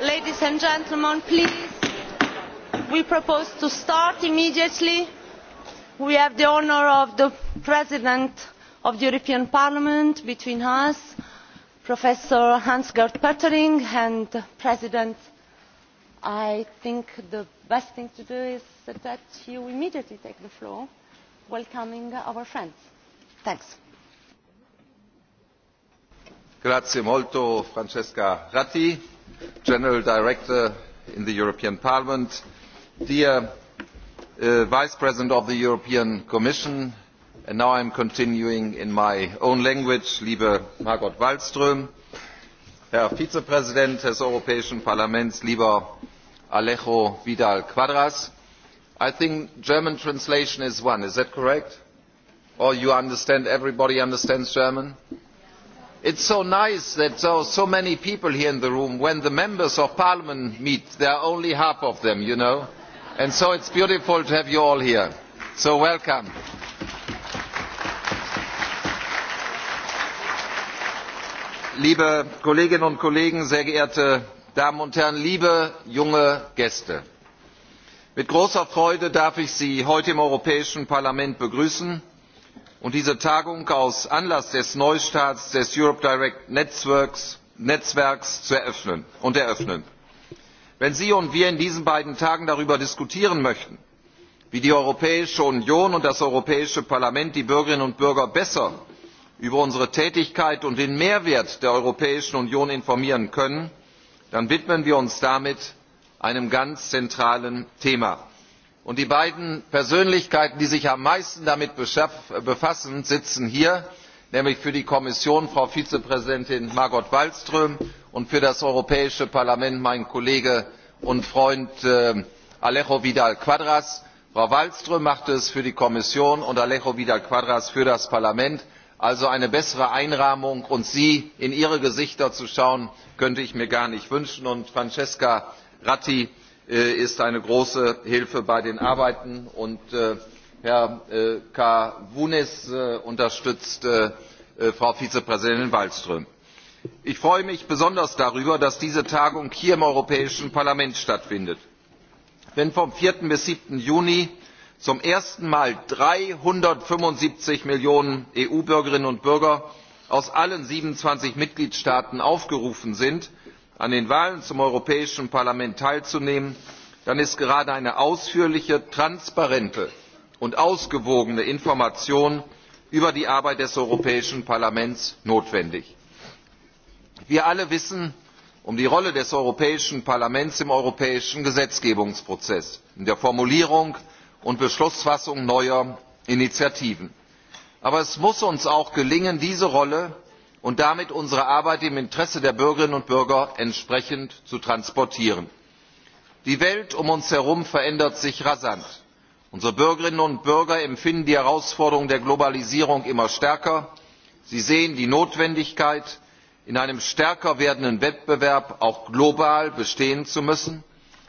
Ladies and gentlemen, please. We propose to start immediately. We have the honour of the President of the European Parliament between us, Professor Hans-Gert pttering and the President I think the best thing to do is that you immediately take the floor, welcoming our friends. Thanks grazie molto francesca ratti general director in the european parliament dear uh, vice president of the european commission and now i am continuing in my own language liebe margot wallström herr vizepräsident des europäischen parlaments lieber alejo vidal quadras i think german translation is one is that correct or you understand everybody understands german? it is so nice that there are so many people here in the room. when the members of parliament meet there are only half of them you know and so it is beautiful to have you all here so welcome. liebe kolleginnen und kollegen sehr geehrte damen und herren liebe junge gäste! mit großer freude darf ich sie heute im europäischen parlament begrüßen und diese tagung aus anlass des neustarts des europe direct netzwerks, zu eröffnen. wenn sie und wir in diesen beiden tagen darüber diskutieren möchten wie die europäische union und das europäische parlament die bürgerinnen und bürger besser über unsere tätigkeit und den mehrwert der europäischen union informieren können dann widmen wir uns damit einem ganz zentralen thema und die beiden persönlichkeiten die sich am meisten damit befassen sitzen hier nämlich für die kommission frau vizepräsidentin margot wallström und für das europäische parlament mein kollege und freund äh, alejo vidal quadras. frau wallström macht es für die kommission und alejo vidal quadras für das parlament also eine bessere einrahmung und sie in ihre gesichter zu schauen könnte ich mir gar nicht wünschen und francesca ratti Äh, ist eine große hilfe bei den arbeiten und äh, herr äh, karunis unterstützt frau vizepräsidentin wallström. ich freue mich besonders darüber dass diese tagung hier im europäischen parlament stattfindet. wenn vom. vier bis. sieben juni zum ersten mal dreihundertfünfundsiebzig millionen eu bürgerinnen und bürger aus allen siebenundzwanzig mitgliedstaaten aufgerufen sind an den wahlen zum europäischen parlament teilzunehmen dann ist gerade eine ausführliche transparente und ausgewogene information über die arbeit des europäischen parlaments notwendig. wir alle wissen um die rolle des europäischen parlaments im europäischen gesetzgebungsprozess in der formulierung und beschlussfassung neuer initiativen. aber es muss uns auch gelingen diese rolle und damit unsere arbeit im interesse der bürgerinnen und bürger entsprechend zu transportieren. die welt um uns herum verändert sich rasant. unsere bürgerinnen und bürger empfinden die herausforderung der globalisierung immer stärker. sie sehen die notwendigkeit in einem stärker werdenden wettbewerb auch global bestehen zu müssen.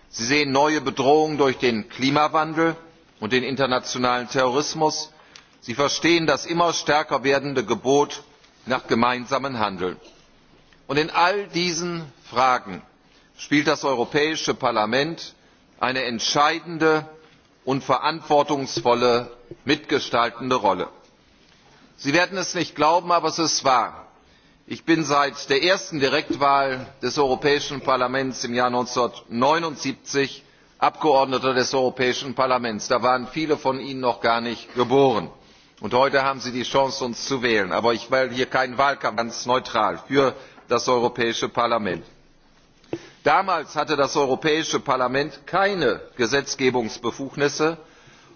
sie sehen neue bedrohungen durch den klimawandel und den internationalen terrorismus. sie verstehen das immer stärker werdende gebot nach gemeinsamem handeln. und in all diesen fragen spielt das europäische parlament eine entscheidende und verantwortungsvolle mitgestaltende rolle. sie werden es nicht glauben aber es ist wahr ich bin seit der ersten direktwahl des europäischen parlaments im jahr 1979 abgeordneter des europäischen parlaments da waren viele von ihnen noch gar nicht geboren und heute haben sie die chance uns zu wählen. aber ich will hier keinen wahlkampf machen sondern ganz neutral für das europäische parlament. damals hatte das europäische parlament keine gesetzgebungsbefugnisse.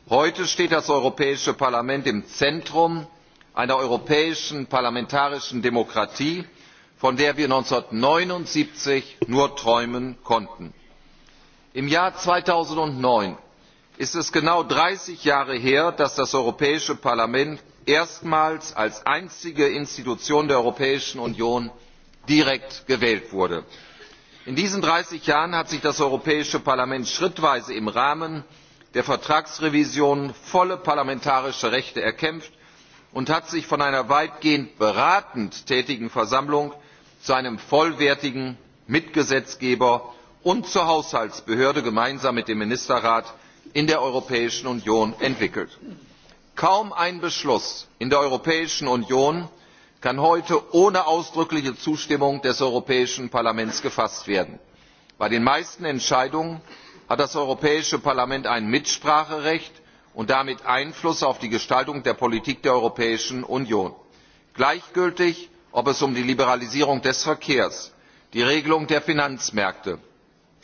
heute steht das europäische parlament im zentrum einer europäischen parlamentarischen demokratie von der wir eintausendneunhundertneunundsiebzig nur träumen konnten. im jahr zweitausendneun ist es genau dreißig jahre her dass das europäische parlament erstmals als einzige institution der europäischen union direkt gewählt wurde. in diesen dreißig jahren hat sich das europäische parlament schrittweise im rahmen der vertragsrevision volle parlamentarische rechte erkämpft und hat sich von einer weitgehend beratend tätigen versammlung zu einem vollwertigen mitgesetzgeber und zur haushaltsbehörde gemeinsam mit dem ministerrat in der europäischen union entwickelt. kaum ein beschluss in der europäischen union kann heute ohne ausdrückliche zustimmung des europäischen parlaments gefasst werden. bei den meisten entscheidungen hat das europäische parlament ein mitspracherecht und damit einfluss auf die gestaltung der politik der europäischen union gleichgültig ob es um die liberalisierung des verkehrs die regelung der finanzmärkte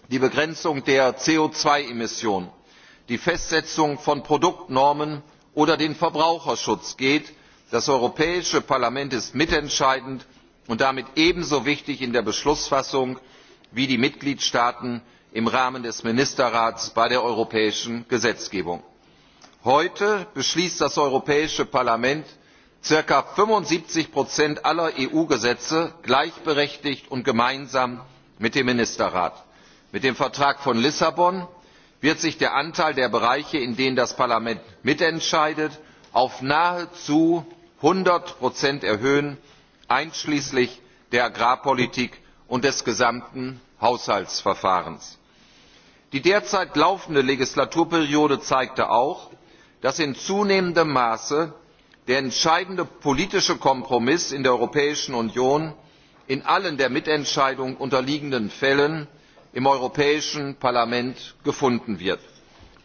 die begrenzung der co zwei emissionen die festsetzung von produktnormen oder den verbraucherschutz geht. das europäische parlament ist mitentscheidend und damit ebenso wichtig in der beschlussfassung wie die mitgliedstaaten im rahmen des ministerrats bei der europäischen gesetzgebung. heute beschließt das europäische parlament circa fünfundsiebzig aller eu gesetze gleichberechtigt und gemeinsam mit dem ministerrat. mit dem vertrag von lissabon wird sich der anteil der bereiche in denen das parlament mitentscheidet auf nahezu einhundert erhöhen einschließlich der agrarpolitik und des gesamten haushaltsverfahrens. die derzeit laufende legislaturperiode zeigte auch dass in zunehmendem maße der entscheidende politische kompromiss in der europäischen union in allen der mitentscheidung unterliegenden fällen im europäischen parlament gefunden wird.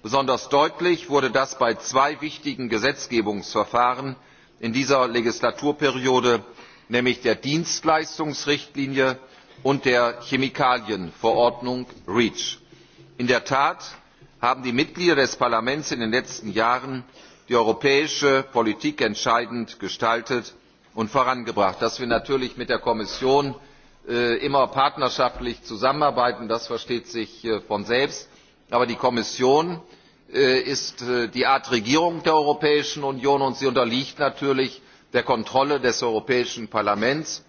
besonders deutlich wurde das bei zwei wichtigen gesetzgebungsverfahren in dieser legislaturperiode nämlich der dienstleistungsrichtlinie und der chemikalienverordnung reach. in der tat haben die mitglieder des parlaments in den letzten jahren die europäische politik entscheidend gestaltet und vorangebracht. dass wir natürlich mit der kommission Äh, immer partnerschaftlich zusammenarbeiten das versteht sich äh, von selbst aber die kommission äh, ist die art regierung der europäischen union und sie unterliegt natürlich der kontrolle des europäischen parlaments.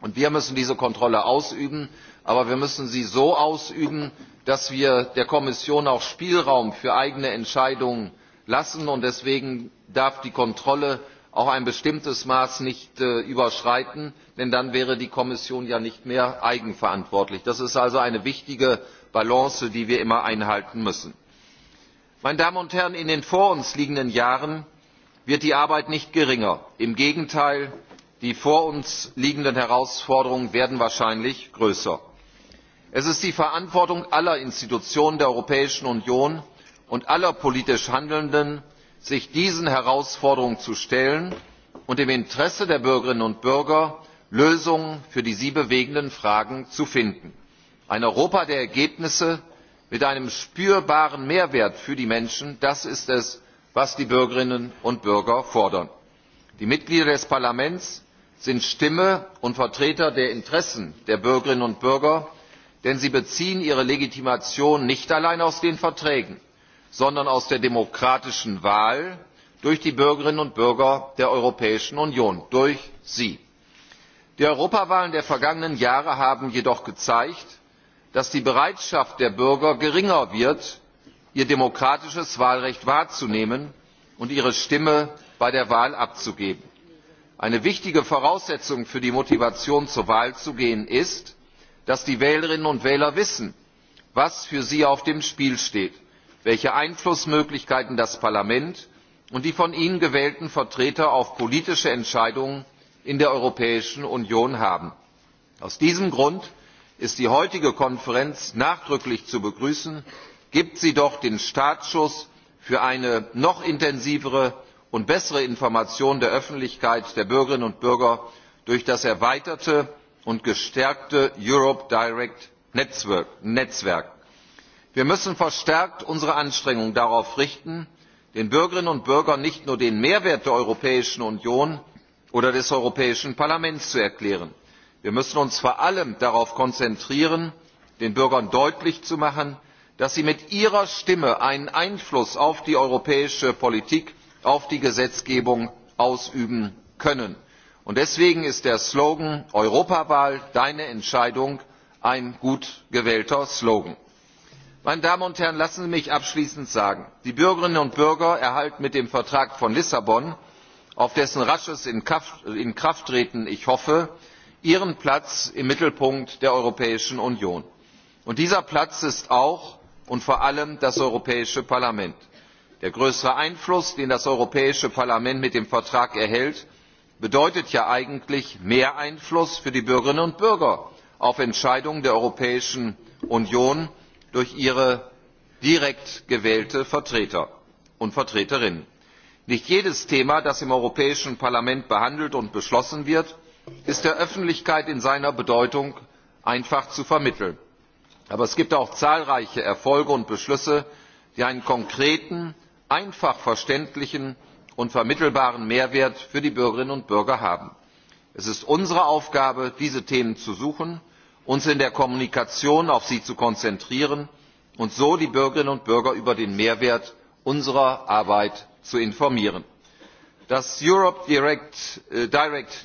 wir müssen diese kontrolle ausüben aber wir müssen sie so ausüben dass wir der kommission auch spielraum für eigene entscheidungen lassen und deswegen darf die kontrolle auch ein bestimmtes maß nicht äh, überschreiten denn dann wäre die kommission ja nicht mehr eigenverantwortlich. das ist also eine wichtige balance die wir immer einhalten müssen. meine damen und herren in den vor uns liegenden jahren wird die arbeit nicht geringer im gegenteil die vor uns liegenden herausforderungen werden wahrscheinlich größer. es ist die verantwortung aller institutionen der europäischen union und aller politisch handelnden sich diesen herausforderungen zu stellen und im interesse der bürgerinnen und bürger lösungen für die sie bewegenden fragen zu finden. ein europa der ergebnisse mit einem spürbaren mehrwert für die menschen das ist es was die bürgerinnen und bürger fordern. die mitglieder des parlaments sind stimme und vertreter der interessen der bürgerinnen und bürger denn sie beziehen ihre legitimation nicht allein aus den verträgen sondern aus der demokratischen wahl durch die bürgerinnen und bürger der europäischen union durch sie. die europawahlen der vergangenen jahre haben jedoch gezeigt dass die bereitschaft der bürger geringer wird ihr demokratisches wahlrecht wahrzunehmen und ihre stimme bei der wahl abzugeben. eine wichtige voraussetzung für die motivation zur wahl zu gehen ist dass die wählerinnen und wähler wissen was für sie auf dem spiel steht welche einflussmöglichkeiten das parlament und die von ihnen gewählten vertreter auf politische entscheidungen in der europäischen union haben. aus diesem grund ist die heutige konferenz nachdrücklich zu begrüßen gibt sie doch den startschuss für eine noch intensivere und bessere information der öffentlichkeit der bürgerinnen und bürger durch das erweiterte und gestärkte europe direct netzwerk wir müssen verstärkt unsere anstrengungen darauf richten den bürgerinnen und bürgern nicht nur den mehrwert der europäischen union oder des europäischen parlaments zu erklären wir müssen uns vor allem darauf konzentrieren den bürgern deutlich zu machen dass sie mit ihrer stimme einen einfluss auf die europäische politik auf die gesetzgebung ausüben können. und deswegen ist der slogan europawahl deine entscheidung ein gut gewählter slogan meine damen und herren lassen sie mich abschließend sagen die bürgerinnen und bürger erhalten mit dem vertrag von lissabon auf dessen rasches inkrafttreten ich hoffe ihren platz im mittelpunkt der europäischen union. und dieser platz ist auch und vor allem das europäische parlament. der größere einfluss den das europäische parlament mit dem vertrag erhält bedeutet ja eigentlich mehr einfluss für die bürgerinnen und bürger auf entscheidungen der europäischen union durch ihre direkt gewählten vertreter und vertreterinnen. nicht jedes thema das im europäischen parlament behandelt und beschlossen wird ist der öffentlichkeit in seiner bedeutung einfach zu vermitteln. aber es gibt auch zahlreiche erfolge und beschlüsse die einen konkreten einfach verständlichen und vermittelbaren mehrwert für die bürgerinnen und bürger haben. es ist unsere aufgabe diese themen zu suchen uns in der kommunikation auf sie zu konzentrieren und so die bürgerinnen und bürger über den mehrwert unserer arbeit zu informieren. das europe direct äh,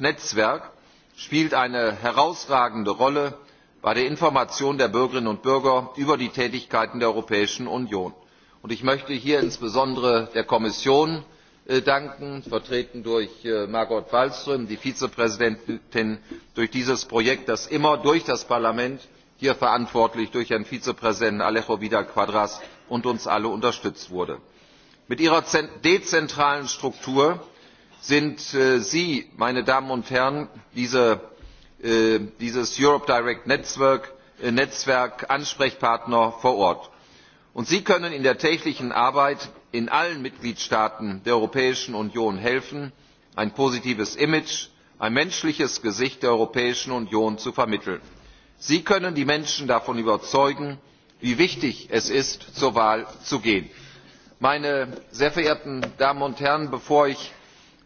netzwerk spielt eine herausragende rolle bei der information der bürgerinnen und bürger über die tätigkeiten der europäischen union. ich möchte hier insbesondere der kommission Äh, danken vertreten durch äh, margot wallström die vizepräsidentin für dieses projekt das immer durch das parlament hier verantwortlich durch herrn vizepräsidenten alejo vidal quadras und uns alle unterstützt wurde. mit ihrer dezentralen struktur sind äh, sie meine damen und herren dieses europe direct netzwerk ansprechpartner vor ort und sie können in der täglichen arbeit in allen mitgliedstaaten der europäischen union helfen ein positives image ein menschliches gesicht der europäischen union zu vermitteln. sie können die menschen davon überzeugen wie wichtig es ist zur wahl zu gehen. meine sehr verehrten damen und herren bevor ich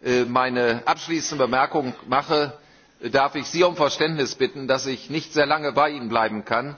äh, meine abschließende bemerkung mache äh, darf ich sie um verständnis bitten dass ich nicht sehr lange bei ihnen bleiben kann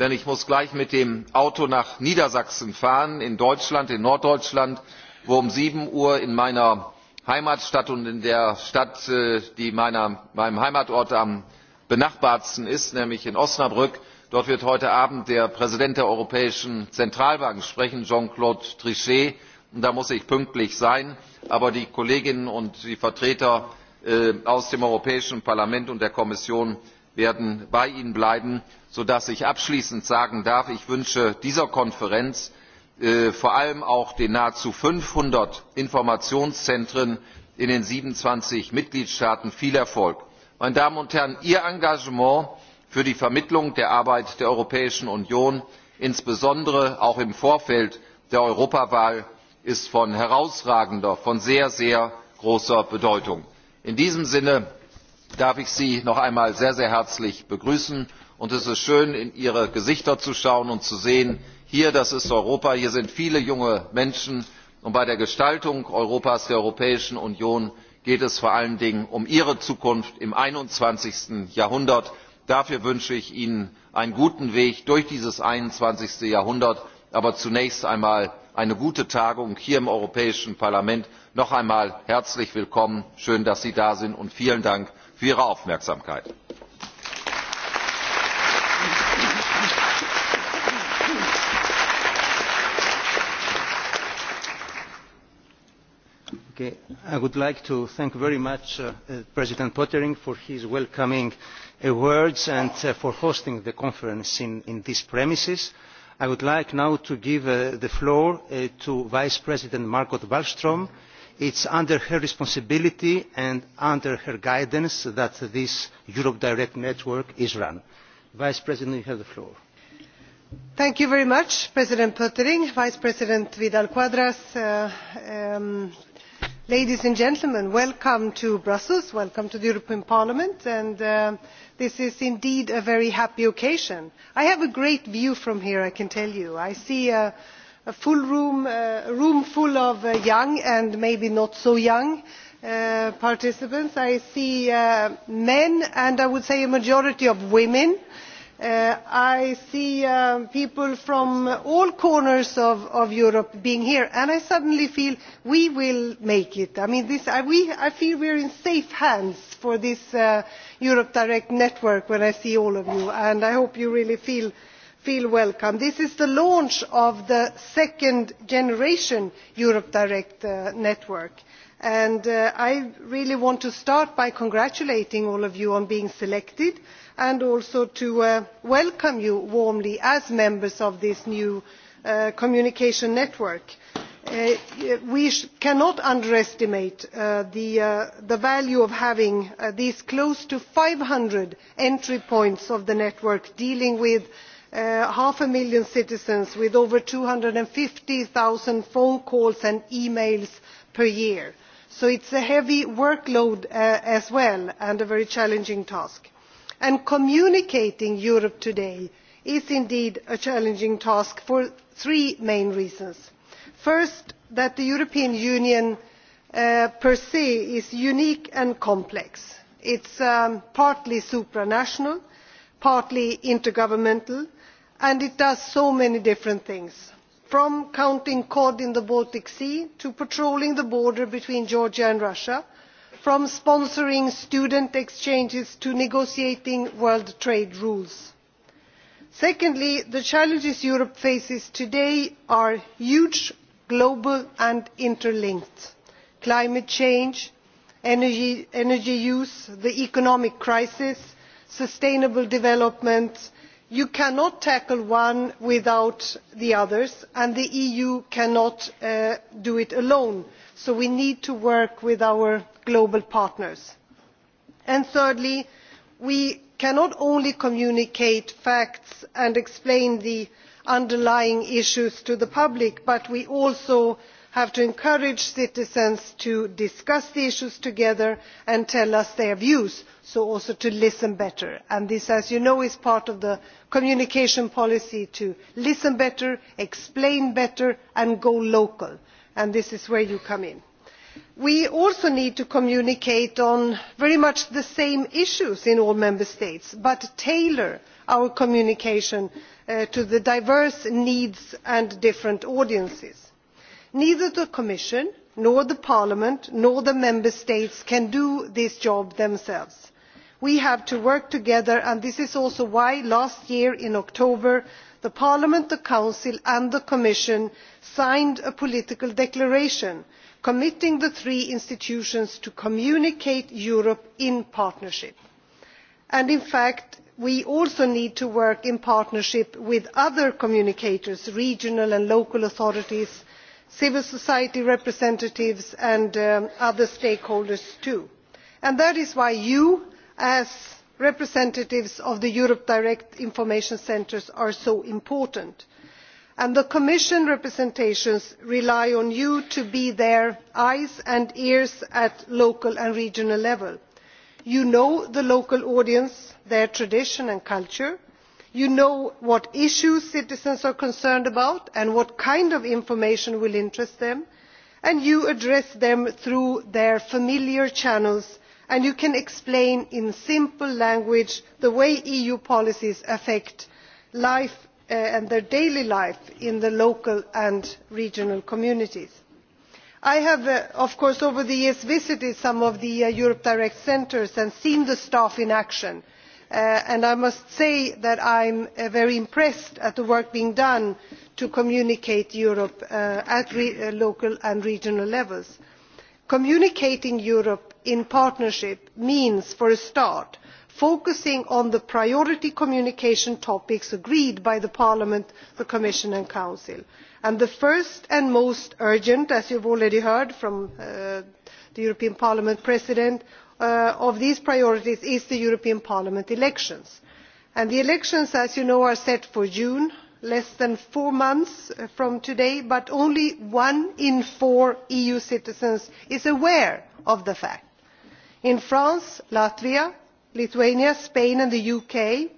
denn ich muss gleich mit dem auto nach niedersachsen fahren in deutschland in norddeutschland wo um sieben uhr in meiner heimatstadt und in der stadt äh, die meinem heimatort am benachbartsten ist nämlich in osnabrück heute abend der präsident der europäischen zentralbank sprechen wird jean claude trichet und da muss ich pünktlich sein aber die kolleginnen und die vertreter äh, aus dem europäischen parlament und der kommission werden bei ihnen bleiben sodass ich abschließend sagen darf ich wünsche dieser konferenz äh, vor allem auch den nahezu fünfhundert informationszentren in den siebenundzwanzig mitgliedstaaten viel erfolg. meine damen und herren ihr engagement für die vermittlung der arbeit der europäischen union insbesondere auch im vorfeld der europawahl ist von herausragender von sehr sehr großer bedeutung. in diesem sinne darf ich sie noch einmal sehr herzlich begrüßen und es ist schön in ihre gesichter zu schauen und zu sehen hier das ist europa hier sind viele junge menschen und bei der gestaltung europas der europäischen union geht es vor allen dingen um ihre zukunft im. einundzwanzig jahrhundert. dafür wünsche ich ihnen einen guten weg durch dieses. einundzwanzig jahrhundert aber zunächst einmal eine gute tagung hier im europäischen parlament. noch einmal herzlich willkommen schön dass sie da sind und vielen dank für ihre aufmerksamkeit! i would like to thank very much uh, uh, president pttering for his welcoming uh, words and for hosting the conference in, these premises. i would like now to give the floor to vice president margot wallstrm. it is under her responsibility and under her guidance that this europe direct network is run. vice president you have the floor. thank you very much president pttering vice president vidal quadras um, ladies and gentlemen welcome to brussels welcome to the european parliament and uh, this is indeed a very happy occasion. i have a great view from here i can tell you. i see a, full room uh, a room full of uh, young and maybe not so young participants. i see men and i would say a majority of women Uh, i see uh, people from all corners of, europe being here and i suddenly feel we will make it. i, feel we are in safe hands for this uh, europe direct network when i see all of you and i hope you really feel welcome. this is the launch of the second generation europe direct network and i really want to start by congratulating all of you on being selected and also to uh, welcome you warmly as members of this new uh, communication network. Uh, we cannot underestimate the value of having these close to five hundred entry points of the network dealing with half a million citizens with over two hundred and fifty zero phone calls and e mails per year so it is a heavy workload as well and a very challenging task and communicating europe today is indeed a challenging task for three main reasons first that the european union uh, per se is unique and complex it is um, partly supranational partly intergovernmental and it does so many different things from counting cod in the baltic sea to patrolling the border between georgia and russia from sponsoring student exchanges to negotiating world trade rules. secondly the challenges europe faces today are huge global and interlinked climate change energy, use the economic crisis sustainable development you cannot tackle one without the others and the eu cannot uh, do it alone so we need to work with our global partners. And thirdly we cannot only communicate facts and explain the underlying issues to the public but we also have to encourage citizens to discuss the issues together and tell us their views so also to listen better and this as you know is part of the communication policy to listen better explain better and go local and this is where you come in we also need to communicate on very much the same issues in all member states but tailor our communication uh, to the diverse needs and different audiences. neither the commission nor parliament nor the member states can do this job themselves. we have to work together and this is also why last year in october parliament the council and the commission signed a political declaration in committing the three institutions to communicate europe in partnership. And in fact we also need to work in partnership with other communicators regional and local authorities civil society representatives and um, other stakeholders too. And that is why you as representatives of the europe direct information centres are so important and the commission representations rely on you to be their eyes and ears at local and regional level. you know the local audience their tradition and culture you know what issues citizens are concerned about and what kind of information will interest them and you address them through their familiar channels and you can explain in simple language the way eu policies affect life Uh, and their daily life in the local and regional communities. i have uh, of course over the years visited some of the uh, europe direct centres and seen the staff in action and i must say that i am very impressed at the work being done to communicate europe at local and regional levels. communicating europe in partnership means for a start focusing on the priority communication topics agreed by parliament the commission and the council. the first and most urgent as you have already heard from uh, the european parliament president uh, of these priorities is the european parliament elections. the elections as you know are set for june less than four months uh, from today but only one in four eu citizens is aware of the fact. in france latvia lithuania spain and the uk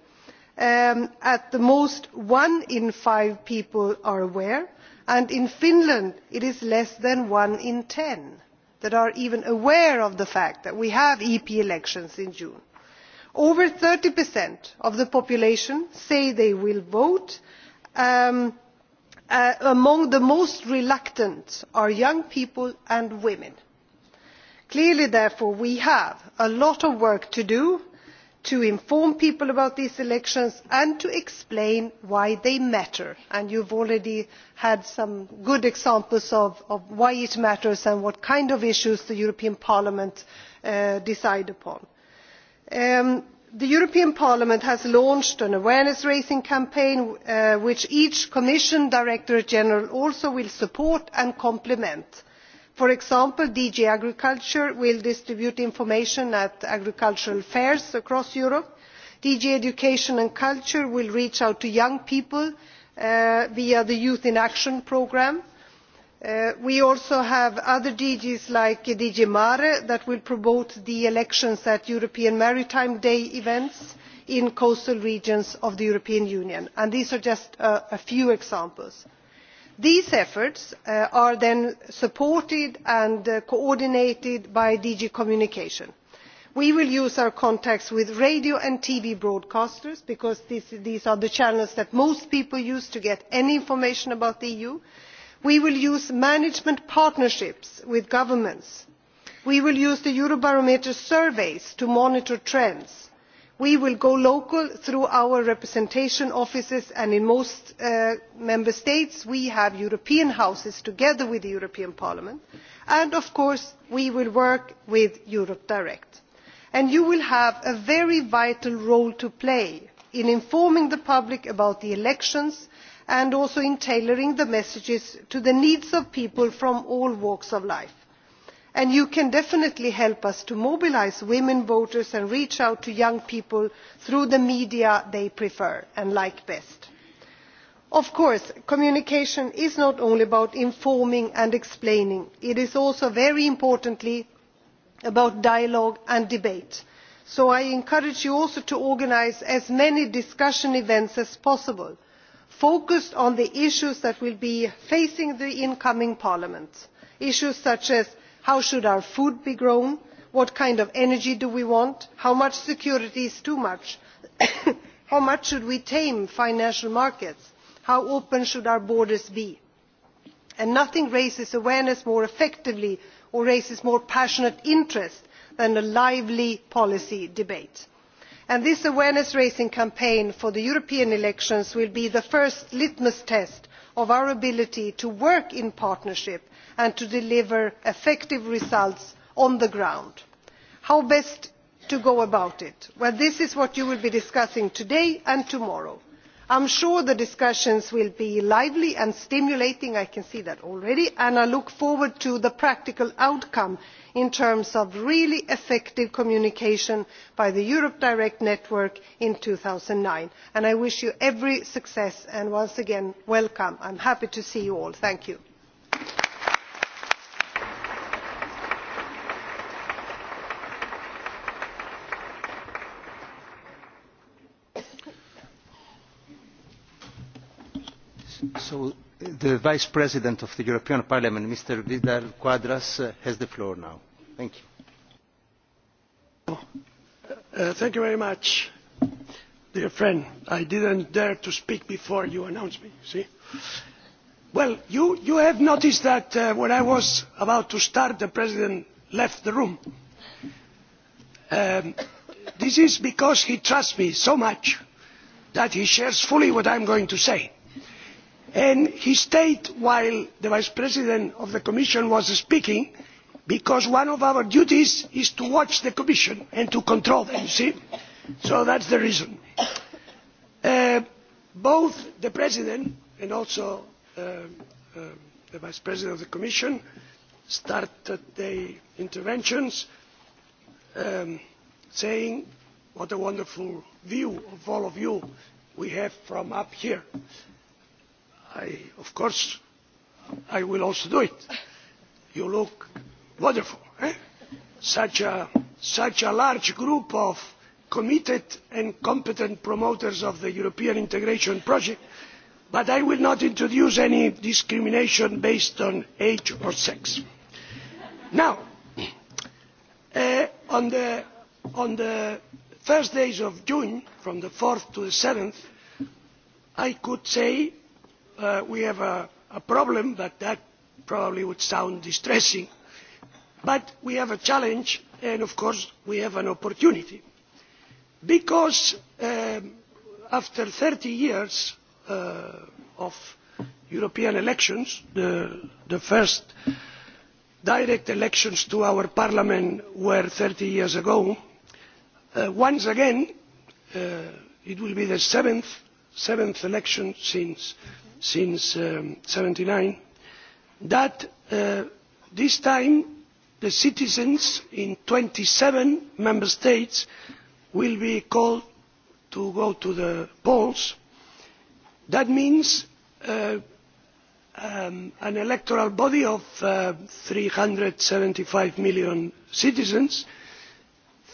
um, at the most one in five people are aware and in finland it is less than one in ten that are even aware of the fact that we have ep elections in june. over thirty of the population say they will vote um, uh, among the most reluctant are young people and women clearly therefore we have a lot of work to do to inform people about these elections and to explain why they matter and you have already had some good examples of why it matters and what kind of issues the european parliament uh, decides upon. Um, the european parliament has launched an awareness raising campaign uh, which each commission directorate general also will support and complement for example dg agriculture will distribute information at agricultural fairs across europe dg education and culture will reach out to young people uh, via the youth in action programme uh, we also have other dgs like dg mare that will promote the elections at european maritime day events in coastal regions of the european union and these are just a few examples these efforts uh, are then supported and uh, coordinated by dg communication. we will use our contacts with radio and tv broadcasters because these are the channels that most people use to get any information about the eu. we will use management partnerships with governments. we will use the eurobarometer surveys to monitor trends we will go local through our representation offices and in most uh, member states we have european houses together with the european parliament and of course we will work with europe direct. you will have a very vital role to play in informing the public about the elections and also in tailoring the messages to the needs of people from all walks of life and you can definitely help us to mobilise women voters and reach out to young people through the media they prefer and like best. of course communication is not only about informing and explaining it is also very importantly about dialogue and debate so i encourage you also to organise as many discussion events as possible focused on the issues that will be facing the incoming parliament issues such as how should our food be grown what kind of energy do we want how much security is too much how much should we tame financial markets how open should our borders be? And nothing raises awareness more effectively or raises more passionate interest than a lively policy debate. And this awareness raising campaign for the european elections will be the first litmus test of our ability to work in partnership and to deliver effective results on the ground. how best to go about it? well this is what you will be discussing today and tomorrow. i am sure the discussions will be lively and stimulating i can see that already and i look forward to the practical outcome in terms of really effective communication by the europe direct network in two thousand and nine and i wish you every success and once again welcome. i am happy to see you all. thank you. So the Vice President of the European Parliament, Mr. Vidal Quadras, uh, has the floor now. Thank you. Uh, thank you very much, dear friend. I didn't dare to speak before you announced me. See? Well, you, you have noticed that uh, when I was about to start, the President left the room. Um, this is because he trusts me so much that he shares fully what i am going to say and he stayed while the vice president of the commission was speaking because one of our duties is to watch the commission and to control them. so that is the reason. Uh, both the president and also uh, uh, the vice president of the commission started their interventions um, saying what a wonderful view of all of you have from up here. I, of course, I will also do it. You look wonderful. Eh? Such, a, such a large group of committed and competent promoters of the European integration project, but I will not introduce any discrimination based on age or sex. Now, eh, on, the, on the first days of June, from the 4th to the 7th, I could say Uh, we have a, problem but that probably would sound distressing but we have a challenge and of course we have an opportunity because um, after thirty years uh, of european elections the, first direct elections to our parliament were thirty years ago uh, once again it will be the seventh election since since um, seventy 79, that uh, this time the citizens in 27 member states will be called to go to the polls. That means uh, um, an electoral body of uh, seventy 375 million citizens,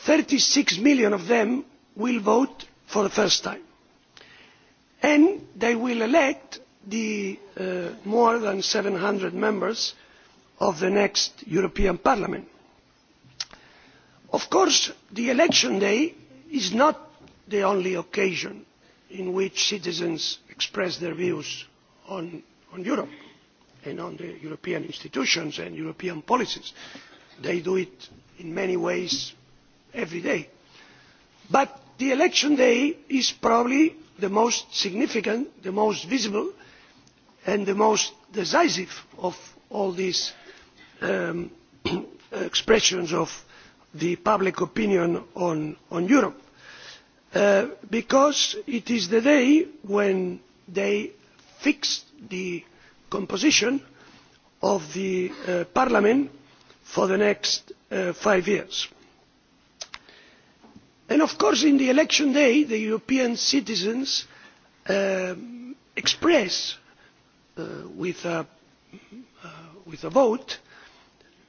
36 million of them will vote for the first time. And they will elect the uh, more than seven hundred members of the next european parliament. of course election day is not the only occasion on which citizens express their views on, on europe and on the european institutions and european policies. they do it in many ways every day. but election day is probably the most significant the most visible and the most decisive of all these um, expressions of the public opinion on, europe uh, because it is the day when they fix the composition of the uh, parliament for the next uh, five years. and of course on election day the european citizens um, express Uh, uh, with a, vote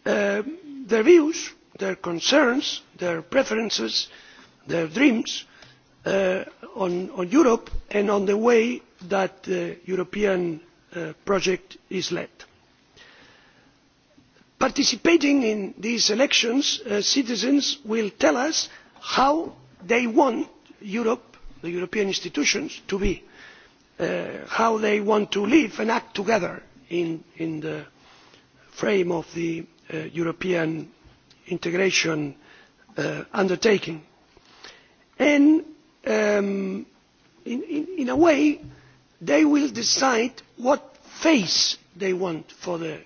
uh, their views their concerns their preferences their dreams on, europe and on the way that the european project is led participating in these elections citizens will tell us how they want europe the european institutions to be. Uh, how they want to live and act together in the frame of the uh, european integration uh, undertaking and um, in a way they will decide what face they want for the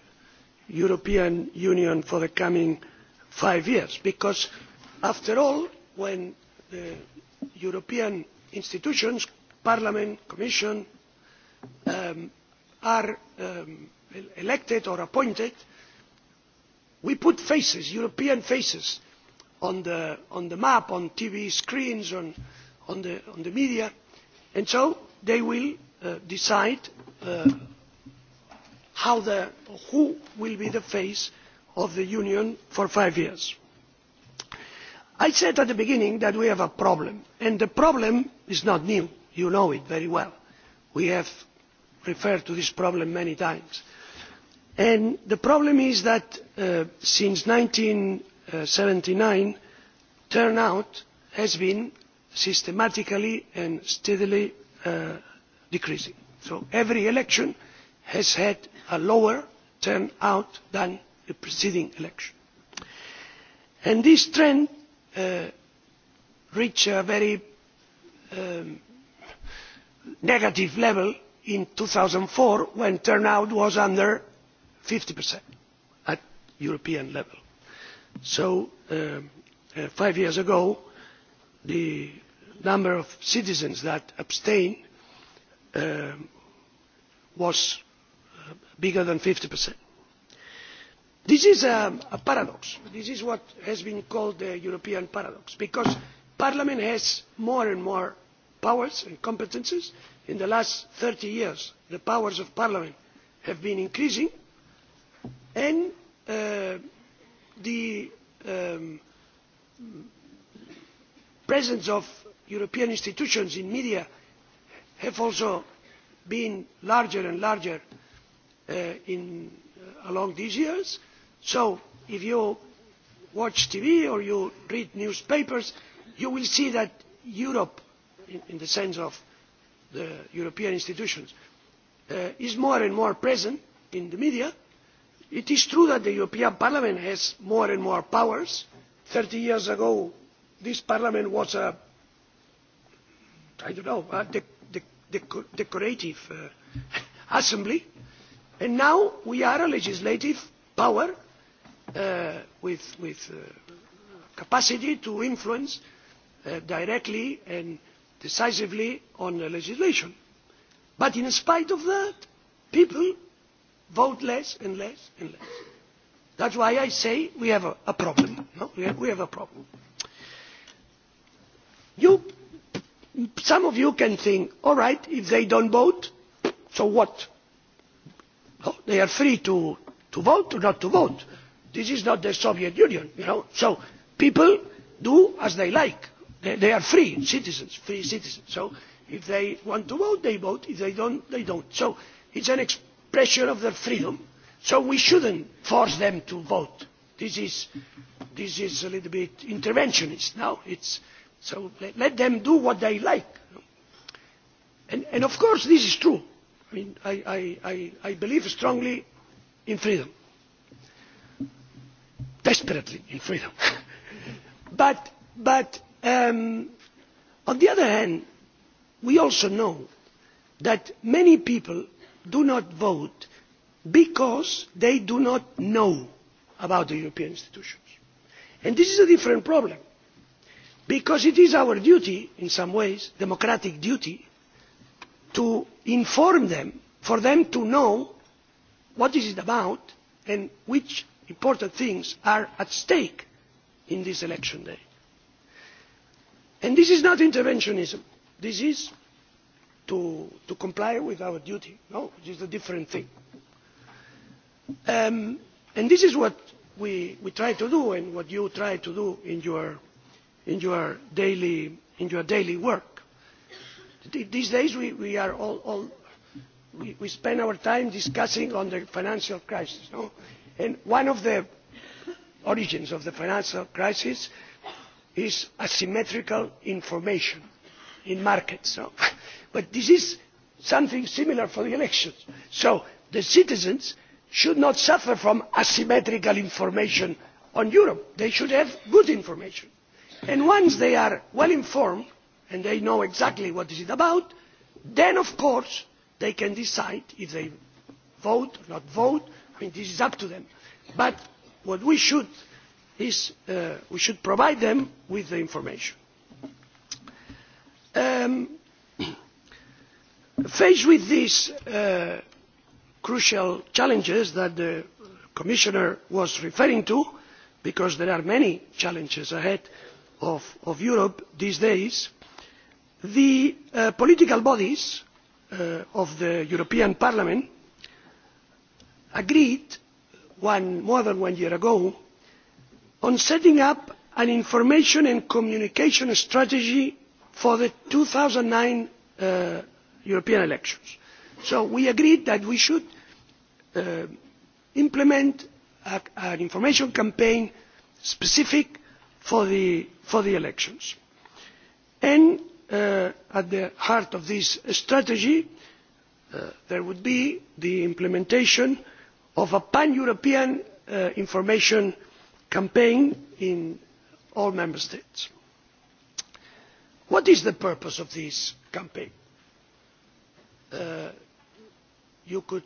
european union for the coming five years because after all when the european institutions parliament and commission um, are um, elected or appointed we put faces european faces on the, map on tv screens on, on, the, media and so they will uh, decide uh, who will be the face of the union for five years. i said at the beginning that we have a problem and the problem is not new you know it very well we have referred to this problem many times. And the problem is that uh, since one thousand nine hundred and seventy nine turnout has been systematically and steadily uh, decreasing so every election has had a lower turnout than the preceding election. And this trend uh, reached a very um, negative level in two thousand and four when turnout was under fifty at european level. so um, uh, five years ago the number of citizens that abstained um, was uh, bigger than. fifty this is a paradox. this is what has been called the european paradox because parliament has more and more powers and competences in the last thirty years the powers of parliament have been increasing and uh, the um, presence of european institutions in media has also been larger and larger uh, uh, along these years so if you watch tv or you read newspapers you will see that europe in, the sense of the european institutions uh, is more and more present in the media it is true that the european parliament has more and more powers. thirty years ago this parliament was a i do not know a de de de decorative uh, assembly and now we are a legislative power uh, with, with uh, capacity to influence uh, directly and decisively on legislation but in spite of that people vote less and less and less. that is why i say we have a, a problem. No? We, have, we have a problem. You, some of you can think all right if they don't vote so what? No, they are free to, to vote or not to vote. this is not the soviet union. You know? so people do as they like They, are free citizens, free citizens. So if they want to vote, they vote. If they don't, they don't. So it's an expression of their freedom. So we shouldn't force them to vote. This is, this is a little bit interventionist now. It's, so let, let them do what they like. And, and of course this is true. I, mean, I, I, I, I believe strongly in freedom. Desperately in freedom. but, but Um, on the other hand we also know that many people do not vote because they do not know about the european institutions and this is a different problem because it is our duty in some ways a democratic duty to inform them for them to know what it is about and which important things are at stake on this election day this is not interventionism this is to comply with our duty no which is a different thing. Um, this is what we try to do and what you try to do in your daily work. these days we are all we spend our time discussing the financial crisis and one of the origins of the financial crisis is asymmetrical information in markets. but this is something similar for the elections. So the citizens should not suffer from asymmetrical information on Europe. They should have good information. And once they are well informed and they know exactly what is it about, then of course they can decide if they vote or not vote. I mean, this is up to them. But what we should Uh, we should provide them with the information. Um, faced with these uh, crucial challenges that the commissioner was referring to because there are many challenges ahead of, europe these days the uh, political bodies of the european parliament agreed one, more than one year ago on setting up an information and communication strategy for the two thousand and nine uh, european elections. so we agreed that we should uh, implement an information campaign specific for the, elections and uh, at the heart of this strategy there would be the implementation of a pan european information campaign in all member states. what is the purpose of this campaign? Uh, you could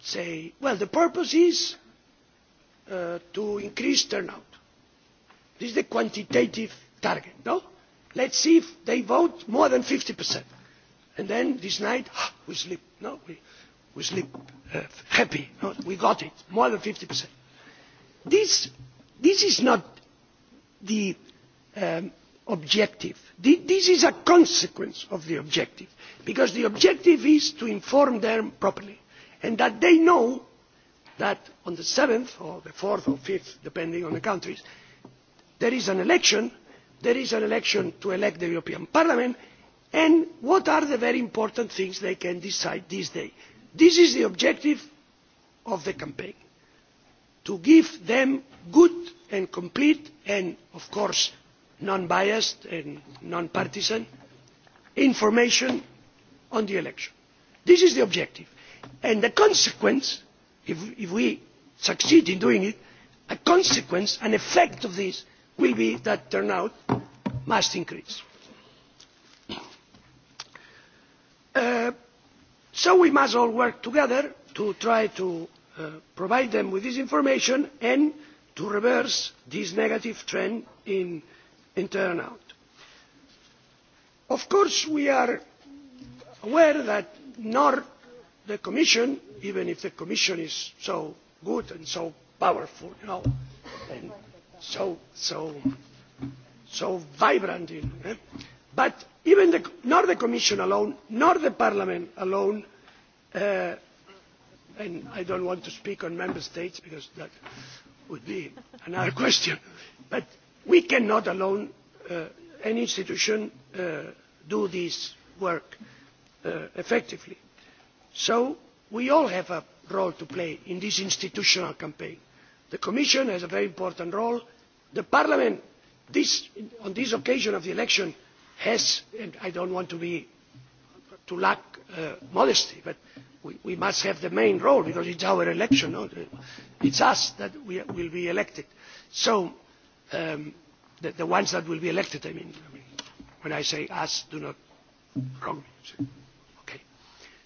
say well the purpose is uh, to increase turnout. this is the quantitative target. no? let's see if they vote more than 50%. and then this night ah, we sleep. no? we, we sleep uh, happy. No? we got it. more than 50%. this this is not the um, objective this is a consequence of the objective because the objective is to inform them properly and that they know that on the seventh or the fourth or fifth depending on the countries there is an election there is an election to elect the european parliament and what are the very important things they can decide this day. this is the objective of the campaign to give them good and complete and of course non biased and non partisan information on the election. this is the objective and the consequence if, we succeed in doing it a consequence an effect of this will be that turnout must increase. Uh, so we must all work together to try to Uh, provide them with this information and to reverse this negative trend in, turnout. Of course, we are aware that nor the Commission, even if the Commission is so good and so powerful you know, and so, so, so vibrant, eh? but even the, the Commission alone, nor the Parliament alone uh, and I don't want to speak on member states because that would be another question. But we cannot alone, uh, any institution, uh, do this work uh, effectively. So we all have a role to play in this institutional campaign. The Commission has a very important role. The Parliament, this, on this occasion of the election, has, and I don't want to be to lack uh, modesty, but we, must have the main role because it is our election no? it is us that we, will be elected so um, the, ones that will be elected i mean, when i say us do not wrong me okay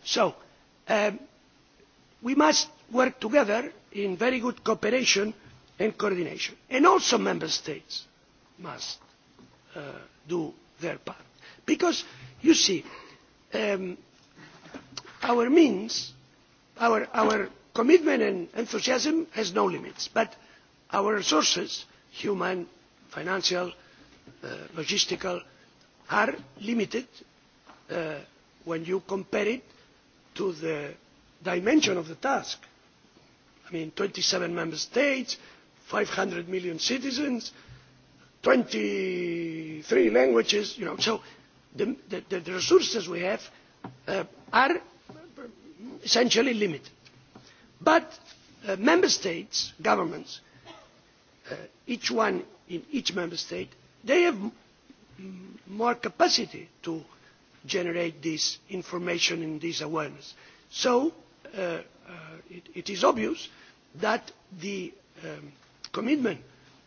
so um, we must work together in very good cooperation and coordination and also member states must uh, do their part because you see um, our means our, commitment and enthusiasm has no limits but our resources human financial uh, logistical are limited uh, when you compare it to the dimension of the task. i mean twenty seven member states five hundred million citizens twenty three languages you know so the, resources we have uh, are essentially limited. but uh, member states governments uh, each one in each member state they have more capacity to generate this information and this awareness. so uh, it, is obvious that the um, commitment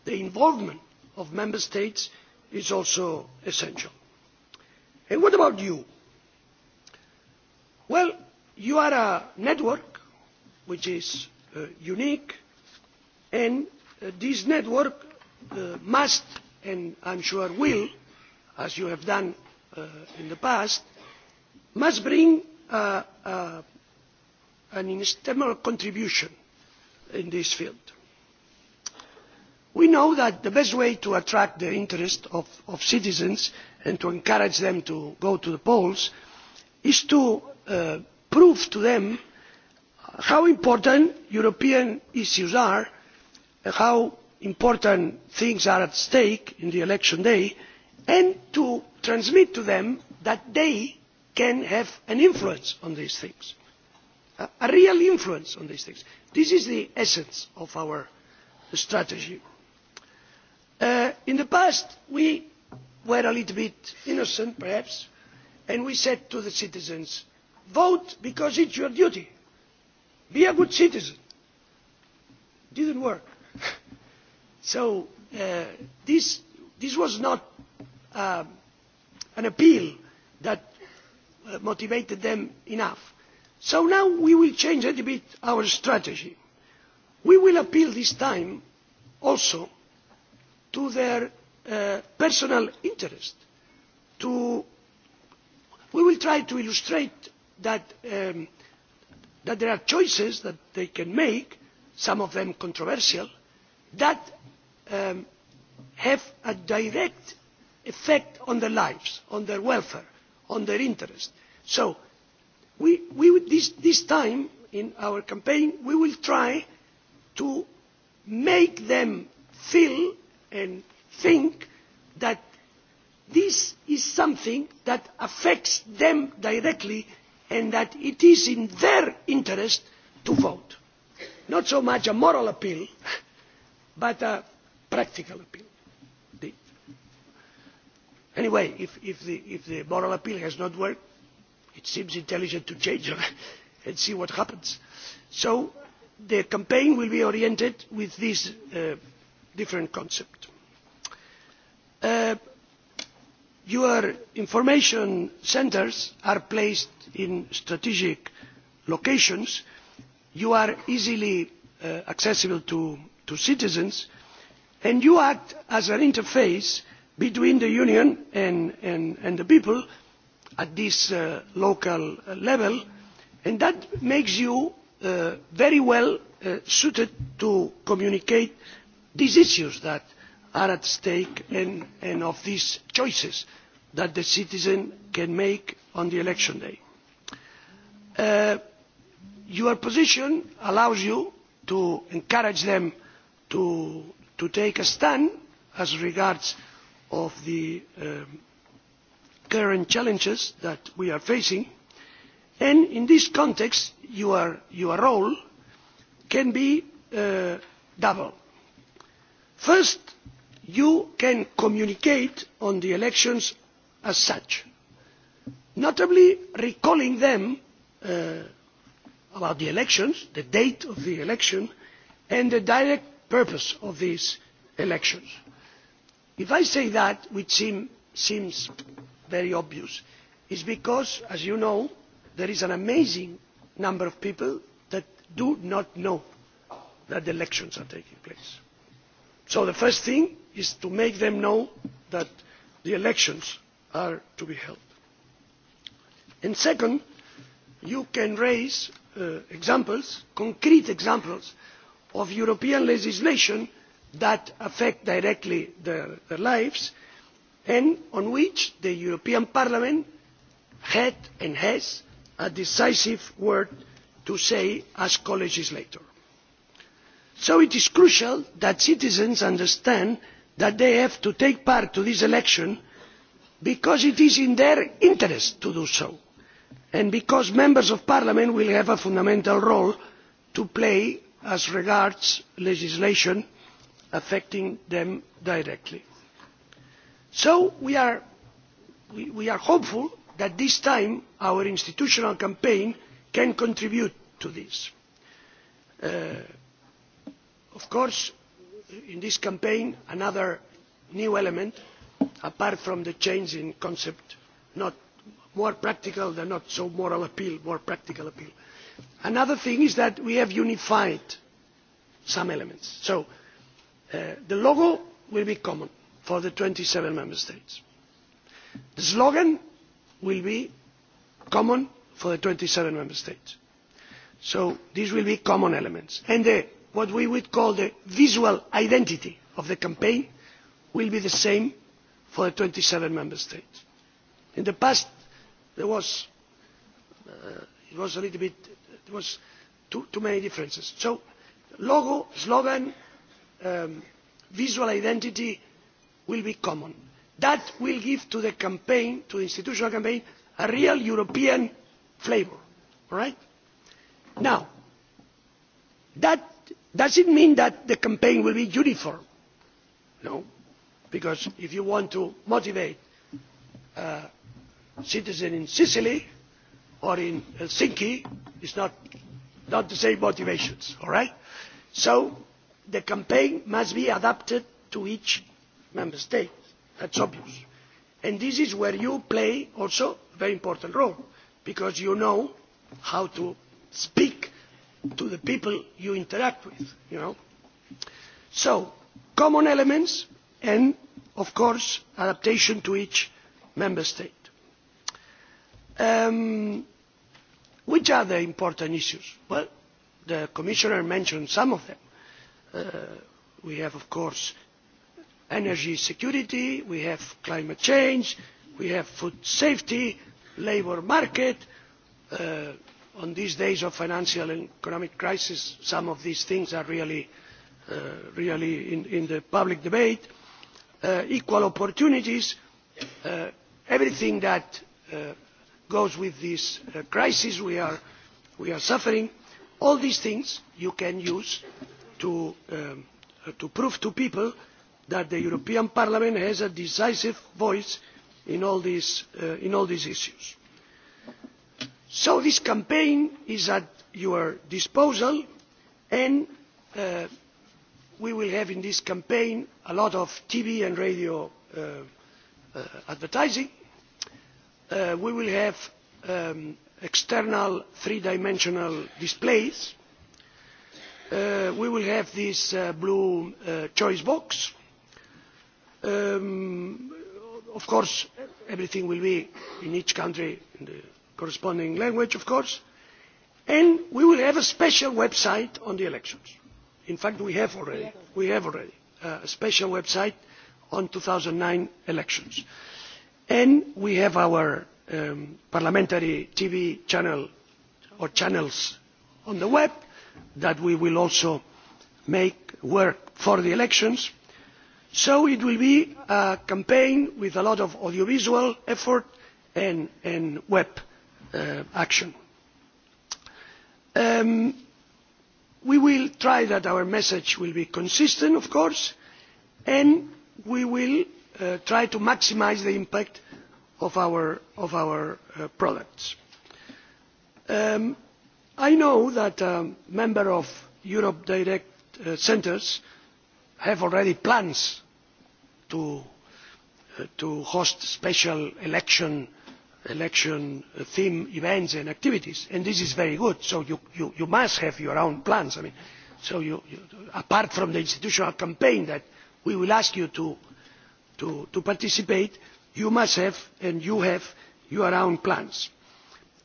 the involvement of member states is also essential. And what about you? well you are a network which is uh, unique and uh, this network uh, must and i am sure will as you have done in the past must bring an inestimable contribution in this field. we know that the best way to attract the interest of, of citizens and to encourage them to go to the polls is to prove to them how important european issues are and how important things are at stake on election day and to transmit to them that they can have an influence on these things a real influence on these things. this is the essence of our strategy. Uh, in the past we were a little bit innocent perhaps and we said to the citizens vote because it's your duty be a good citizen. Didn't work. so uh, this, this was not um, an appeal that uh, motivated them enough. so now we will change a little bit our strategy. we will appeal this time also to their uh, personal interest. To, we will try to illustrate Um, that, there are choices that they can make some of them controversial that um, have a direct effect on their lives on their welfare on their interests. so this time in our campaign we will try to make them feel and think that this is something that affects them directly and that it is in their interest to vote not so much a moral appeal but a practical appeal. anyway if, if, the, if the moral appeal has not worked it seems intelligent to change and see what happens. so the campaign will be oriented with this uh, different concept. Uh, your information centres are placed in strategic locations you are easily uh, accessible to, citizens and you act as an interface between the union and, the people at this uh, local level and that makes you uh, very well suited to communicate these issues that are at stake and, of these choices that the citizen can make on election day. Uh, your position allows you to encourage them to, take a stand as regards the um, current challenges that we are facing and in this context your, role can be uh, double. first you can communicate on the elections as such notably recalling them uh, about the elections the date of the election and the direct purpose of these elections. if i say that which seems very obvious it is because as you know there is an amazing number of people that do not know that elections are taking place. so the first thing is to make them know that the elections are to be held. And second you can raise uh, examples concrete examples of european legislation that affects directly their, lives and on which the european parliament had and has a decisive word to say as co legislator. so it is crucial that citizens understand that they have to take part in this election because it is in their interest to do so and because members of parliament will have a fundamental role to play as regards legislation affecting them directly. so we are, we, are hopeful that this time our institutional campaign can contribute to this. Uh, of course in this campaign another new element apart from the change in concept not more practical than not so moral appeal more practical appeal another thing is that we have unified some elements so uh, the logo will be common for the twenty seven member states the slogan will be common for the twenty seven member states so these will be common elements and the what we would call the visual identity of the campaign will be the same for the twenty seven member states. in the past there were uh, too, too many differences so logo slogan and um, visual identity will be common. that will give to the campaign to the institutional campaign a real european flavour. Right? now that does it mean that the campaign will be uniform? no because if you want to motivate a uh, citizen in sicily or in helsinki it's not, not the same motivations. All right? so the campaign must be adapted to each member state that is obvious and this is where you play also a very important role because you know how to speak to the people you interact with. You know? so common elements and of course adaptation to each member state. Um, which are the important issues? well the commissioner mentioned some of them. Uh, we have of course energy security we have climate change we have food safety labour market uh, on these days of financial and economic crisis some of these things are really, uh, really in, the public debate uh, equal opportunities uh, everything that goes with this crisis we are, suffering all these things you can use um, to, prove to people that the european parliament has a decisive voice in all these issues so this campaign is at your disposal and uh, we will have in this campaign a lot of tv and radio uh, uh, advertising we will have um, external three dimensional displays we will have this blue choice box um, of course everything will be in each country in the corresponding language of course and we will have a special website on the elections. in fact we have already, we have already uh, a special website on the two thousand and nine elections and we have our um, parliamentary tv channel or channels on the web that we will also make work for the elections so it will be a campaign with a lot of audiovisual effort and web Uh, action. Um, we will try that our message will be consistent of course and we will uh, try to maximise the impact of our, of our uh, products. Um, i know that um, members of europe direct centres have already plans to, to host special election election theme events and activities and this is very good so you, must have your own plans. I mean, so apart from the institutional campaign that we will ask you to, to, participate you must have and you have your own plans.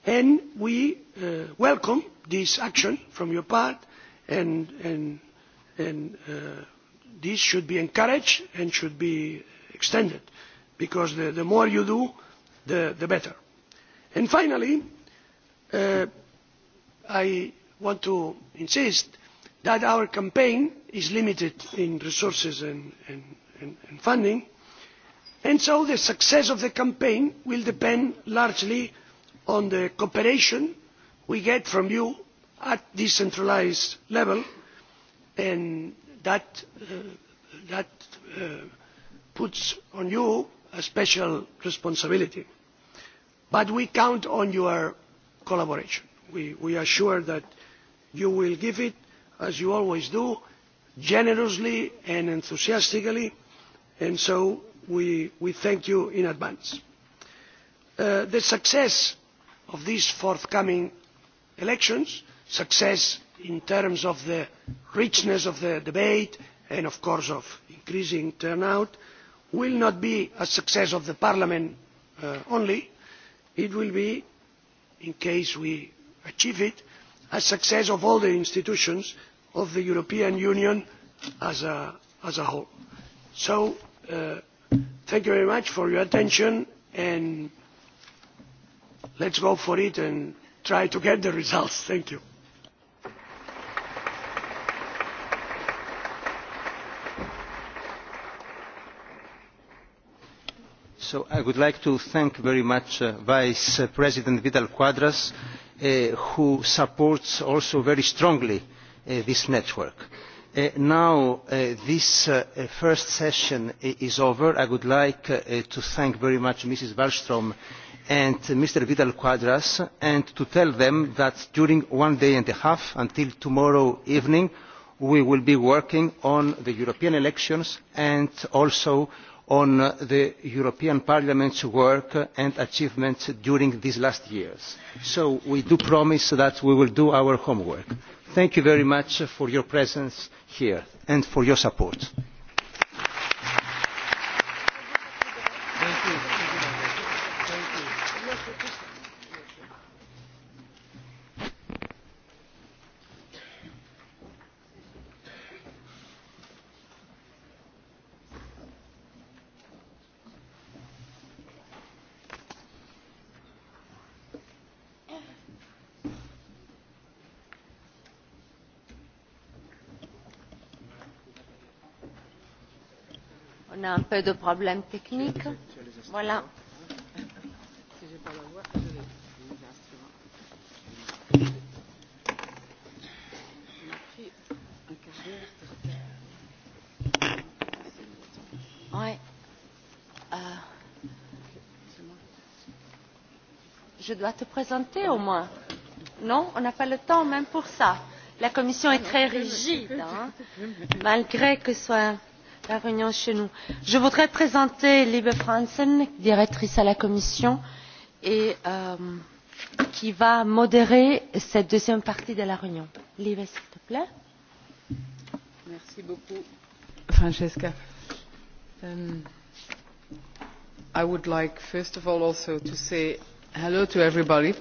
And we uh, welcome this action from your part and, and, and uh, this should be encouraged and should be extended because the, the more you do the, better. And finally uh, i want to insist that our campaign is limited in resources and, funding and so the success of the campaign will depend largely on the cooperation we get from you at decentralised level and that, uh, that uh, puts on you a special responsibility but we count on your collaboration. We, are sure that you will give it as you always do generously and enthusiastically and so we, thank you in advance. Uh, the success of these forthcoming elections success in terms of the richness of the debate and of course of increasing turnout will not be a success of parliament uh, only it will be in case we achieve it a success of all the institutions of the european union as a, whole. so uh, thank you very much for your attention and let us go for it and try to get the results. thank you. I would like to thank very much uh, Vice President Vidal Quadras, uh, who supports also very strongly uh, this network. Uh, now this first session is over. I would like to thank very much Mrs. wallstrm and Mr. Vidal Quadras and to tell them that during one day and a half until tomorrow evening we will be working on the European elections and also on the european parliament's work and achievements during these last years so we do promise that we will do our homework. thank you very much for your presence here and for your support. on a un peu de problèmes techniques. Voilà. Ouais. Euh, je dois te présenter au moins. Non, on n'a pas le temps même pour ça. La commission est très rigide, hein, malgré que ce soit la réunion chez nous. je voudrais présenter liebe franzen directrice à la commission et euh, qui va modérer cette deuxième partie de la réunion. liebe s'il te plaît. merci beaucoup francesca. Um, i would like first of all also to say hello to everybody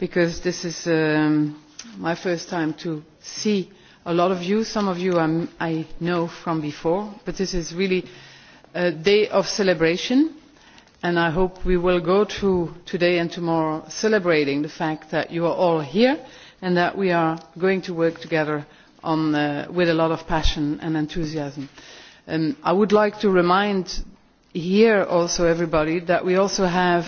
because this is um, my first time to see a lot of you some of you i know from before but this is really a day of celebration and i hope we will go through today and tomorrow celebrating the fact that you are all here and that we are going to work together uh, with a lot of passion and enthusiasm. Um, i would like to remind here also everybody that we also have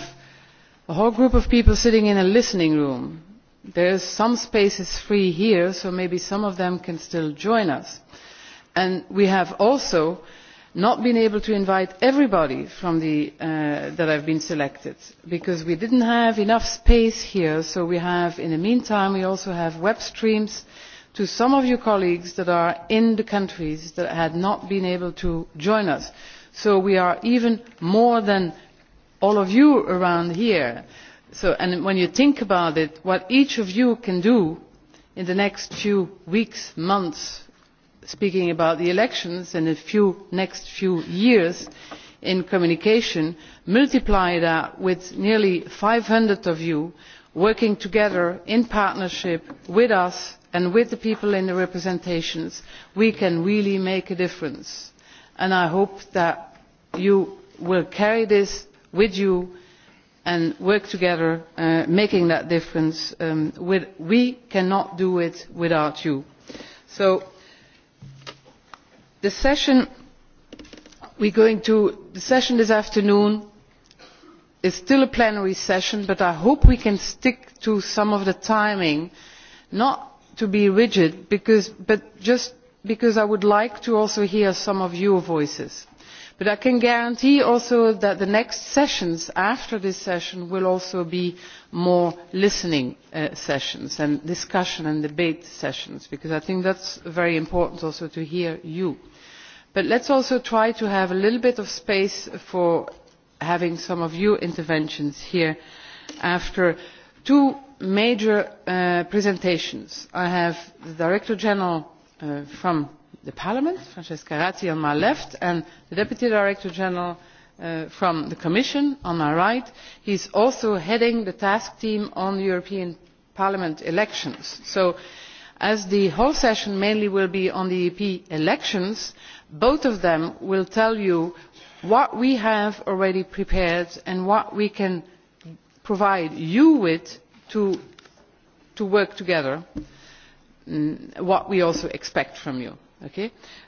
a whole group of people sitting in a listening room there are some spaces free here so maybe some of them can still join us. And we have also not been able to invite everybody uh, that has been selected because we did not have enough space here so we have in the meantime we also have web streams to some of your colleagues that are in the countries that had not been able to join us so we are even more than all of you around here and when you think about it what each of you can do in the next few weeks and months speaking about the elections and the next few years in communication multiply that with nearly five hundred of you working together in partnership with us and with the people in the representations we can really make a difference i hope that you will carry this with you and work together uh, making that difference. Um, we cannot do it without you. so the session this afternoon is still a plenary session but i hope we can stick to some of the timing not to be rigid but just because i would like to also hear some of your voices but i can also guarantee that the next sessions after this session will also be more listening uh, sessions and discussion and debate sessions because i think that is very important also to hear you. but let us also try to have a little bit of space for having some of your interventions here after two major uh, presentations. i have the director general uh, from the parliament francesca ratti on my left and the deputy director general uh, from the commission on my right he is also heading the task team on the european parliament elections. so as the whole session mainly will be on the ep elections both of them will tell you what we have already prepared and what we can provide you with to, work together and mm, what we also expect from you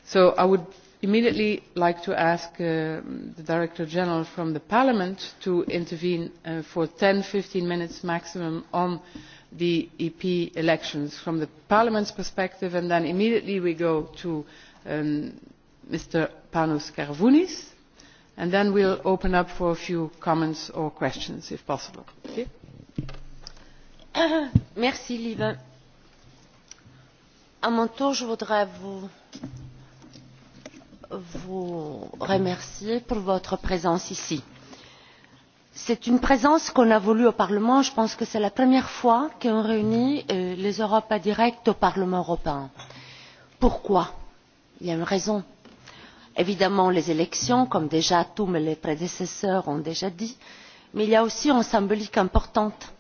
so i would immediately like to ask uh, the director general from parliament to intervene uh, for ten to fifteen minutes maximum on the ep elections from parliament's perspective and then immediately we go to mr um, panos karavounis and then we will open up for a few comments or questions if possible. à mon tour je voudrais vous vous remercier pour votre présence ici. c'est une présence qu'on a voulue au parlement je pense que c'est la première fois qu'on réunit euh, les europas directs au parlement européen. pourquoi? il y a une raison. évidemment les élections comme déjà tous mes prédécesseurs ont déjà dit mais il y a aussi une symbolique importante.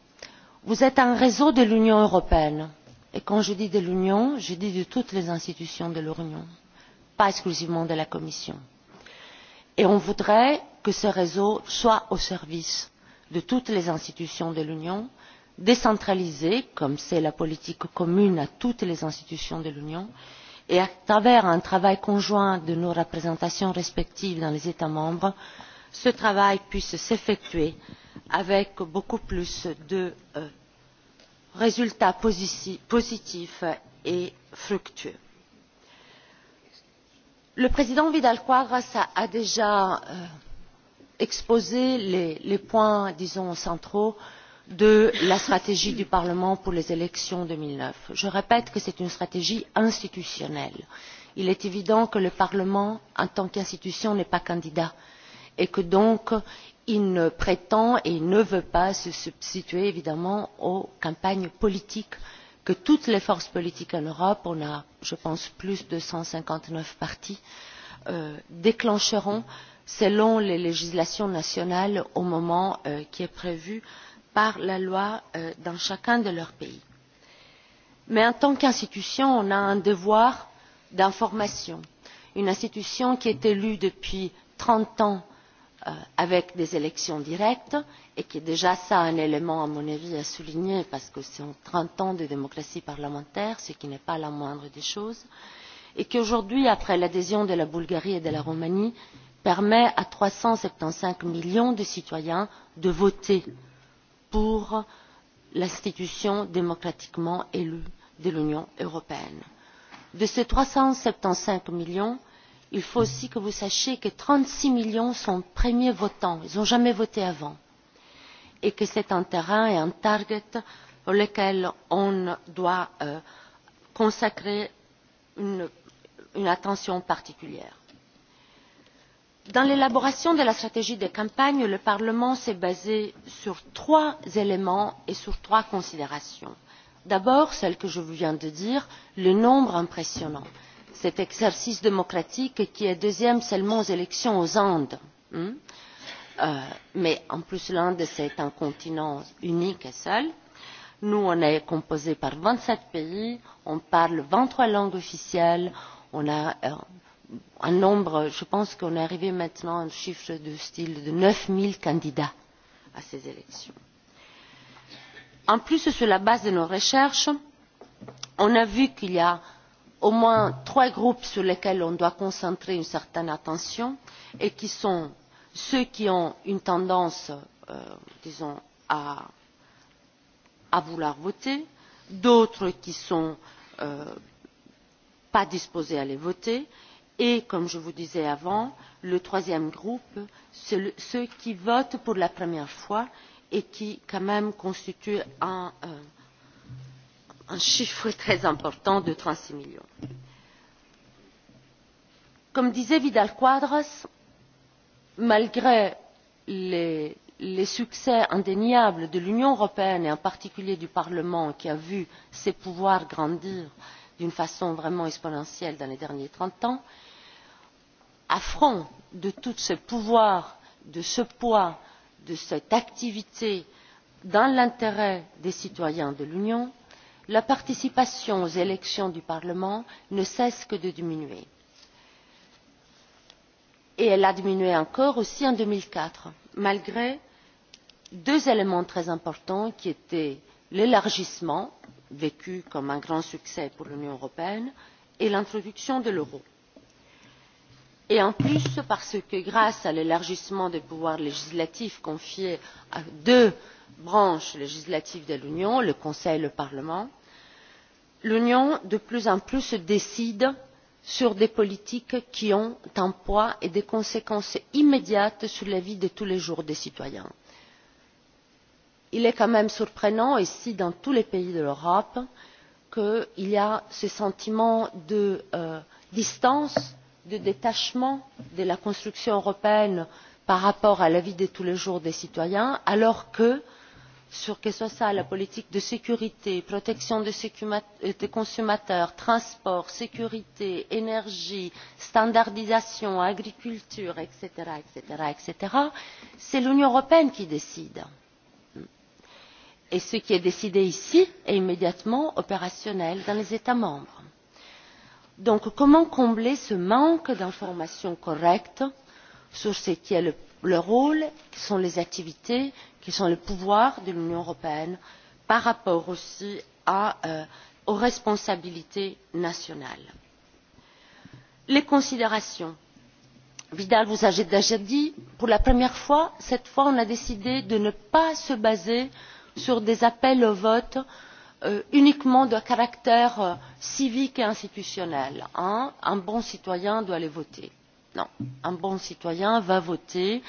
vous êtes un réseau de l'union européenne et quand je dis de l'union je dis de toutes les institutions de l'union pas exclusivement de la commission et on voudrait que ce réseau soit au service de toutes les institutions de l'union décentralisé comme c'est la politique commune à toutes les institutions de l'union et à travers un travail conjoint de nos représentations respectives dans les états membres ce travail puisse s'effectuer avec beaucoup plus de euh, résultats positifs et fructueux. le président vidal quadras a déjà euh, exposé les, points disons centraux de la stratégie du parlement pour les élections. deux mille neuf je répète que c'est une stratégie institutionnelle. il est évident que le parlement en tant qu'institution n'est pas candidat et que par conséquent il ne prétend et ne veut pas se substituer évidemment aux campagnes politiques que toutes les forces politiques en europe on a je pense plus de cent cinquante neuf partis euh, déclencheront selon les législations nationales au moment euh, qui est prévu par la loi euh, dans chacun de leurs pays. mais en tant qu'institution on a un devoir d'information une institution qui est élue depuis trente ans Euh, avec des élections directes et qui est déjà un élément à mon avis à souligner parce que ce sont trente ans de démocratie parlementaire ce qui n'est pas la moindre des choses et qui aujourd'hui après l'adhésion de la bulgarie et de la roumanie permet à trois cent soixante quinze millions de citoyens de voter pour l'institution démocratiquement élue de l'union européenne. de ces trois cent soixante quinze millions il faut aussi que vous sachiez que trente six millions sont les premiers votants ils n'ont jamais voté avant et que c'est un terrain et un target pour lequel on doit euh, consacrer une attention particulière. dans l'élaboration de la stratégie de campagne le parlement s'est basé sur trois éléments et sur trois considérations. d'abord celle que je viens de dire le nombre impressionnant cet exercice démocratique qui est deuxième seulement aux élections aux andes. Hmm? Euh, mais en plus l'inde est un continent unique et seul. nous on est composé par vingt sept pays on parle vingt trois langues officielles on a euh, un nombre je pense qu'on est arrivé maintenant à un chiffre du style de neuf zéro candidats à ces élections. en plus sur la base de nos recherches on a vu qu'il y a au moins trois groupes sur lesquels on doit concentrer une certaine attention et qui sont ceux qui ont une tendance euh, disons à, vouloir voter d'autres qui ne sont euh, pas disposés à les voter et comme je vous disais avant le troisième groupe le, ceux qui votent pour la première fois et qui quand même constituent un, un euh, un chiffre très important de trente six millions. comme disait vidal quadras malgré les, succès indéniables de l'union européenne et en particulier du parlement qui a vu ses pouvoirs grandir d'une façon vraiment exponentielle dans les derniers trente ans à front de tous ces pouvoirs de ce poids de cette activité dans l'intérêt des citoyens de l'union la participation aux élections du parlement ne cesse que de diminuer et elle a diminué encore aussi en deux mille quatre malgré deux éléments très importants qui étaient l'élargissement vécu comme un grand succès pour l'union européenne et l'introduction de l'euro et en plus parce que grâce à l'élargissement des pouvoirs législatifs confiés à deux branches législatives de l'union le conseil et le parlement l'union de plus en plus décide sur des politiques qui ont un poids et des conséquences immédiates sur la vie de tous les jours des citoyens. il est quand même surprenant ici dans tous les pays d'europe qu'il y ait ce sentiment de euh, distance de détachement de la construction européenne par rapport à la vie de tous les jours des citoyens alors que que ce soit la politique de sécurité la protection des euh, consommateurs les transports la sécurité l'énergie la standardisation l'agriculture etc. c'est l'union européenne qui décide et ce qui est décidé ici est immédiatement opérationnel dans les états membres donc comment combler ce manque d'informations correctes sur ce qui est le rôle les activités et les pouvoirs de l'union européenne par rapport aussi euh, aux responsabilités nationales? les considérations vidal vous avez déjà dit pour la première fois cette fois on a décidé de ne pas se baser sur des appels au vote Euh, uniquement de caractère euh, civique et institutionnel un bon citoyen doit aller voter. non un bon citoyen va voter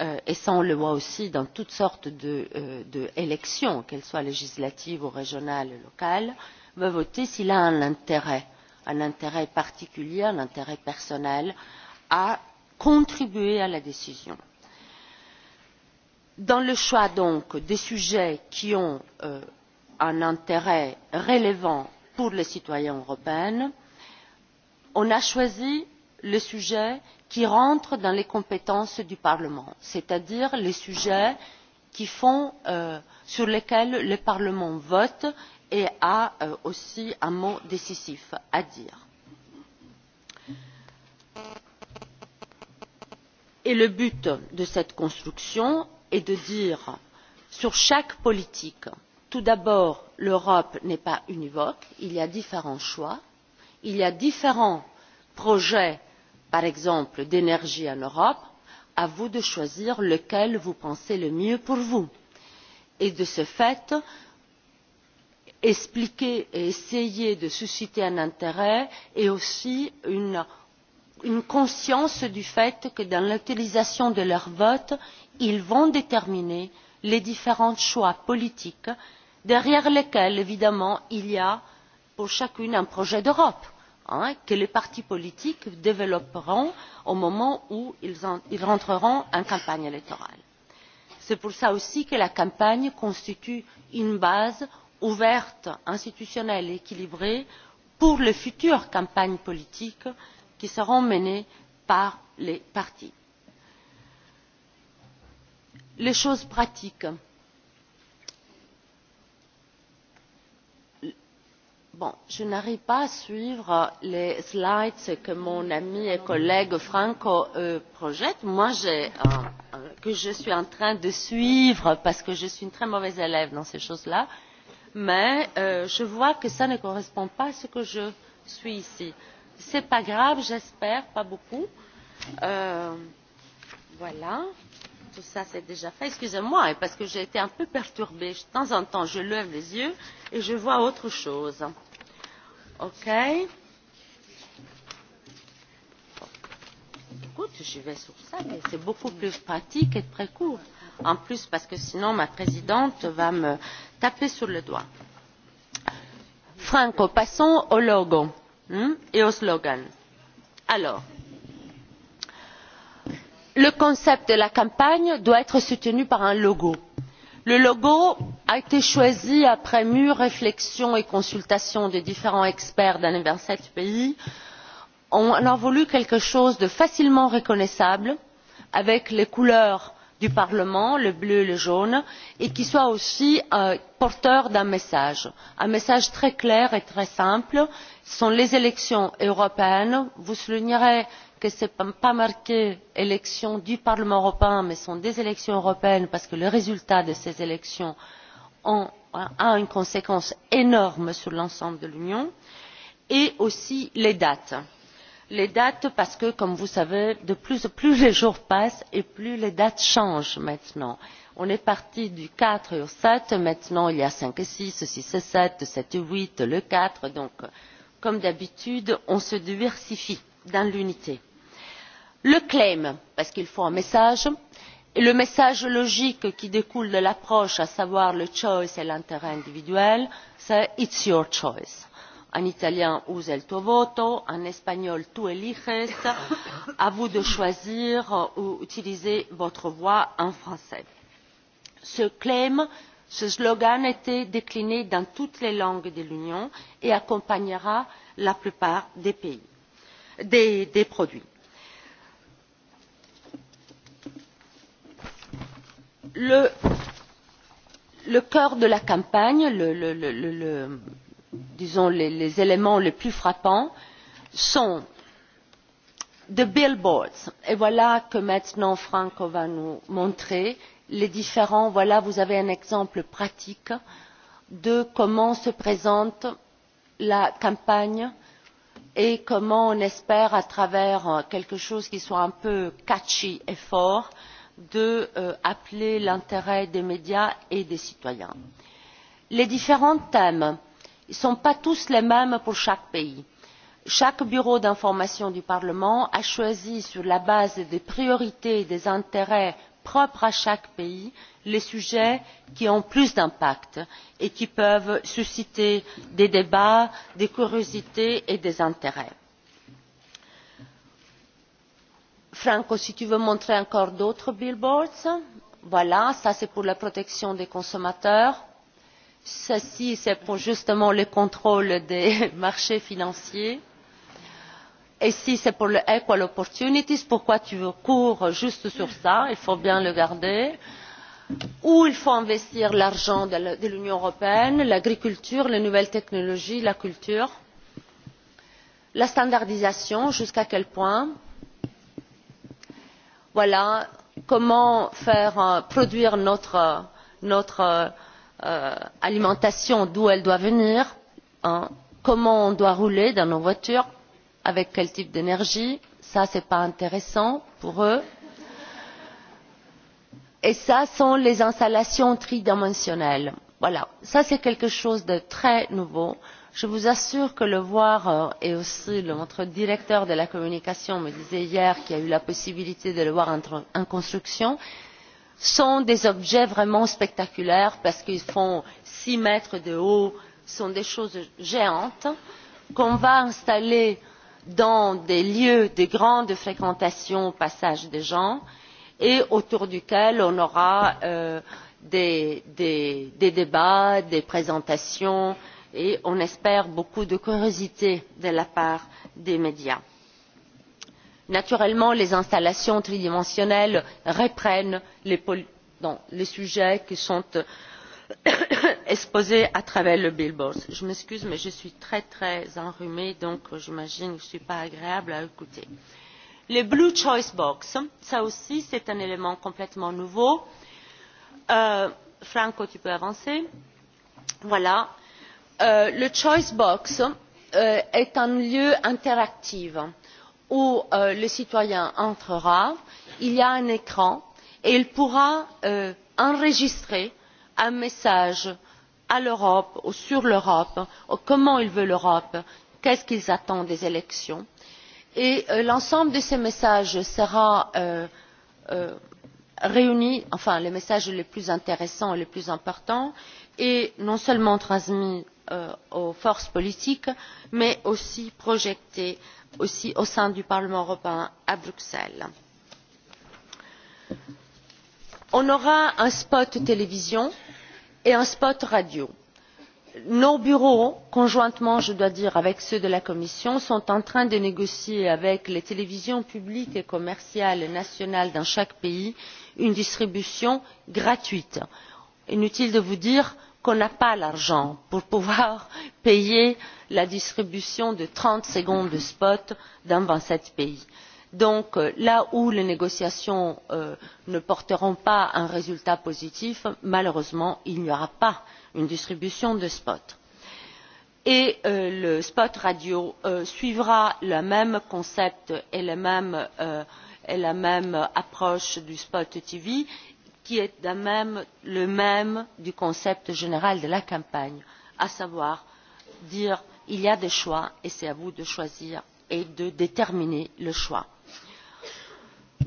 euh, et ça on le voit aussi dans toutes sortes d'élections qu'elles soient législatives ou régionales ou locales va voter s'il a un intérêt un intérêt particulier un intérêt personnel à contribuer à la décision dans le choix donc des sujets qui ont un intérêt relevant pour les citoyens européens on a choisi le sujet qui entre dans les compétences du parlement c'est à dire les sujets euh, sur lesquels le parlement vote et a euh, aussi un mot décisif à dire. Et le but de cette construction est de dire sur chaque politique tout d'abord l'europe n'est pas univoque il y a différents choix il y a différents projets par exemple d'énergie en europe à vous de choisir lequel vous pensez le mieux pour vous et de ce fait expliquer et essayer de susciter un intérêt et aussi une, conscience du fait que dans l'utilisation de leur vote ils vont déterminer les différents choix politiques derrière lesquels évidemment il y a pour chacune un projet d'europe que les partis politiques développeront au moment où ils entreront en campagne électorale. c'est pour cela aussi que la campagne constitue une base ouverte institutionnelle et équilibrée pour les futures campagnes politiques qui seront menées par les partis. les choses pratiques je n'arrive pas à suivre les slides que mon ami et collègue franco euh, projette moi euh, que je suis en train de suivre parce que je suis une très mauvaise élève dans ces choses là mais euh, je vois que cela ne correspond pas à ce que je suis ici. ce n'est pas grave j'espère pas beaucoup. Euh, voilà tout cela c'est déjà fait. excusez moi parce que j'ai été un peu perturbée. de temps en temps je lève les yeux et je vois autre chose. Ok. Écoute, je vais sur ça, mais c'est beaucoup plus pratique et très court. En plus, parce que sinon, ma présidente va me taper sur le doigt. Franco, passons au logo hein, hmm, et au slogan. Alors, le concept de la campagne doit être soutenu par un logo. Le logo a été choisi après mûre réflexion et consultation des différents experts d'un vingt sept pays. on a voulu quelque chose de facilement reconnaissable avec les couleurs du parlement le bleu et le jaune et qui soit aussi euh, porteur d'un message un message très clair et très simple ce sont les élections européennes vous soulignerez que ce n'est pas marqué élections du parlement européen mais ce sont des élections européennes parce que le résultat de ces élections est a une conséquence énorme sur l'ensemble de l'union et aussi les dates les dates parce que comme vous le savez plus, plus les jours passent et plus les dates changent maintenant. on est passé du quatre au sept maintenant il y a cinq et six six et sept sept et huit le quatre donc comme d'habitude on se diversifie dans l'unité. le claim parce qu'il faut un message le message logique qui découle de l'approche à savoir le choice et l'intérêt individuel c'est it's your choice en italien usa il tuo voto en espagnol tú eliges à vous de choisir ou utilisez votre voix en français. ce claim ce slogan a été décliné dans toutes les langues de l'union et accompagnera la plupart des, des produits le, cœur de la campagne disons les, éléments les plus frappants sont des billboards et voilà que maintenant franco va nous montrer les différents voilà vous avez un exemple pratique de comment se présente la campagne et comment on espère à travers quelque chose qui soit un peu catchy et fort d'appeler euh, l'intérêt des médias et des citoyens. les différents thèmes ne sont pas tous les mêmes pour chaque pays. chaque bureau d'information du parlement a choisi sur la base des priorités et des intérêts propres à chaque pays les sujets qui ont le plus d'impact et qui peuvent susciter des débats des curiosités et des intérêts franco si tu veux montrer encore d'autres billboards voilà ça c'est pour la protection des consommateurs ceci c'est pour justement le contrôle des marchés financiers et si c'est pour le equal opportunities pourquoi tu cours juste sur ça il faut bien le garder où il faut investir l'argent de l'union européenne l'agriculture les nouvelles technologies la culture la standardisation jusqu'à quel point? voilà comment faire euh, produire notre, euh, alimentation d'où elle doit venir comment on doit rouler dans nos voitures avec quel type d'énergie ça ce n'est pas intéressant pour eux et ce sont les installations tridimensionnelles. voilà c'est quelque chose de très nouveau je vous assure que le voir euh, et aussi notre directeur de la communication me disait hier qu'il y a eu la possibilité de le voir en construction sont des objets vraiment spectaculaires parce qu'ils font six mètres de haut ce sont des choses géantes qu'on va installer dans des lieux de grande fréquentation au passage des gens et autour duquel on aura euh, des, des débats des présentations etc et on espère beaucoup de curiosité de la part des médias. naturellement les installations tridimensionnelles reprennent les, sujets qui sont exposés à travers les billboards. je m'excuse mais je suis très très enrhumée donc j'imagine que je ne suis pas agréable à écouter. les blue choice box cela aussi c'est un élément complètement nouveau. Euh, franco tu peux avancer. voilà Euh, le choice box euh, est un lieu interactif où euh, le citoyen entrera il y a un écran et il pourra enregistrer un message à l'europe ou sur l'europe comment il veut l'europe qu'est ce qu'il attend des élections et l'ensemble de ces messages sera réuni enfin les messages les plus intéressants et les plus importants et non seulement transmis Euh, aux forces politiques mais aussi projetée au sein du parlement européen à bruxelles. on aura un spot télévision et un spot radio. nos bureaux conjointement je dois dire avec ceux de la commission sont en train de négocier avec les télévisions publiques et commerciales nationales dans chaque pays une distribution gratuite. inutile de vous dire qu'on n'a pas l'argent pour pouvoir payer la distribution de trente secondes de spot dans vingt sept pays. donc euh, là où les négociations euh, ne porteront pas un résultat positif malheureusement il n'y aura pas de distribution de spot et euh, le spot radio suivra le même concept et, et la même approche du spot tv qui est le même du concept général de la campagne à savoir dire il y a des choix et c'est à vous de choisir et de déterminer le choix.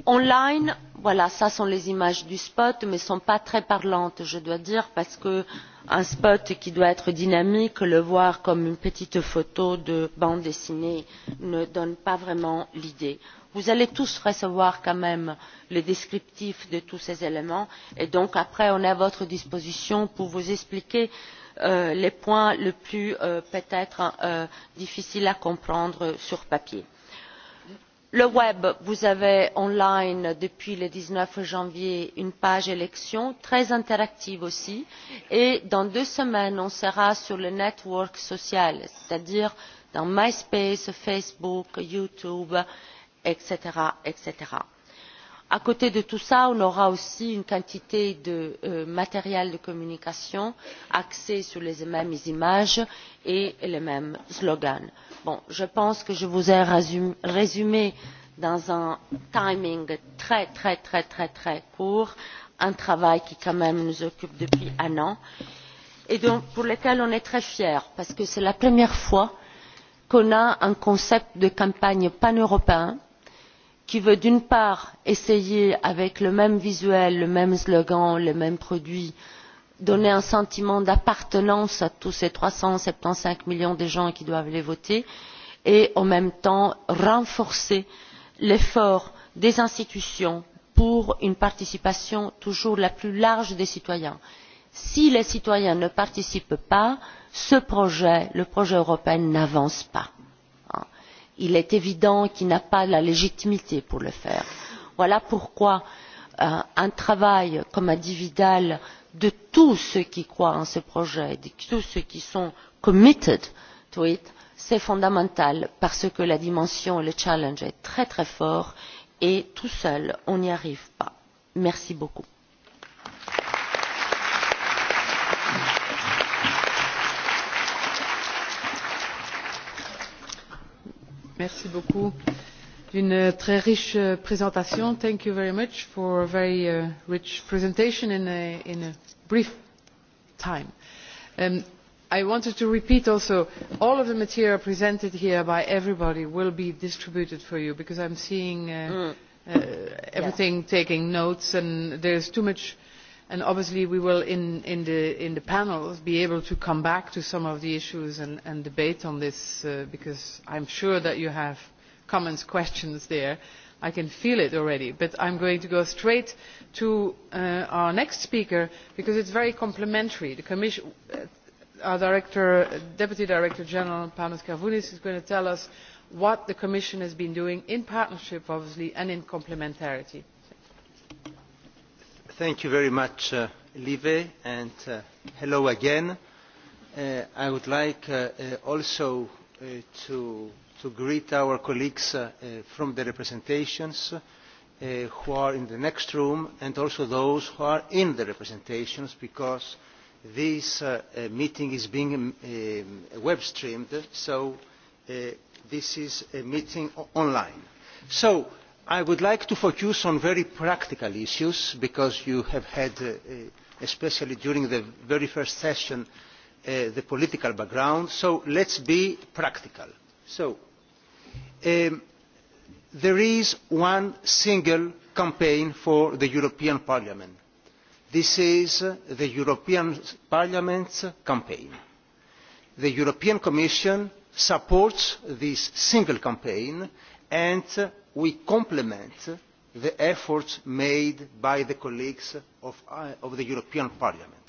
en ligne voilà ce sont les images du spot mais elles ne sont pas très parlantes je dois dire parce qu'un spot qui doit être dynamique le voir comme une petite photo de bande dessinée ne donne pas vraiment l'idée vous allez tous recevoir quand même le descriptif de tous ces éléments et donc après on est à votre disposition pour vous expliquer euh, les points les plus euh, peut être euh, difficiles à comprendre sur papier. le web vous avez en ligne depuis le dix neuf janvier une page élections très interactive aussi et dans deux semaines on sera sur le network social c'est à dire dans myspace facebook youtube etc etc. à côté de tout cela on aura aussi une quantité de euh, matériel de communication axé sur les mêmes images et les mêmes slogans. je pense que je vous ai résumé, dans un timing très très très très très court un travail qui quand même nous occupe depuis un an et pour lequel on est très fiers parce que c'est la première fois qu'on a un concept de campagne paneuropéen qui veut d'une part essayer avec le même visuel le même slogan les mêmes produits de donner un sentiment d'appartenance à tous ces trois cent soixante quinze millions de gens qui doivent aller voter et en même temps renforcer l'effort des institutions pour une participation toujours la plus large des citoyens. si les citoyens ne participent pas ce projet le projet européen n'avance pas il est évident qu'il n'a pas la légitimité pour le faire. voilà pourquoi euh, un travail comme l'a dit vidal de tous ceux qui croient en ce projet de tous ceux qui sont committed to it est fondamental parce que la dimension le challenge est très très fort et tout seul on n'y arrive pas. merci beaucoup. Merci beaucoup d'une euh, très riche euh, présentation. Thank you very much for a very uh, rich presentation in a, in a brief time. Um, I wanted to repeat also, all of the material presented here by everybody will be distributed for you because I'm seeing uh, mm. uh, everything yeah. taking notes and there's too much and obviously we will in, the, in panels be able to come back to some of the issues and, debate on this uh, because i am sure that you have comments and questions there i can feel it already but i am going to go straight to uh, our next speaker because it is very complementary. Uh, our deputy director general panos karvounis is going to tell us what the commission has been doing in partnership obviously and in complementarity. Thank you very much, uh, Live, and uh, hello again. Uh, I would like uh, uh, also uh, to, to greet our colleagues uh, uh, from the representations uh, who are in the next room and also those who are in the representations because this uh, uh meeting is being um, uh, web streamed so uh, this is a meeting online. So i would like to focus on very practical issues because you have had uh, uh, especially during the very first session uh, the political background so let us be practical. So, um, there is one single campaign for the european parliament. this is the european parliament's campaign. the european commission supports this single campaign and we complement the efforts made by the colleagues uh, of, the european parliament.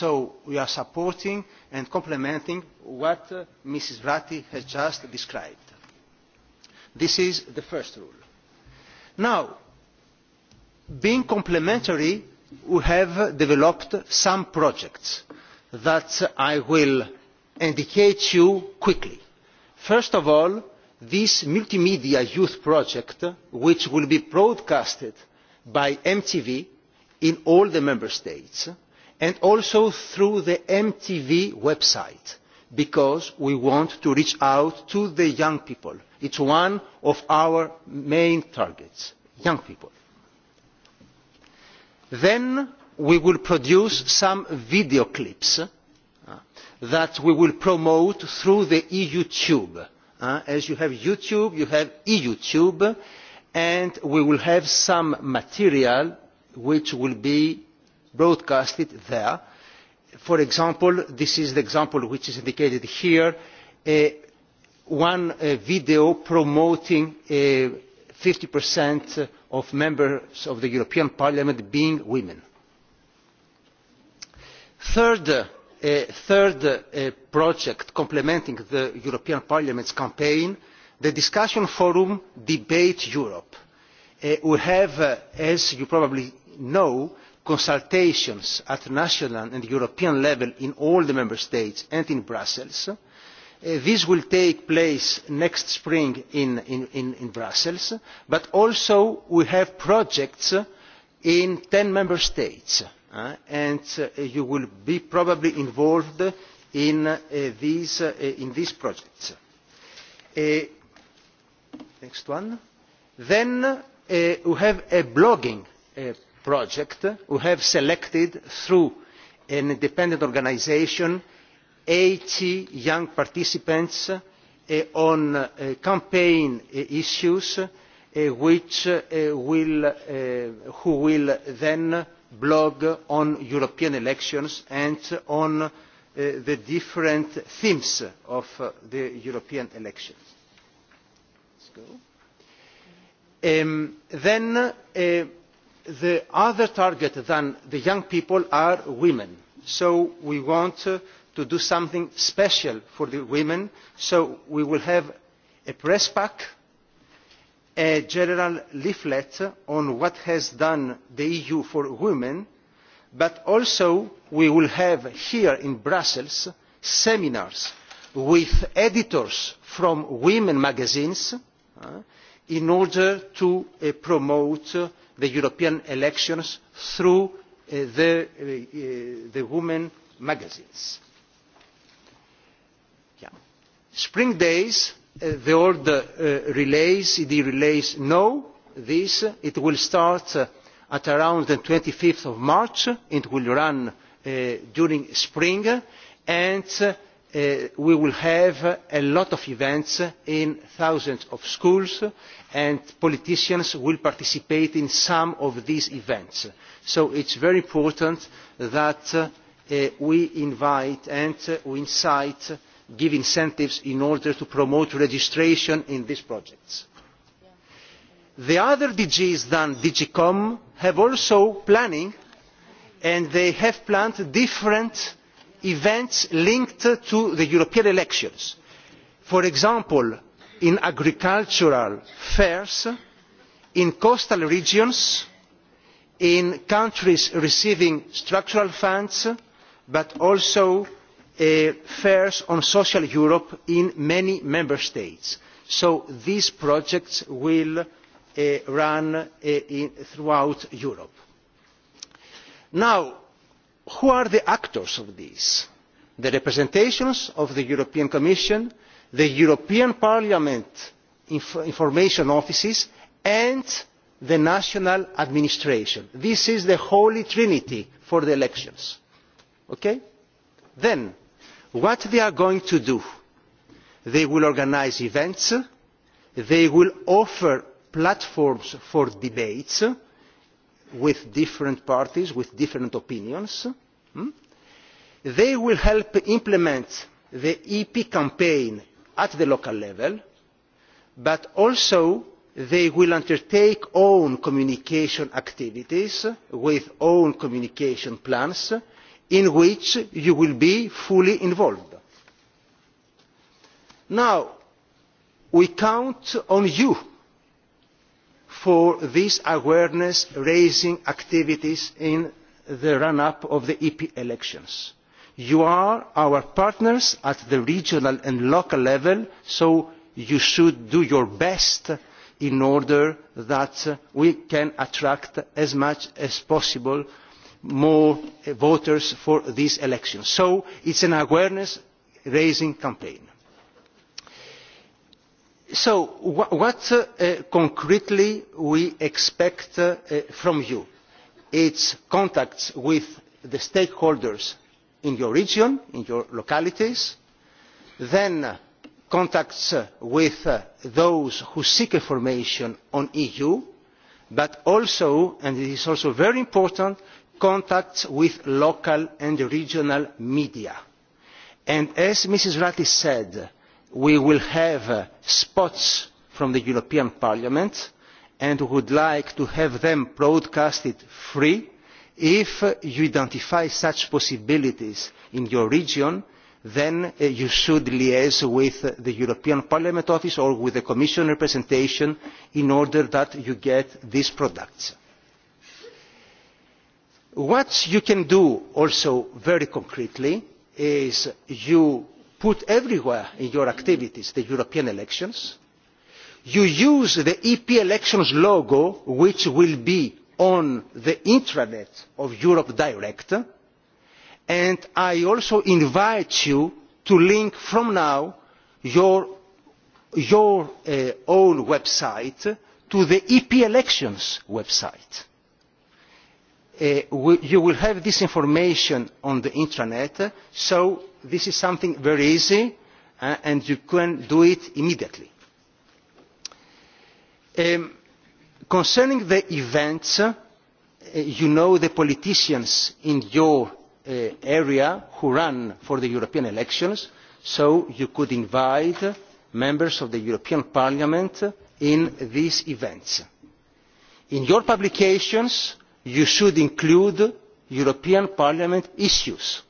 so we are supporting and complementing what uh, mrs ratti has just described. this is the first rule. now being complementary we have developed some projects that i will indicate to you quickly. first of all this multimedia youth project which will be broadcast by mtv in all the member states and also through the mtv website because we want to reach out to the young people. it is one of our main targets young people. then we will produce some video clips uh, that we will promote through eu e tube Uh, as you have youtube you have eyoutube and we will have some material which will be broadcast there. for example this is the example which is indicated here one video promoting fifty of members of the european parliament being women. third a third uh, project complementing the european parliament's campaign the discussion forum debate europe. Uh, we have uh, as you probably know consultations at national and european level in all the member states and in brussels. these will take place next spring in, in brussels but also we have projects in ten member states Eh, and eh, you will be probably involved in eh, these, in these projects. next one. Then we have a blogging project we have selected through an independent organisation eighty young participants on campaign issues which will, who will then blog on european elections and on uh, the different themes of uh, the european elections. Um, then uh, the other target than the young people are women so we want to do something special for the women so we will have a press pack a general leaflet on what has done the eu for women but also we will have here in brussels seminars with editors from women's magazines uh, in order to uh, promote the european elections through uh, the, the women's magazines. spring days the old uh, relays id e relays know this it will start uh, at around twenty five march it will run uh, during spring and we will have a lot of events in thousands of schools and politicians will participate in some of these events. so it is very important that we invite and we incite give incentives in order to promote registration in these projects. The other DGs than DG COM have also planning and they have planned different events linked to the European elections. For example, in agricultural fairs, in coastal regions, in countries receiving structural funds, but also Uh, fairs on social europe in many member states so these projects will uh, run uh, throughout europe. now who are the actors of this? the representations of the european commission the european parliament information offices and the national administration. this is the holy trinity for the elections. Okay? then what they are going to do they will organise events they will offer platforms for debates with different parties with different opinions hmm? they will help implement the ep campaign at the local level but also they will undertake own communication activities with own communication plans in which you will be fully involved. now we count on you for these awareness raising activities in the run up to the ep elections. you are our partners at the regional and local level so you should do your best in order that we can attract as much as possible more voters for these elections. so it is an awareness raising campaign. so what uh, concretely do we expect uh, from you? it is contacts with the stakeholders in your region in your localities then contacts uh, with those who seek information on the eu but also and this is also very important contacts with local and regional media. And as Mrs. Ratti said, we will have uh, spots from the European Parliament and we would like to have them broadcasted free. If uh, you identify such possibilities in your region, then uh, you should liaise with the European Parliament office or with the Commission representation in order that you get these products what you can do also very concretely is you put everywhere in your activities the european elections you use the ep elections logo which will be on the intranet of europe direct and i also invite you to link from now your, your uh, own website to the ep elections website Uh, you will have this information on the intranet so this is something very easy uh, and you can do it immediately. Um, concerning the events uh, you know the politicians in your area who run for the european elections so you could invite members of the european parliament to these events. in your publications you should include european parliament issues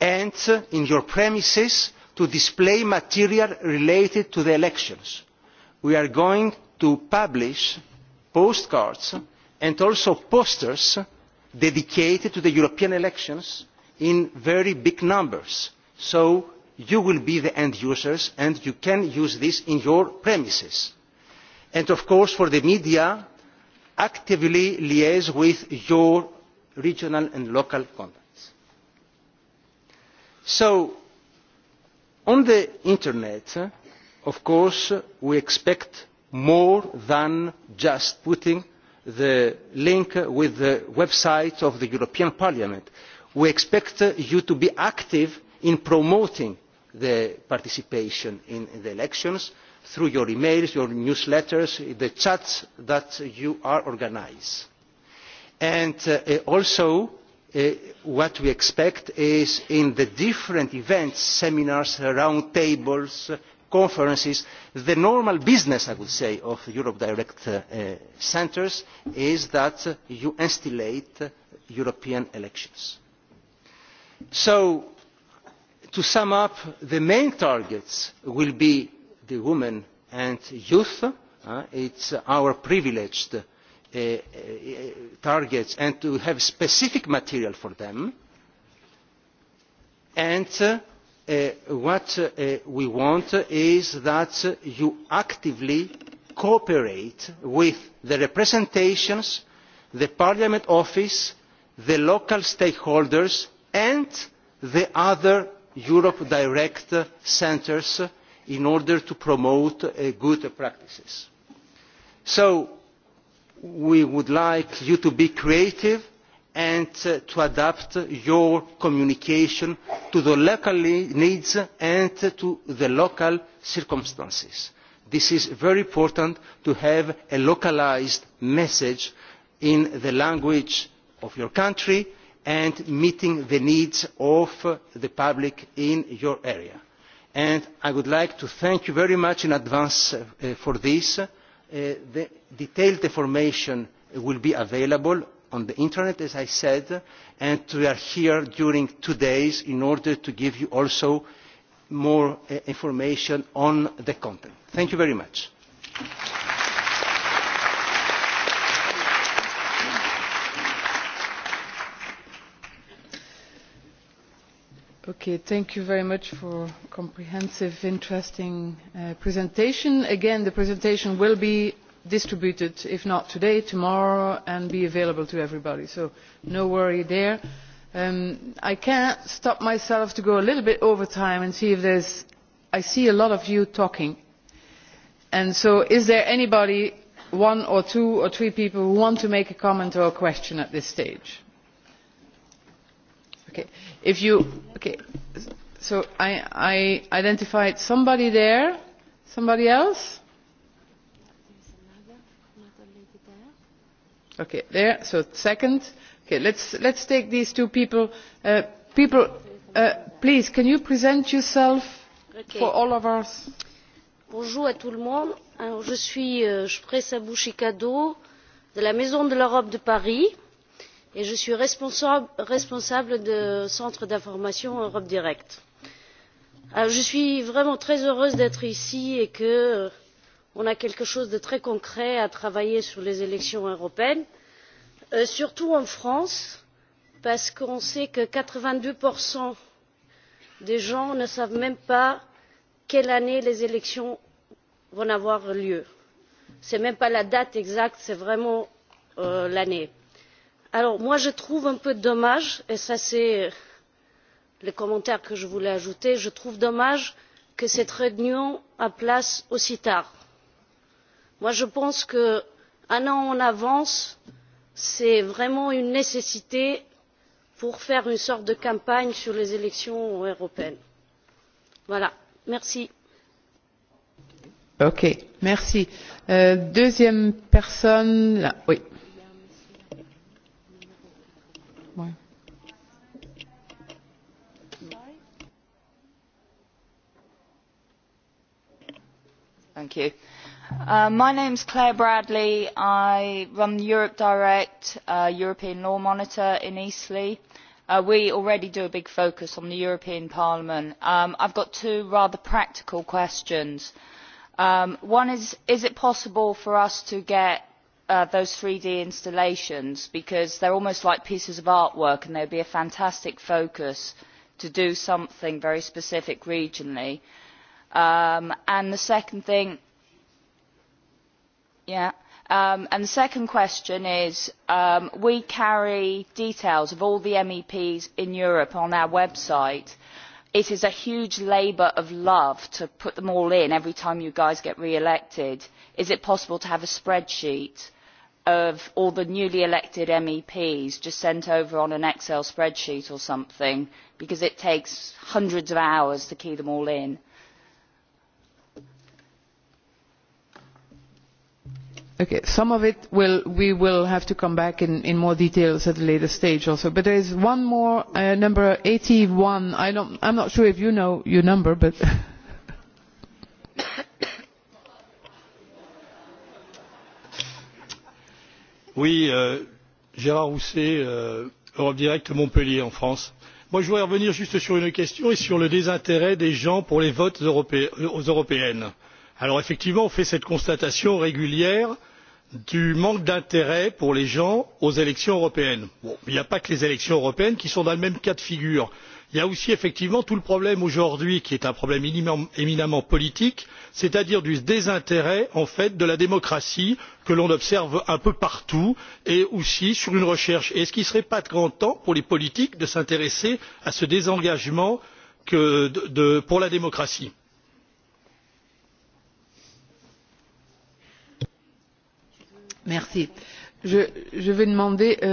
and uh, in your premises to display material related to the elections. we are going to publish postcards and also posters dedicated to the european elections in very big numbers so you will be the end users and you can use this in your premises. and of course for the media actively liaise with your regional and local contacts. so on the internet of course we expect more than just putting the link with the website of the european parliament. we expect you to be active in promoting the participation in the elections through your emails, your newsletters, the chats that you are organise. And uh, uh, also, uh, what we expect is in the different events, seminars, round tables, conferences, the normal business, I would say, of Europe Direct centres is that you instil European elections. So, to sum up, the main targets will be the women and youth uh, it is our privileged uh, uh, target and to have specific material for them and what we want is that you actively cooperate with the representations the parliament office the local stakeholders and the other europe direct centres in order to promote uh, good practices. so we would like you to be creative and uh, to adapt your communication to the local needs and to the local circumstances. this is very important to have a localised message in the language of your country and meeting the needs of the public in your area and i would like to thank you very much in advance uh, for this. Uh, the detailed information will be available on the internet as i said and we are here during two days in order to give you also more uh, information on the content. thank you very much. Okay, thank you very much for a comprehensive, interesting uh, presentation. Again, the presentation will be distributed, if not today, tomorrow, and be available to everybody, so no worry there. Um, I can't stop myself to go a little bit over time and see if there's... I see a lot of you talking. And so is there anybody, one or two or three people, who want to make a comment or a question at this stage? So I, I identified somebody there. Somebody else? Okay, there. So second. Okay, let's let's take these two people. Uh, people, uh, please, can you present yourself okay. for all of us? Bonjour à tout le monde. Alors, je suis euh, Shpresa Bouchikado de la Maison de l'Europe de Paris et je suis responsable, du centre d'information europe direct. je suis vraiment très heureuse d'être ici et que euh, nous ayons quelque chose de très concret à travailler sur les élections européennes euh, surtout en france parce qu'on sait que quatre vingt deux des gens ne savent même pas quelle année les élections vont avoir lieu. ce n'est même pas la date exacte c'est vraiment euh, l'année. Alors, moi, je trouve un peu dommage, et ça c'est le commentaire que je voulais ajouter, que cette réunion ait lieu aussi tard. je pense qu'un an en avance, c'est vraiment une nécessité pour faire une sorte de campagne sur les élections européennes. Voilà, merci. Ok, merci. Euh, deuxième personne, là. oui Uh, my name is clare bradley i run europe direct a uh, european law monitor in eastleigh. Uh, we already do a big focus on the european parliament. Um, i have two rather practical questions. Um, one is is it possible for us to get those three d installations because they are almost like pieces of artwork and they would be a fantastic focus to do something very specific regionally? Um, and the second thing, um, and the second question is, um, we carry details of all the MEPs in Europe on our website. It is a huge labour of love to put them all in every time you guys get re-elected. Is it possible to have a spreadsheet of all the newly elected MEPs just sent over on an Excel spreadsheet or something? Because it takes hundreds of hours to key them all in Some of it we will have to come back to in more detail at a later stage But there is one more, uh, number eighty one I am not sure if you know your number, but... Oui, euh, Gérard Rousset, euh, Europe Direct Montpellier en France. je voudrais revenir juste sur une question et sur le désintérêt des gens pour les votes euh, aux européennes. effectivement, on fait cette constatation régulière du manque d'intérêt pour les gens aux élections européennes. il n'y a pas que les élections européennes qui sont dans le même cas de figure il y a aussi effectivement tout le problème aujourd'hui qui est un problème éminemment politique c'est à dire du désintérêt en fait de la démocratie que l'on observe un peu partout et aussi sur une recherche est ce qu'il ne serait pas grand temps pour les politiques de s'intéresser à ce désengagement pour la démocratie? Je, vais demander, i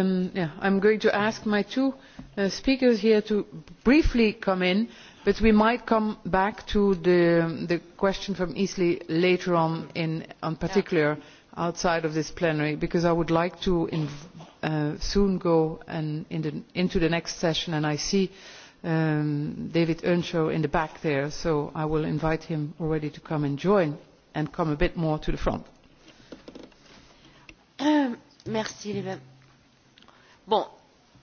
am um, going to ask my two uh, speakers here to briefly come in, but we might come back to the, question from ms Easley later on, in particular outside of this plenary, because I would like to uh, soon go into the next session, and I see um, David Earnshaw in the back there, so I will invite him already to come and join and come a bit more to the front. Euh,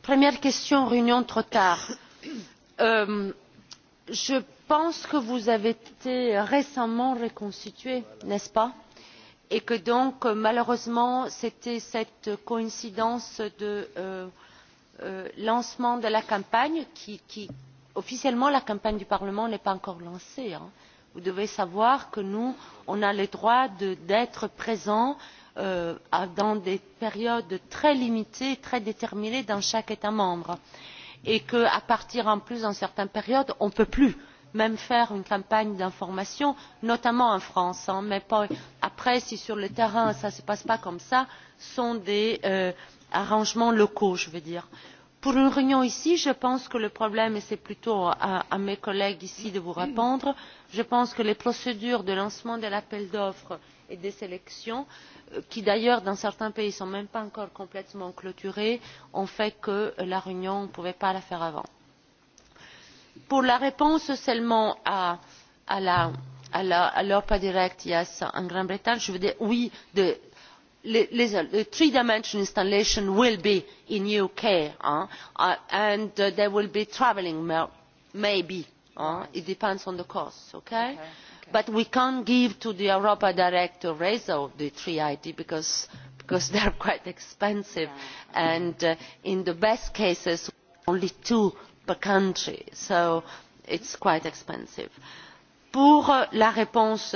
première question réunion trop tard. Euh, je pense que vous avez été récemment reconstitué n'est ce pas et que donc malheureusement c'était cette coïncidence de euh, lancement de la campagne qui, officiellement la campagne du parlement n'est pas encore lancée vous devez savoir que nous avons le droit d'être présents et Euh, dans des périodes très limitées très déterminées dans chaque état membre et qu'à partir en plus dans certaines périodes on ne peut plus même faire une campagne d'information notamment en france mais après si sur le terrain ça ne se passe pas comme cela ce sont des euh, arrangements locaux je veux dire. pour une réunion ici je pense que le problème et c'est plutôt à mes collègues ici de vous répondre je pense que les procédures de lancement de l'appel d'offres et des élections euh, qui d'ailleurs dans certains pays ne sont même pas encore complètement clôturées ont fait que la réunion ne pouvait pas se tenir avant. pour la réponse seulement à, à l'europa direct yes en grande bretagne je veux dire oui the, the three dimensional installation will be in the uk eh? and they will be travelling maybe eh? it depends on the cost okay? but we cannot give to the europa directorate or the three it because, they are quite expensive and uh, in the best cases only two per country so it is quite expensive. pour uh, la réponse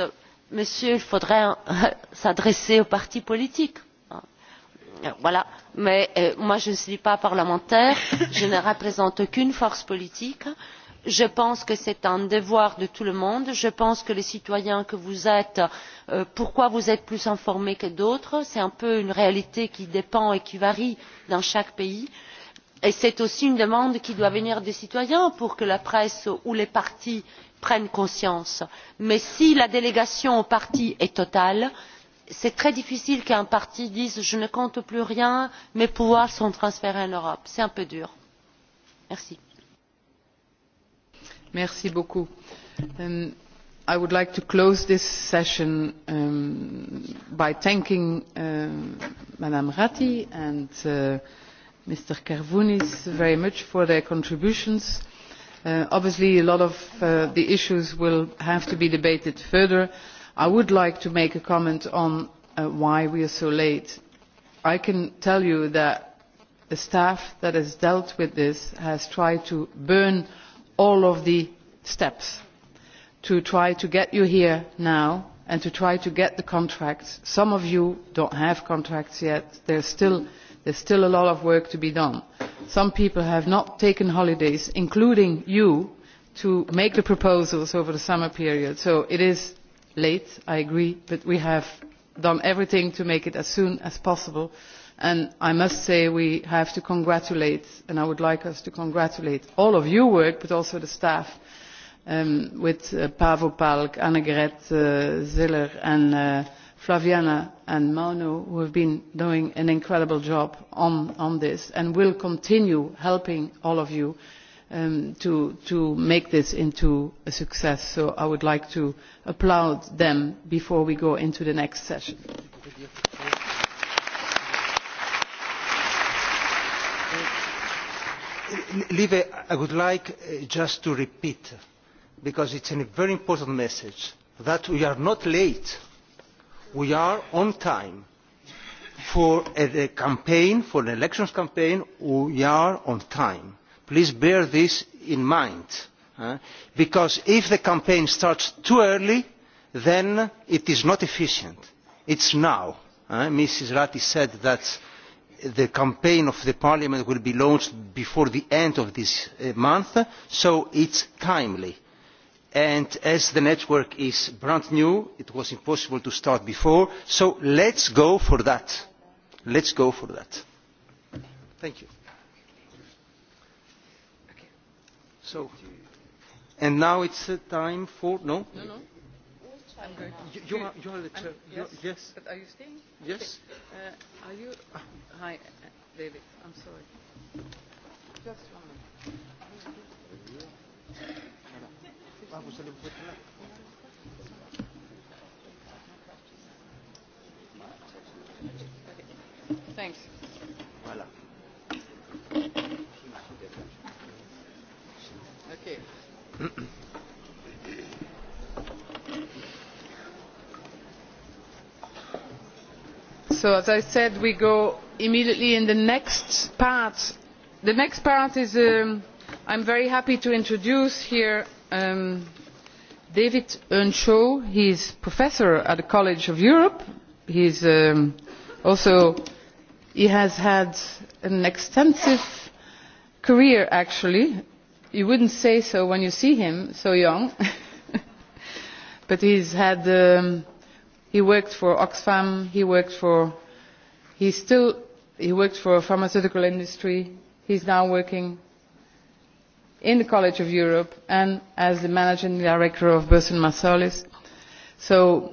monsieur il faudrait euh, s'adresser aux partis politiques euh, voilà mais euh, moi je ne suis pas parlementaire je ne représente aucune force politique je pense que c'est un devoir de tout le monde je pense que les citoyens que vous êtes euh, pourquoi vous êtes plus informés que d'autres c'est un peu une réalité qui dépend et qui varie dans chaque pays et c'est aussi une demande qui doit venir des citoyens pour que la presse ou les partis prennent conscience mais si la délégation aux partis est totale c'est très difficile qu'un parti dise je ne compte plus rien mes pouvoirs sont transférés en europe c'est un peu dur. merci. I would like to close this session um, by thanking ms uh, Madame Ratti and uh, Mr. Kervounis very much for their contributions. Uh, obviously, a lot of the issues will have to be debated further. I would like to make a comment on why we are so late. I can tell you that the staff that has dealt with this has tried to burn all the bridges all of the steps to try to get you here now and to try to get the contracts. Some of you don't have contracts yet. There's still, still a lot of work to be done. Some people have not taken holidays, including you, to make the proposals over the summer period. So it is late, I agree, but we have done everything to make it as soon as possible and i must say we have to congratulate and i would like us to congratulate all of your work but also the staff um, with uh, paavo palk annegret zeller uh, ziller and uh, flaviana and manu who have been doing an incredible job on, this and will continue helping all of you um, to make this into a success so i would like to applaud them before we go into the next session. lieve i would like uh, just to repeat because it is a very important message that we are not late we are on time for a campaign for an elections campaign we are on time. please bear this in mind because if the campaign starts too early then it is not efficient. it is now. mrs ratti said that the campaign of the parliament will be launched before the end of this uh, month so it is timely and as the network is brand new it was impossible to start before so let us go for that. let us go for that. thank you. and now it's uh, time for no. I'm going to. You, you are, you are the chair. Yes, yes. But are you staying? Yes. Okay. Uh, are you? Ah. Hi, uh, David. I'm sorry. Just one minute. Thanks. Voilà. Okay. so as i said we go immediately into the next part. the next part is i am um, very happy to introduce here um, david earnshaw he is professor at the college of europe um, he has also had an extensive career actually you would not say so when you see him so young but he has had he worked for oxfam he worked for the pharmaceutical industry he is now working in the college of europe and as the managing director of burson marsalis so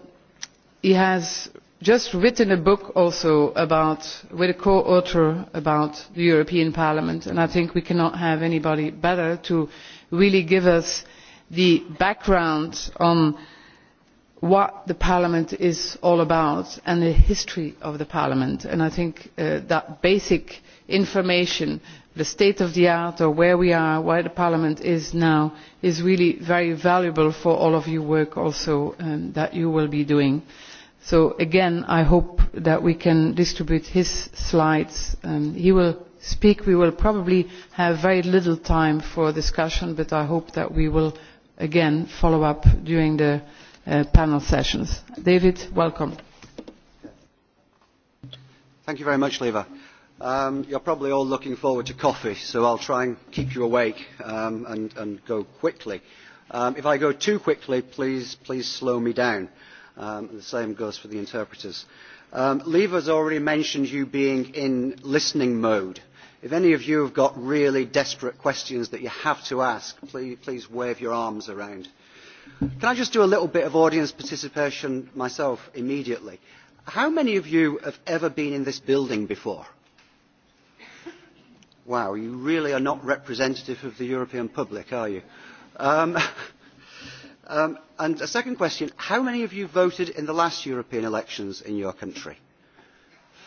he has just written a book also with a co author about the european parliament and i think we cannot have anybody better to really give us the background on what the parliament is all about and the history of the parliament and i think uh, that basic information the state of the art or where we are where the parliament is now is really very valuable for all of your work also um, that you will be doing. so again i hope that we can distribute his slides. Um, he will speak. we will probably have very little time for discussion but i hope that we will again follow up during the Uh, panel sessions. David, welcome. Thank you very much, Leva. Um, you're probably all looking forward to coffee, so I'll try and keep you awake um, and, and go quickly. Um, if I go too quickly, please, please slow me down. Um, the same goes for the interpreters. Um, Lever's already mentioned you being in listening mode. If any of you have got really desperate questions that you have to ask, please, please wave your arms around. Can I just do a little bit of audience participation myself immediately? How many of you have ever been in this building before? Wow, you really are not representative of the European public, are you? Um, um, and a second question, how many of you voted in the last European elections in your country?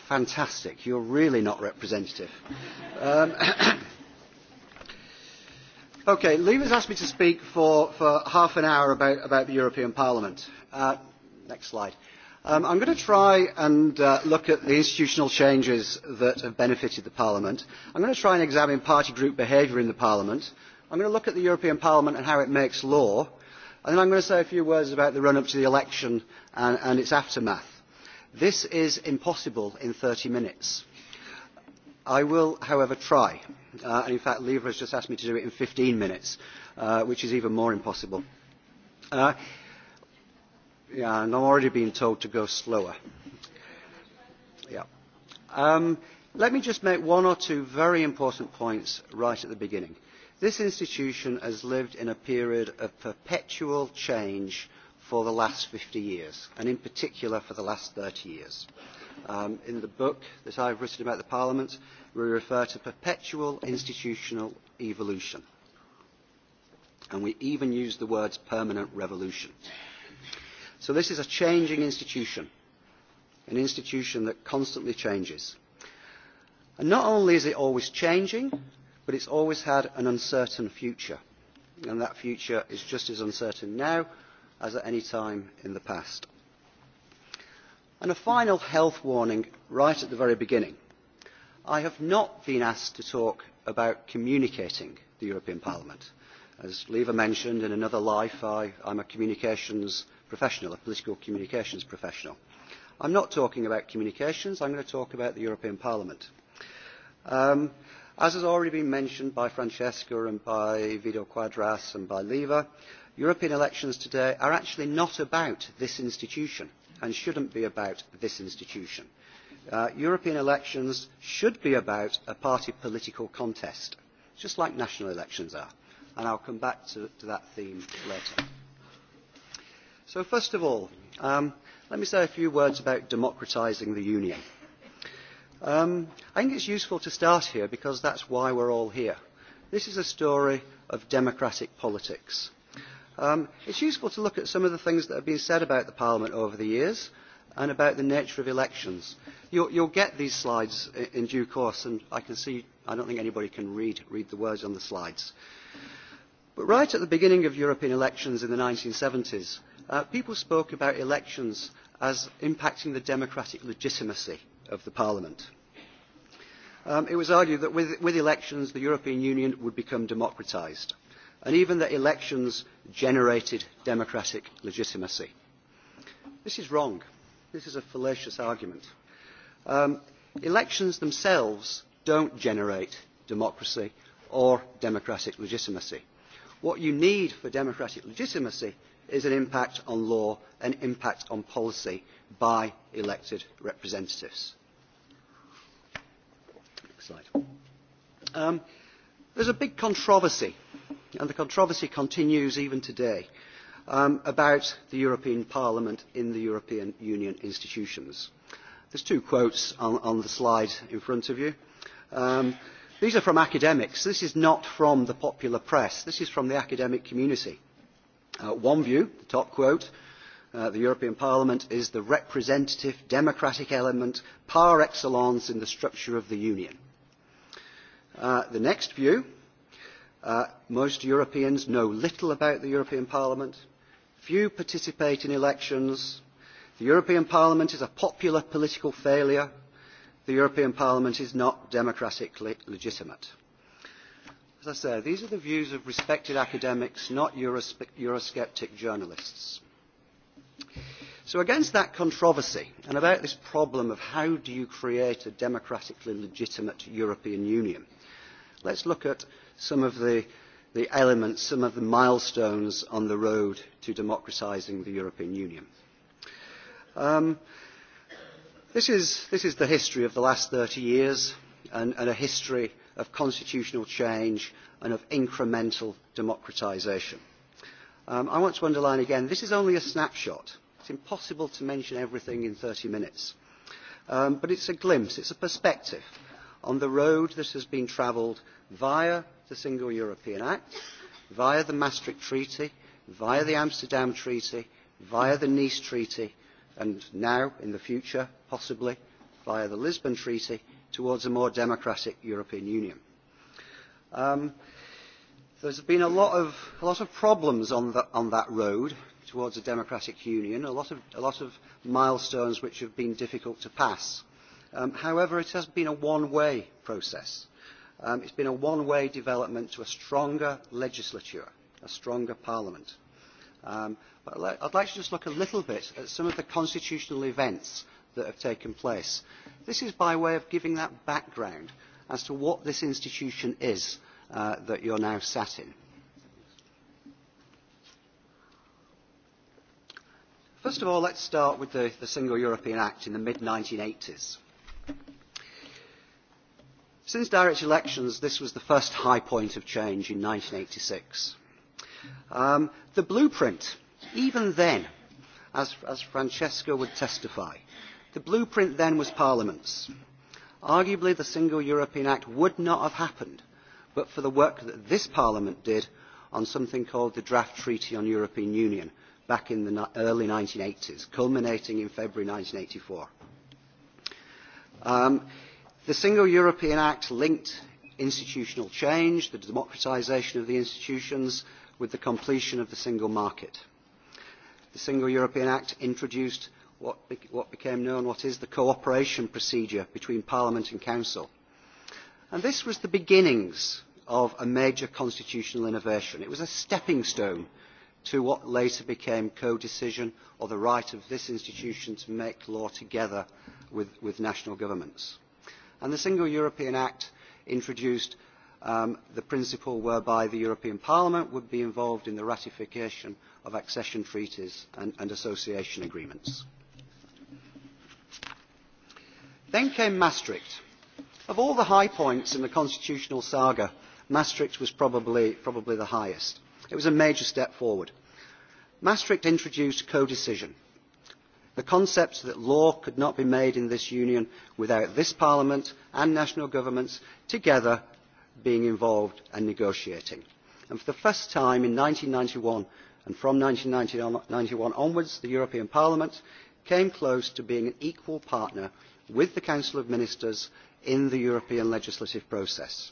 Fantastic, you're really not representative. Um, Okay, Liam has asked me to speak for, for half an hour about, about the European Parliament. Uh, next slide. Um, I'm going to try and uh, look at the institutional changes that have benefited the Parliament. I'm going to try and examine party group behaviour in the Parliament. I'm going to look at the European Parliament and how it makes law. And then I'm going to say a few words about the run-up to the election and, and its aftermath. This is impossible in 30 minutes. I will, however, try. Uh, and in fact, Lever has just asked me to do it in 15 minutes, uh, which is even more impossible. Uh, yeah, and I'm already being told to go slower. Yeah. Um, let me just make one or two very important points right at the beginning. This institution has lived in a period of perpetual change for the last 50 years, and in particular for the last 30 years. Uh, Um, in the book that I've written about the Parliament, we refer to perpetual institutional evolution. And we even use the words permanent revolution. So this is a changing institution, an institution that constantly changes. And not only is it always changing, but it's always had an uncertain future. And that future is just as uncertain now as at any time in the past. And a final health warning right at the very beginning. I have not been asked to talk about communicating the European Parliament. As Lever mentioned, in another life I, I'm a communications professional, a political communications professional. I'm not talking about communications, I'm going to talk about the European Parliament. Um, as has already been mentioned by Francesca and by Vido Quadras and by Lever, European elections today are actually not about this institution and shouldn't be about this institution. Uh, European elections should be about a party political contest, just like national elections are. And I'll come back to, to that theme later. So first of all, um, let me say a few words about democratising the Union. Um, I think it's useful to start here because that's why we're all here. This is a story of democratic politics. Um, it's useful to look at some of the things that have been said about the Parliament over the years and about the nature of elections. You'll, you'll get these slides in due course, and I can see, I don't think anybody can read, read the words on the slides. But right at the beginning of European elections in the 1970s, uh, people spoke about elections as impacting the democratic legitimacy of the Parliament. Um, it was argued that with, with elections, the European Union would become democratised, and even that elections generated democratic legitimacy. This is wrong. This is a fallacious argument. Um, elections themselves don't generate democracy or democratic legitimacy. What you need for democratic legitimacy is an impact on law, an impact on policy by elected representatives. Next slide. Um, there's a big controversy and the controversy continues even today um, about the European Parliament in the European Union institutions. There's two quotes on, on the slide in front of you. Um, these are from academics. This is not from the popular press. This is from the academic community. Uh, one view, the top quote, uh, the European Parliament is the representative democratic element par excellence in the structure of the Union. Uh, the next view, Uh, most Europeans know little about the European Parliament. Few participate in elections. The European Parliament is a popular political failure. The European Parliament is not democratically legitimate. As I say, these are the views of respected academics, not Eurosceptic journalists. So against that controversy and about this problem of how do you create a democratically legitimate European Union, let us look at some of the, the elements, some of the milestones on the road to democratising the European Union. Um, this, is, this is the history of the last 30 years and, and a history of constitutional change and of incremental democratisation. Um, I want to underline again, this is only a snapshot. It's impossible to mention everything in 30 minutes. Um, but it's a glimpse, it's a perspective on the road that has been travelled via the Single European Act, via the Maastricht Treaty, via the Amsterdam Treaty, via the Nice Treaty, and now, in the future, possibly, via the Lisbon Treaty, towards a more democratic European Union. Um, there's been a lot of, a lot of problems on, the, on that road towards a democratic union, a lot, of, a lot of milestones which have been difficult to pass. Um, however, it has been a one-way process. Um, it's been a one-way development to a stronger legislature, a stronger parliament. Um, but I'd like to just look a little bit at some of the constitutional events that have taken place. This is by way of giving that background as to what this institution is uh, that you're now sat in. First of all, let's start with the, the Single European Act in the mid-1980s. Since direct elections, this was the first high point of change in 1986. Um, the blueprint, even then, as, as Francesca would testify, the blueprint then was Parliament's. Arguably, the Single European Act would not have happened but for the work that this Parliament did on something called the Draft Treaty on European Union back in the early 1980s, culminating in February 1984. Um, the single european act linked institutional change the democratisation of the institutions with the completion of the single market. the single european act introduced what, what became known what is the cooperation procedure between parliament and council and this was the beginnings of a major constitutional innovation. it was a stepping stone to what later became codecision or the right of this institution to make law together with, with national governments and the single european act introduced um, the principle whereby the european parliament would be involved in the ratification of accession treaties and, and association agreements. then came maastricht. of all the high points in the constitutional saga maastricht was probably, probably the highest. it was a major step forward. maastricht introduced codecision the concept that law could not be made in this union without this parliament and national governments together being involved and negotiating. for the first time in one thousand nine hundred and ninety one and from one thousand nine hundred and ninety one onwards the european parliament came close to being an equal partner with the council of ministers in the european legislative process.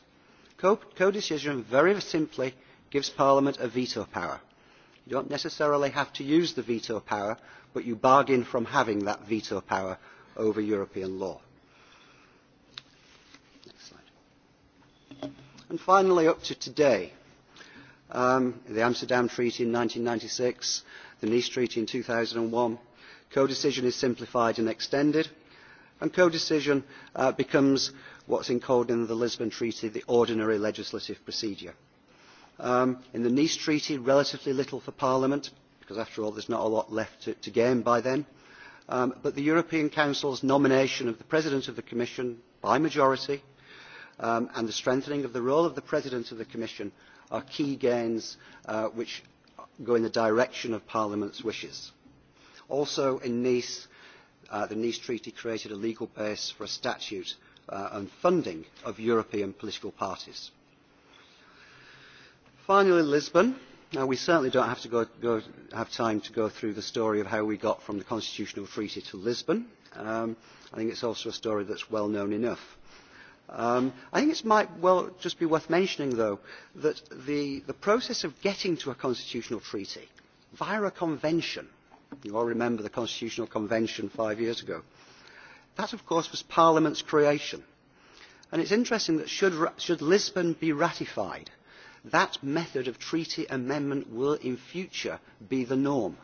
codecision very simply gives parliament a veto power. You don't necessarily have to use the veto power, but you bargain from having that veto power over European law. Next slide. And finally, up to today, um, the Amsterdam Treaty in 1996, the Nice Treaty in 2001, codecision is simplified and extended, and codecision uh, becomes what's encoded in the Lisbon Treaty, the ordinary legislative procedure Um, in the Nice Treaty, relatively little for Parliament, because after all there's not a lot left to, to gain by then. Um, but the European Council's nomination of the President of the Commission by majority um, and the strengthening of the role of the President of the Commission are key gains uh, which go in the direction of Parliament's wishes. Also in Nice, uh, the Nice Treaty created a legal base for a statute uh, and funding of European political parties Finally, Lisbon. Now, we certainly don't have, to have time to go through the story of how we got from the constitutional treaty to Lisbon. Um, I think it is also a story that is well known enough. Um, I think it might well just be worth mentioning, though, that the, process of getting to a constitutional treaty via a convention, you all remember the Constitutional Convention five years ago, that, of course, was Parliament's creation. And it is interesting that should Lisbon be ratified – that method of treaty amendment will in future be the norm.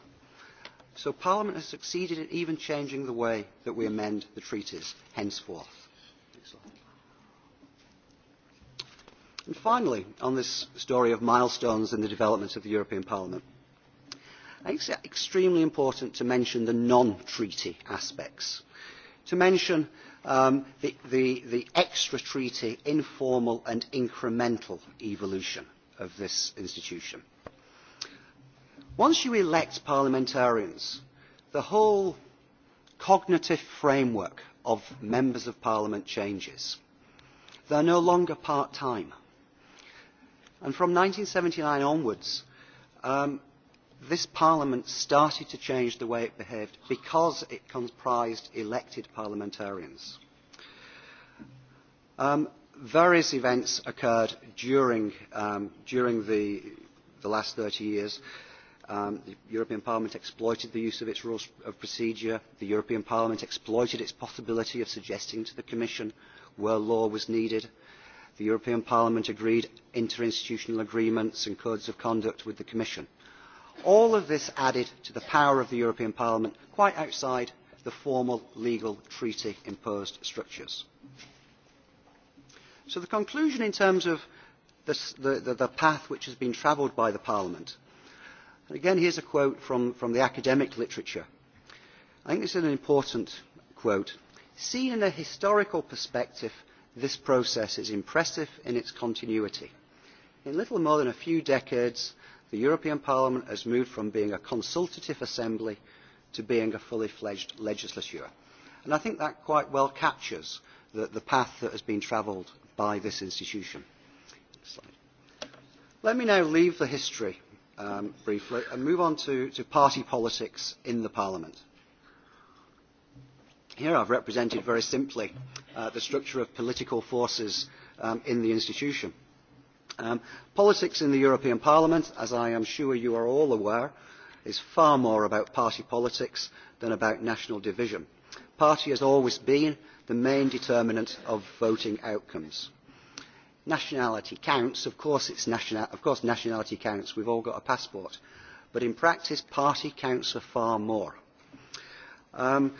So Parliament has succeeded in even changing the way that we amend the treaties henceforth. And finally, on this story of milestones in the development of the European Parliament, I think it's extremely important to mention the non-treaty aspects. To mention um, the, the, the extra treaty, informal and incremental evolution of this institution. Once you elect parliamentarians, the whole cognitive framework of members of parliament changes. They are no longer part-time. And from 1979 onwards, um, this Parliament started to change the way it behaved because it comprised elected parliamentarians. Um, various events occurred during, um, during the, the last 30 years. Um, the European Parliament exploited the use of its rules of procedure. The European Parliament exploited its possibility of suggesting to the Commission where law was needed. The European Parliament agreed interinstitutional agreements and codes of conduct with the Commission all of this added to the power of the european parliament quite outside the formal legal treaty imposed structures. so the conclusion in terms of this, the, the, the path which has been travelled by the parliament and again here is a quote from, from the academic literature i think this is an important quote seen in a historical perspective this process is impressive in its continuity. in little more than a few decades the european parliament has moved from being a consultative assembly to being a fully fledged legislature. And i think that quite well captures the, the path that has been travelled by this institution. Let me now leave the history um, briefly and move on to, to party politics in the parliament. Here I've represented very simply uh, the structure of political forces um, in the institution. Um, politics in the European Parliament, as I am sure you are all aware, is far more about party politics than about national division. Party has always been the main determinant of voting outcomes. Nationality counts, of course, it's national, of course nationality counts, we've all got a passport. But in practice, party counts for far more. Um,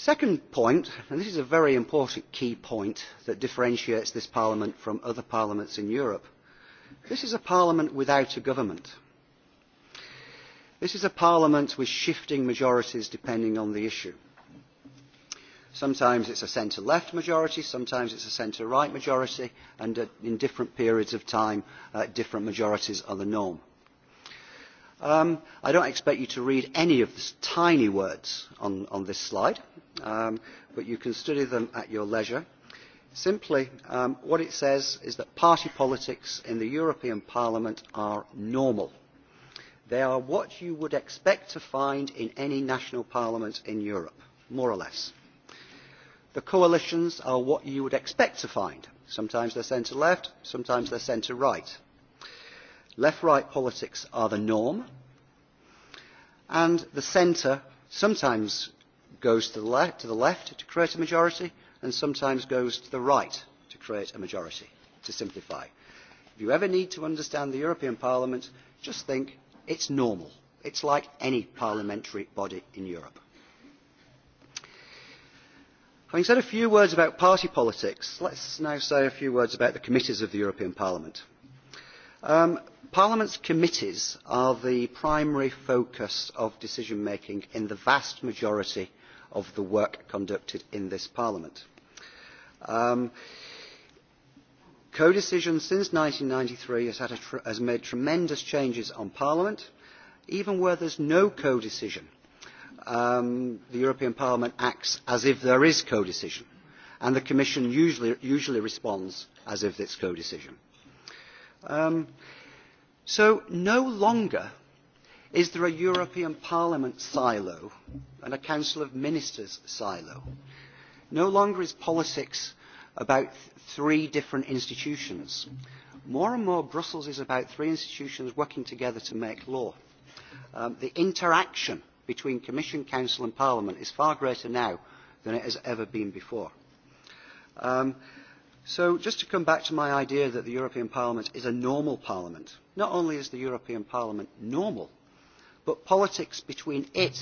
second point and this is a very important key point that differentiates this parliament from other parliaments in europe this is a parliament without a government. this is a parliament with shifting majorities depending on the issue. sometimes it is a centre left majority sometimes it is a centre right majority and uh, in different periods of time uh, different majorities are the norm. Um, I don't expect you to read any of the tiny words on, on this slide, um, but you can study them at your leisure. Simply, um, what it says is that party politics in the European Parliament are normal. They are what you would expect to find in any national parliament in Europe, more or less. The coalitions are what you would expect to find. Sometimes they're centre-left, sometimes they're centre-right Left-right politics are the norm, and the centre sometimes goes to the, le- to the left to create a majority, and sometimes goes to the right to create a majority, to simplify. If you ever need to understand the European Parliament, just think it's normal. It's like any parliamentary body in Europe. Having said a few words about party politics, let's now say a few words about the committees of the European Parliament. Um, parliament's committees are the primary focus of decision making in the vast majority of the work conducted in this parliament. Um, codecision since one thousand nine hundred and ninety three has, had a has made tremendous changes on parliament even where there is no codecision um, the european parliament acts as if there is codecision and the commission usually, usually responds as if it's is codecision. Um, So no longer is there a European Parliament silo and a Council of Ministers silo. No longer is politics about th three different institutions. More and more Brussels is about three institutions working together to make law. Um, the interaction between Commission, Council and Parliament is far greater now than it has ever been before. Um, So just to come back to my idea that the European Parliament is a normal parliament, not only is the European Parliament normal, but politics between it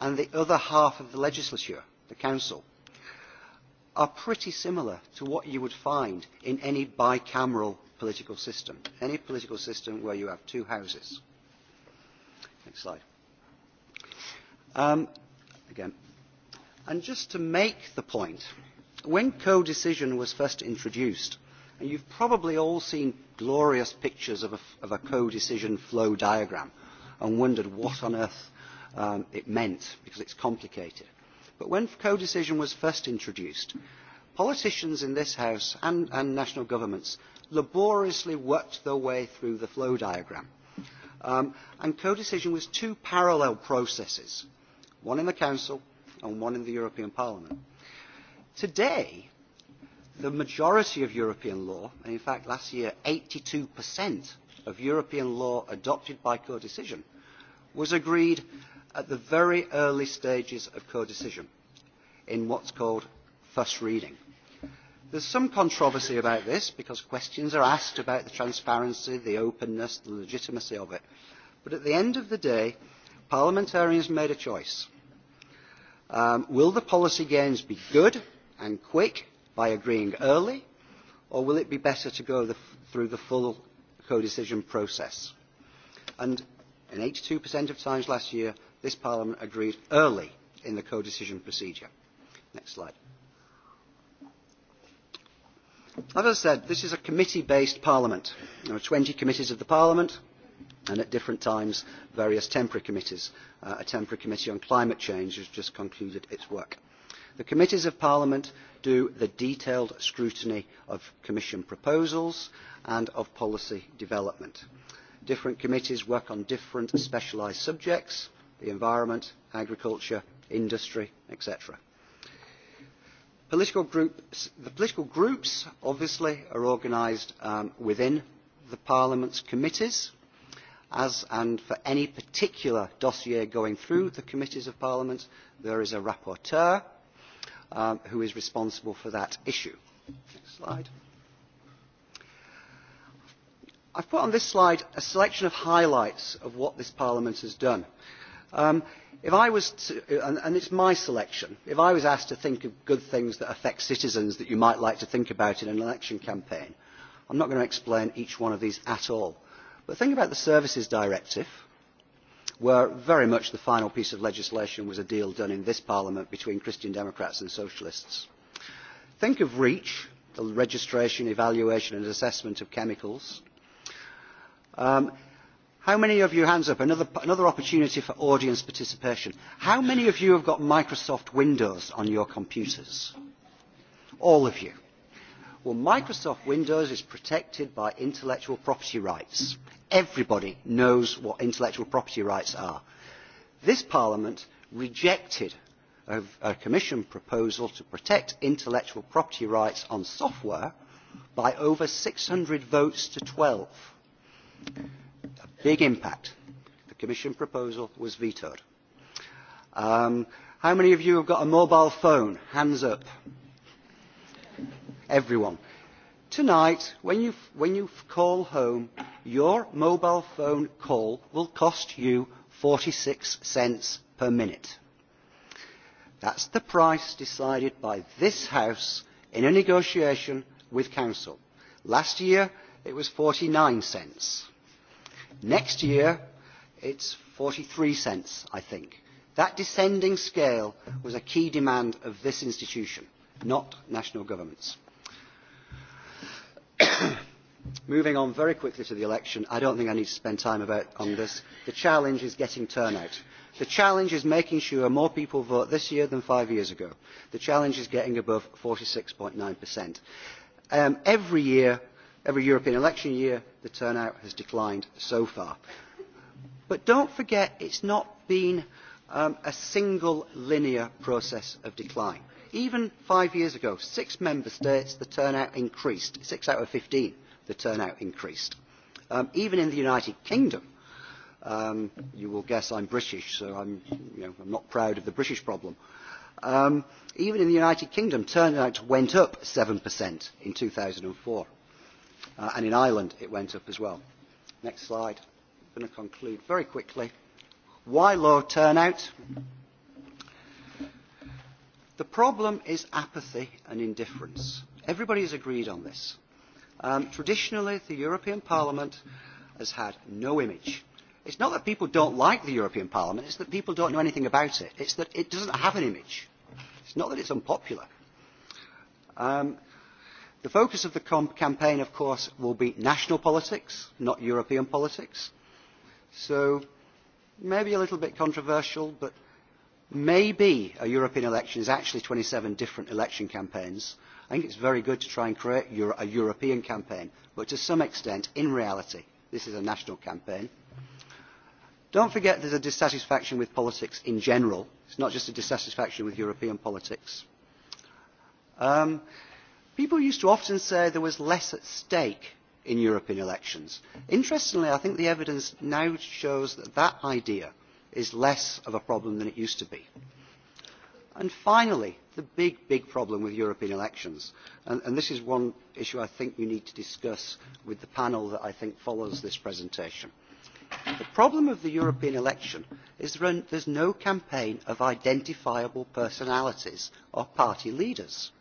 and the other half of the legislature, the Council, are pretty similar to what you would find in any bicameral political system, any political system where you have two houses. Next slide. Um, again. And just to make the point, when codecision was first introduced, and you've probably all seen glorious pictures of a, of a codecision flow diagram and wondered what on earth um, it meant because it's complicated. But when codecision was first introduced, politicians in this House and, and national governments laboriously worked their way through the flow diagram. Um, and codecision was two parallel processes, one in the Council and one in the European Parliament. Today, the majority of European law, and in fact last year 82% of European law adopted by codecision, was agreed at the very early stages of codecision in what's called first reading. There's some controversy about this because questions are asked about the transparency, the openness, the legitimacy of it. But at the end of the day, parliamentarians made a choice. Um, will the policy gains be good and quick by agreeing early, or will it be better to go the, through the full codecision process? And in 82% of times last year, this Parliament agreed early in the codecision procedure. Next slide. As I said, this is a committee-based Parliament. There are 20 committees of the Parliament, and at different times, various temporary committees. Uh, a temporary committee on climate change has just concluded its work the committees of parliament do the detailed scrutiny of commission proposals and of policy development. different committees work on different specialised subjects the environment agriculture industry etc. the political groups obviously are organised um, within the parliament's committees as and for any particular dossier going through the committees of parliament there is a rapporteur Um, who is responsible for that issue. Next slide. I've put on this slide a selection of highlights of what this Parliament has done. Um, if I was to, and, and it's my selection, if I was asked to think of good things that affect citizens that you might like to think about in an election campaign, I'm not going to explain each one of these at all. But think about the Services Directive, where very much the final piece of legislation was a deal done in this parliament between Christian Democrats and Socialists. Think of REACH, the registration, evaluation and assessment of chemicals. Um, how many of you, hands up, another, another opportunity for audience participation. How many of you have got Microsoft Windows on your computers? All of you. Well, Microsoft Windows is protected by intellectual property rights. Everybody knows what intellectual property rights are. This Parliament rejected a, a Commission proposal to protect intellectual property rights on software by over 600 votes to 12. A big impact. The Commission proposal was vetoed. Um, how many of you have got a mobile phone? Hands up everyone. Tonight, when you, when you call home, your mobile phone call will cost you 46 cents per minute. That's the price decided by this House in a negotiation with Council. Last year, it was 49 cents. Next year, it's 43 cents, I think. That descending scale was a key demand of this institution, not national governments. Moving on very quickly to the election, I don't think I need to spend time about, on this. The challenge is getting turnout. The challenge is making sure more people vote this year than five years ago. The challenge is getting above 46.9%. Um, every year, every European election year, the turnout has declined so far. But don't forget, it's not been um, a single linear process of decline. Even five years ago, six member states, the turnout increased, six out of 15 the turnout increased. Um, even in the United Kingdom, um, you will guess I'm British, so I'm, you know, I'm not proud of the British problem. Um, even in the United Kingdom, turnout went up 7% in 2004. Uh, and in Ireland, it went up as well. Next slide. I'm going to conclude very quickly. Why low turnout? The problem is apathy and indifference. Everybody has agreed on this. Um, traditionally, the European Parliament has had no image. It's not that people don't like the European Parliament, it's that people don't know anything about it. It's that it doesn't have an image. It's not that it's unpopular. Um, the focus of the campaign, of course, will be national politics, not European politics. So, maybe a little bit controversial, but maybe a European election is actually 27 different election campaigns I think it's very good to try and create Euro a European campaign, but to some extent, in reality, this is a national campaign. Don't forget there's a dissatisfaction with politics in general. It's not just a dissatisfaction with European politics. Um, people used to often say there was less at stake in European elections. Interestingly, I think the evidence now shows that that idea is less of a problem than it used to be. And finally, the big, big problem with European elections. And, and this is one issue I think we need to discuss with the panel that I think follows this presentation. The problem of the European election is there is no campaign of identifiable personalities or party leaders.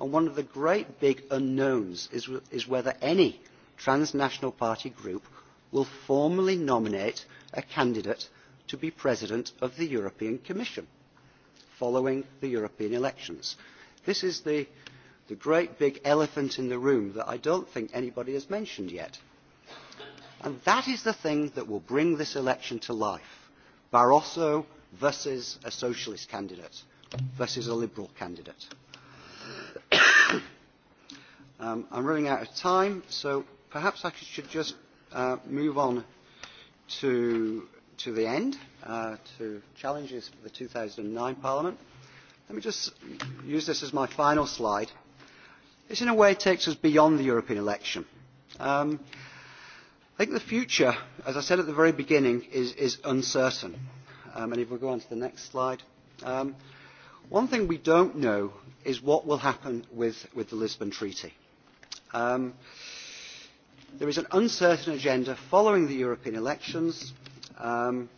And one of the great big unknowns is, is whether any transnational party group will formally nominate a candidate to be president of the European Commission following the European elections. This is the, the great big elephant in the room that I don't think anybody has mentioned yet. And that is the thing that will bring this election to life. Barroso versus a socialist candidate versus a liberal candidate. um, I'm running out of time, so perhaps I should just uh, move on to to the end uh, to for the 2009 Parliament. Let me just use this as my final slide. This, in a way, takes us beyond the European election. Um, I think the future, as I said at the very beginning, is, is uncertain. Um, and if we go on to the next slide. Um, one thing we don't know is what will happen with, with the Lisbon Treaty. Um, there is an uncertain agenda following the European elections. Um,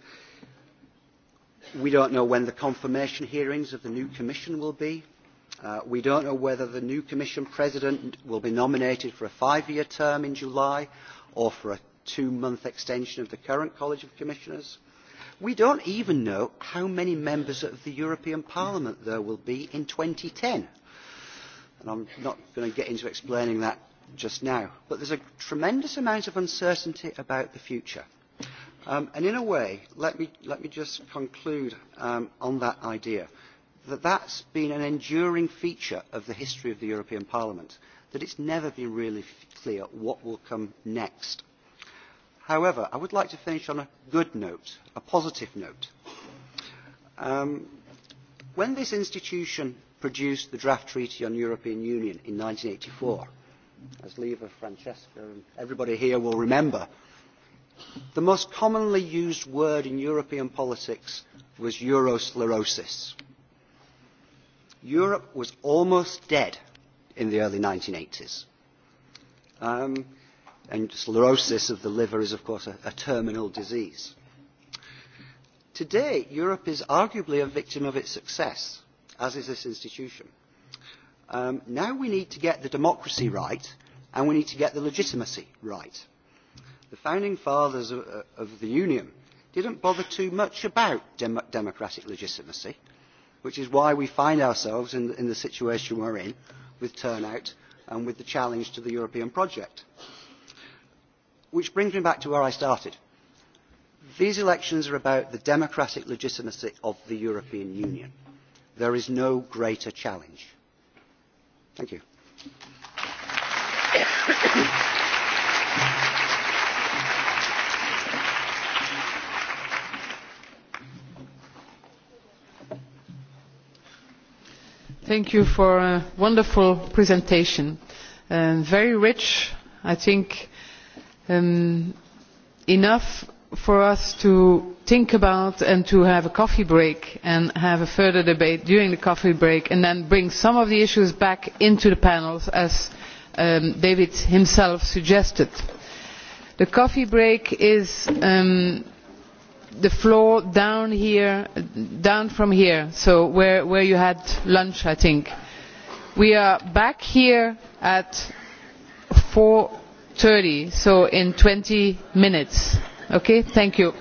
we don't know when the confirmation hearings of the new Commission will be. Uh, we don't know whether the new Commission President will be nominated for a five-year term in July or for a two-month extension of the current College of Commissioners. We don't even know how many members of the European Parliament there will be in 2010. And I'm not going to get into explaining that just now. But there's a tremendous amount of uncertainty about the future. Um, and in a way, let me, let me just conclude um, on that idea, that that's been an enduring feature of the history of the European Parliament, that it's never been really clear what will come next. However, I would like to finish on a good note, a positive note. Um, when this institution produced the draft treaty on European Union in 1984, as Leva, Francesca and everybody here will remember the most commonly used word in european politics was eurosclerosis. europe was almost dead in the early 1980s. Um, and sclerosis of the liver is, of course, a, a terminal disease. Today, Europe is arguably a victim of its success, as is this institution. Um, now we need to get the democracy right, and we need to get the legitimacy right the founding fathers of the union didn't bother too much about dem democratic legitimacy, which is why we find ourselves in, in the situation we're in with turnout and with the challenge to the European project. Which brings me back to where I started. These elections are about the democratic legitimacy of the European Union. There is no greater challenge. Thank you. Thank you for a wonderful presentation. Um, very rich, I think um, enough for us to think about and to have a coffee break and have a further debate during the coffee break and then bring some of the issues back into the panels as um, David himself suggested. The coffee break is the floor down here down from here so where, where you had lunch i think we are back here at four thirty so in twenty minutes okay thank you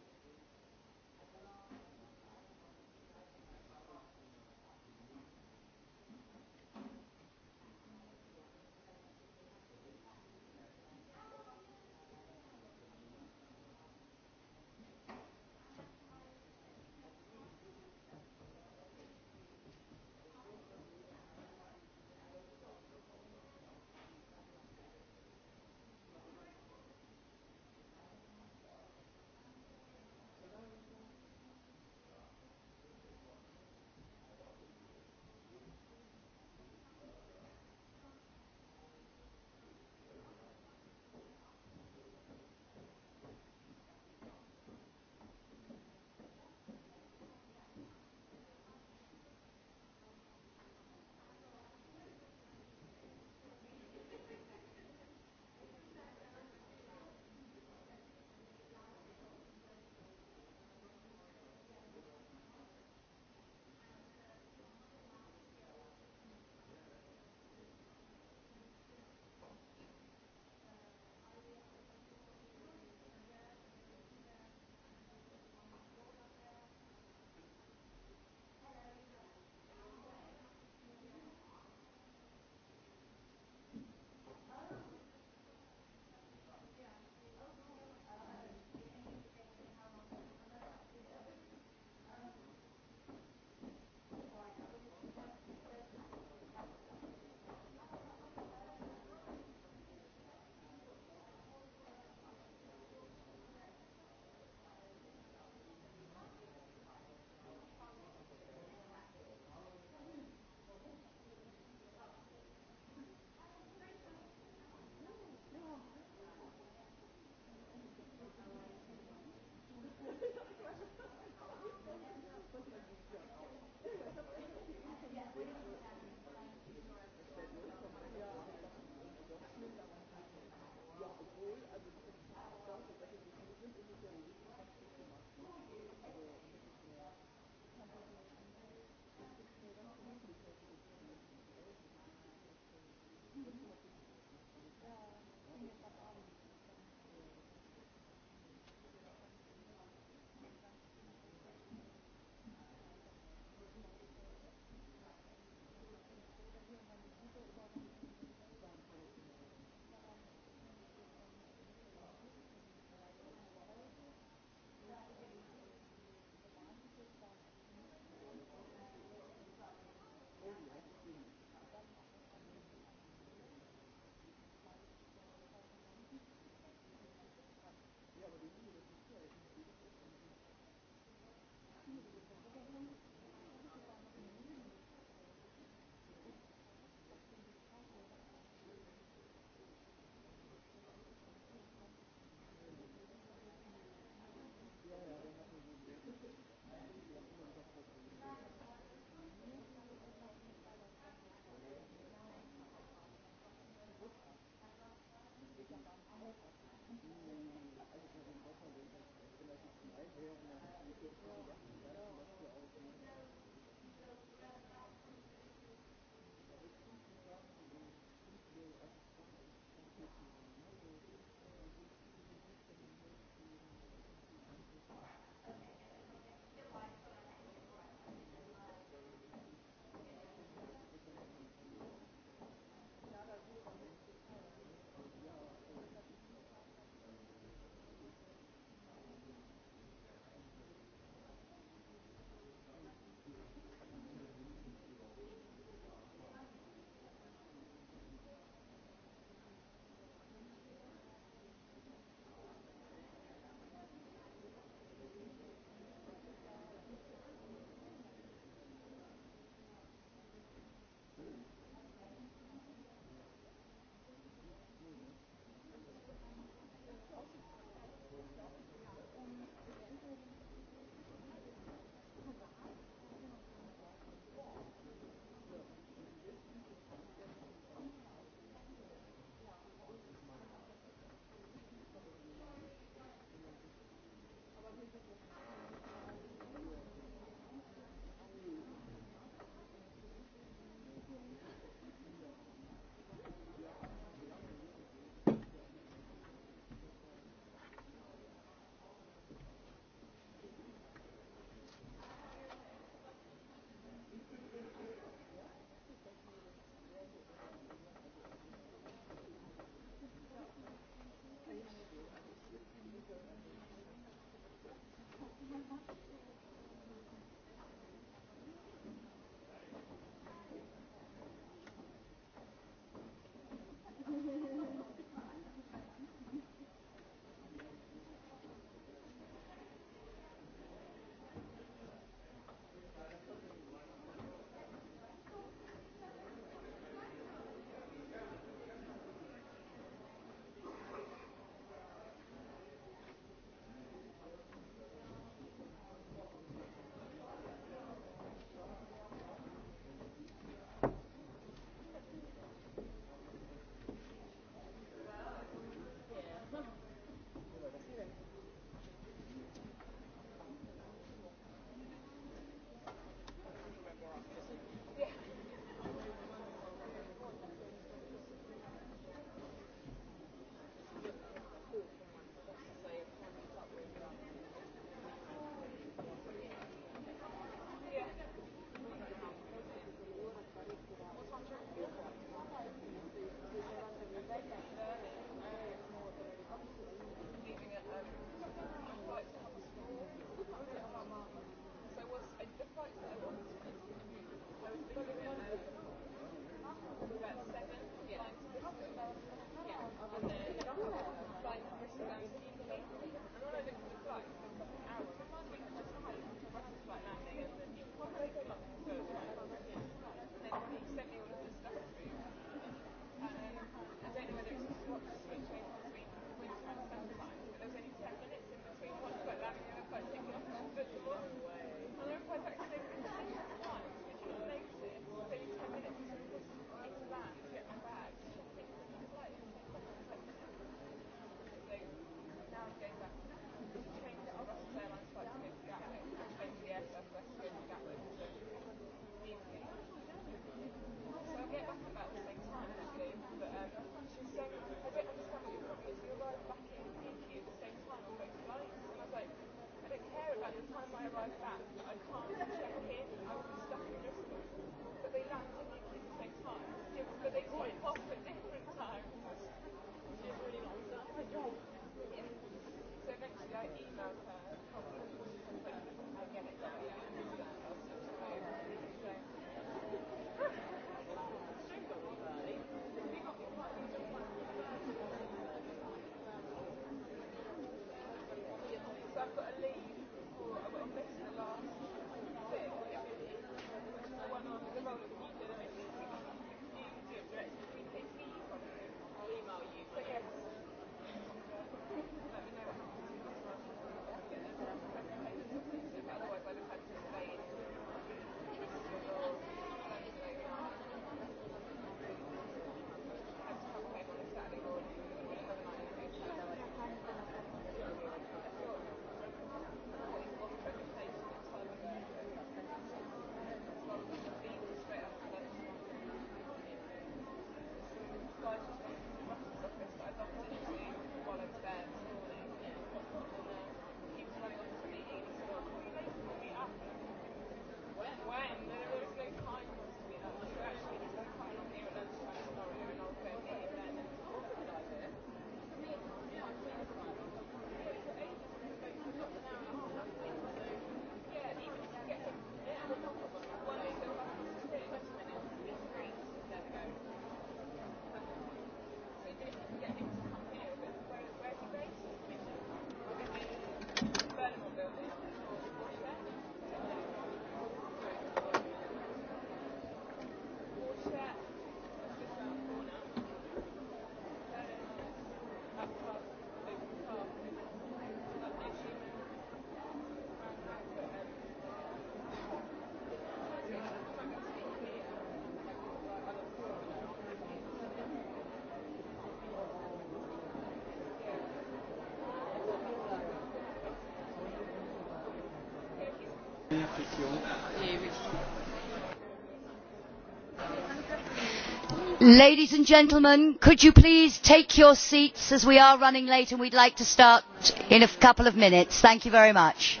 Ladies and gentlemen, could you please take your seats as we are running late and we'd like to start in a couple of minutes. Thank you very much.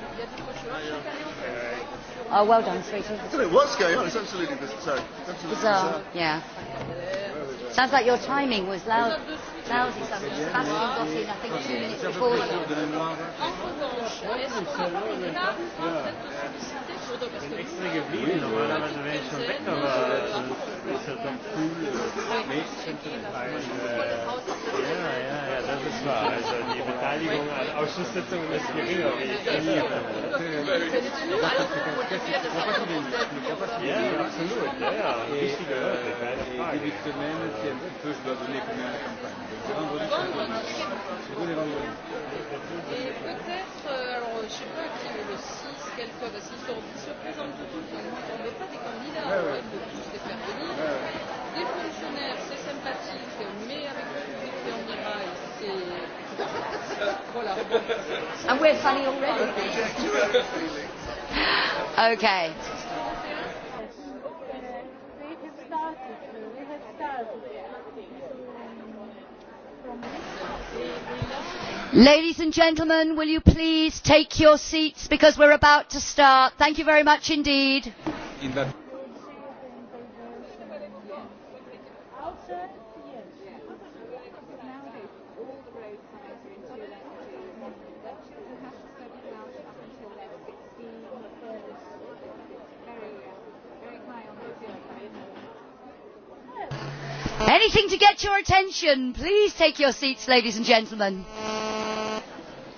Oh, well done, sweetie. I don't know what's going on. It's absolutely bizarre. Absolutely bizarre. bizarre. Yeah. Sounds like your timing was loud. Lousy. Sebastian got in, I think, two minutes before sind extra geblieben. Normalerweise wäre ich schon weg, aber ist ja dann cool. Ja, ja, ja, das ist wahr. Also die Beteiligung an Ausschusssitzungen ist geringer, wie ich nie Ja, absolut. Ja, ja, wichtige Leute, keine Frage. First was the Nick Campagne. Et peut-être, euh, alors je ne sais pas qui le 6, quel code, parce qu'ils se présentent tout de ne met pas des candidats, ouais, ouais. il tous les faire venir. Ouais, ouais. Des fonctionnaires, c'est sympathique, mais avec le public et en mirail, c'est. Euh, voilà. And ah we're funny already. okay. Started, we ladies and gentlemen will you please take your seats because we're about to start. thank you very much indeed. In anything to get your attention please take your seats ladies and gentlemen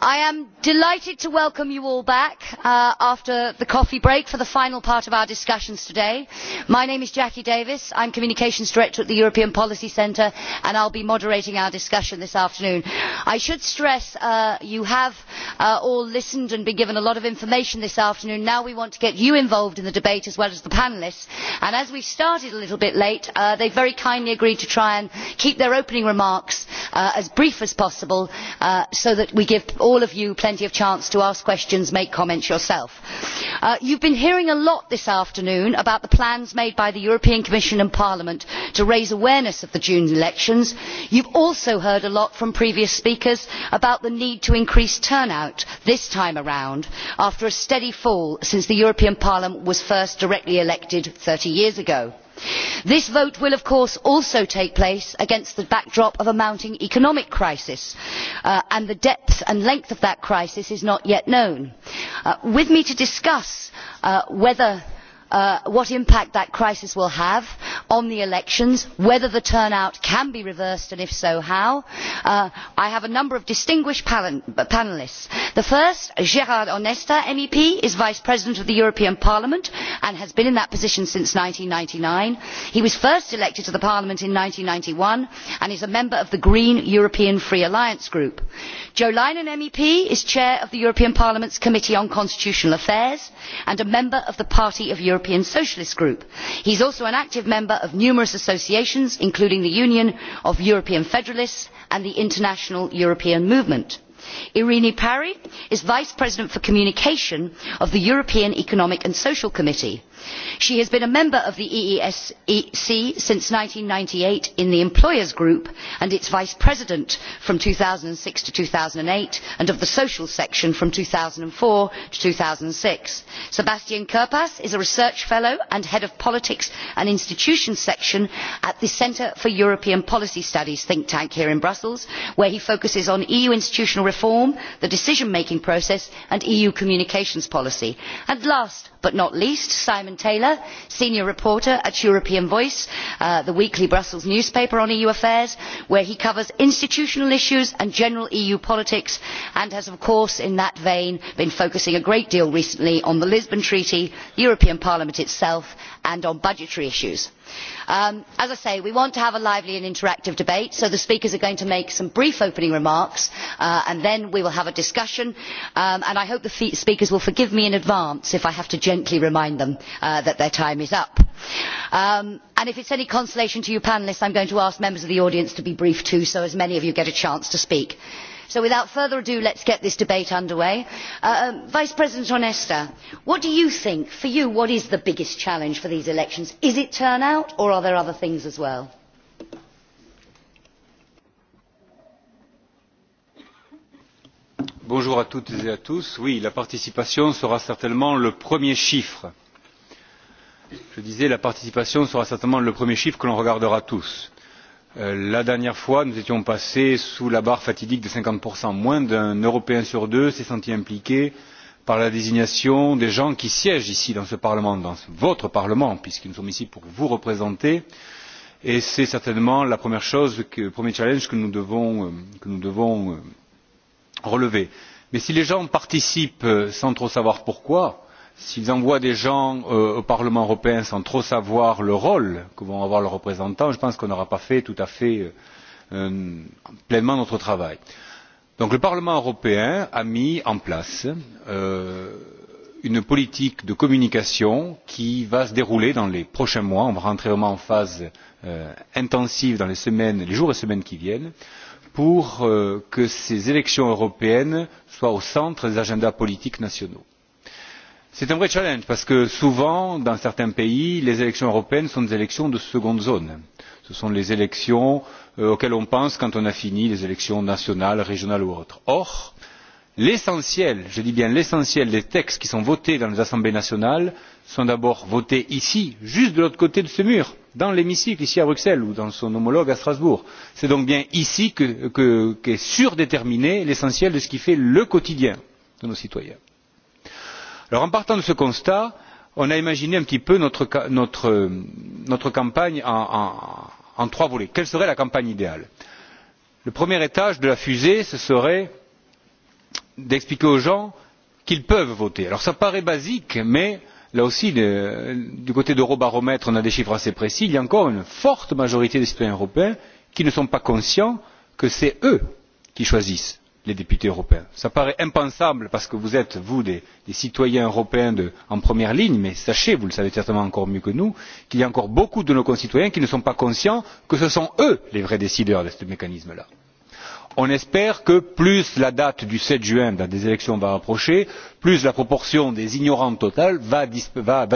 i am delighted to welcome you all back uh, after the coffee break for the final part of our discussions today. my name is jackie davis i am communications director at the european policy centre and i will be moderating our discussion this afternoon. i should stress that uh, you have uh, all listened and been given a lot of information this afternoon. now we want to get you involved in the debate as well as the panellists and as we started a little bit late they very kindly agreed to try and keep their opening remarks as brief as possible so that we give all of you plenty of chance to ask questions and make comments yourself. Uh, you have been hearing a lot this afternoon about the plans made by the european commission and parliament to raise awareness of the june elections. you have also heard a lot from previous speakers about the need to increase turnout this time around after a steady fall since the european parliament was first directly elected thirty years ago this vote will of course also take place against the backdrop of a mounting economic crisis uh, and the depth and length of that crisis is not yet known. Uh, with me to discuss uh, whether Uh, what impact that crisis will have on the elections whether the turnout can be reversed and if so how. Uh, i have a number of distinguished panellists. the first grard onesta mep is vice president of the european parliament and has been in that position since. one thousand nine hundred and ninety nine he was first elected to the parliament in one thousand nine hundred and ninety one and is a member of the green european free alliance group. jo leinen mep is chair of the european parliament's committee on constitutional affairs and a member of the party of european socialist group. he is also an active member of numerous associations including the union of european federalists and the international european movement irini parry is vice president for communication of the european economic and social committee she has been a member of the eesc e since one thousand nine hundred and ninety eight in the employers group and its vice president from two thousand and six to two thousand and eight and of the social section from two thousand and four to. two thousand and six sebastian kirpas is a research fellow and head of politics and institutions section at the centre for european policy studies think tank here in brussels where he focuses on eu institutional reform the decision making process and eu communications policy. and last but not least simon simon taylor senior reporter at european voice uh, the weekly brussels newspaper on eu affairs where he covers institutional issues and general eu politics and has of course in that vein been focusing a great deal recently on the lisbon treaty the european parliament itself and on budgetary issues. Um, as i say we want to have a lively and interactive debate so the speakers are going to make some brief opening remarks uh, and then we will have a discussion um, and i hope the speakers will forgive me in advance if i have to gently remind them uh, that their time is up. Um, if it is any consolation to you panellists i am going to ask members of the audience to be brief too so as many of you get a chance to speak so without further ado let us get this debate under way. Uh, um, vice president onesta what do you think for you what is the biggest challenge for these elections? is it turnout or are there other things as well? bonjour à toutes et à tous oui la participation sera certainement le premier chiffre je disais la participation sera certainement le premier chiffre que l'on regardera tous Euh, la dernière fois nous étions passés sous la barre fatidique des cinquante moins d'un européen sur deux s'est senti impliqué par la désignation des gens qui siègent ici dans ce parlement dans votre parlement puisque nous sommes ici pour vous représenter et c'est certainement la première chose le premier challenge que nous devons euh, euh, relever. mais si les gens participent sans trop savoir pourquoi s'ils envoient des gens euh, au parlement européen sans trop savoir le rôle que vont avoir leurs représentants je pense qu'on n'aura pas fait tout à fait euh, euh, pleinement notre travail. le parlement européen a mis en place une politique de communication qui va se dérouler dans les prochains mois on va rentrer vraiment en phase intensive dans les jours et semaines qui viennent pour que ces élections européennes soient au centre des agendas politiques nationaux c'est un vrai challenge parce que souvent dans certains pays les élections européennes sont des élections de seconde zone ce sont les élections euh, auxquelles on pense quand on a fini les élections nationales régionales ou autres. or l'essentiel je dis bien l'essentiel des textes qui sont votés dans les assemblées nationales sont d'abord votés ici juste de l'autre côté de ce mur dans l'hémicycle ici à bruxelles ou dans son homologue à strasbourg. c'est donc bien ici qu'est surdéterminé l'essentiel de ce qui fait le quotidien de nos citoyens alors en partant de ce constat on a imaginé un petit peu notre, campagne en, trois volets. quelle serait la campagne idéale? le premier étage de la fusée ce serait d'expliquer aux gens qu'ils peuvent voter. alors cela paraît basique mais là aussi du côté d'eurobaromètre on a des chiffres assez précis il y a encore une forte majorité des citoyens européens qui ne sont pas conscients que c'est eux qui choisissent les députés européens. cela paraît impensable parce que vous êtes vous des, citoyens européens de, en première ligne mais sachez vous le savez certainement encore mieux que nous qu'il y a encore beaucoup de nos concitoyens qui ne sont pas conscients que ce sont eux les vrais décideurs de ce mécanisme là. on espère que plus la date du sept juin date des élections va approcher plus la proportion des ignorants totale va,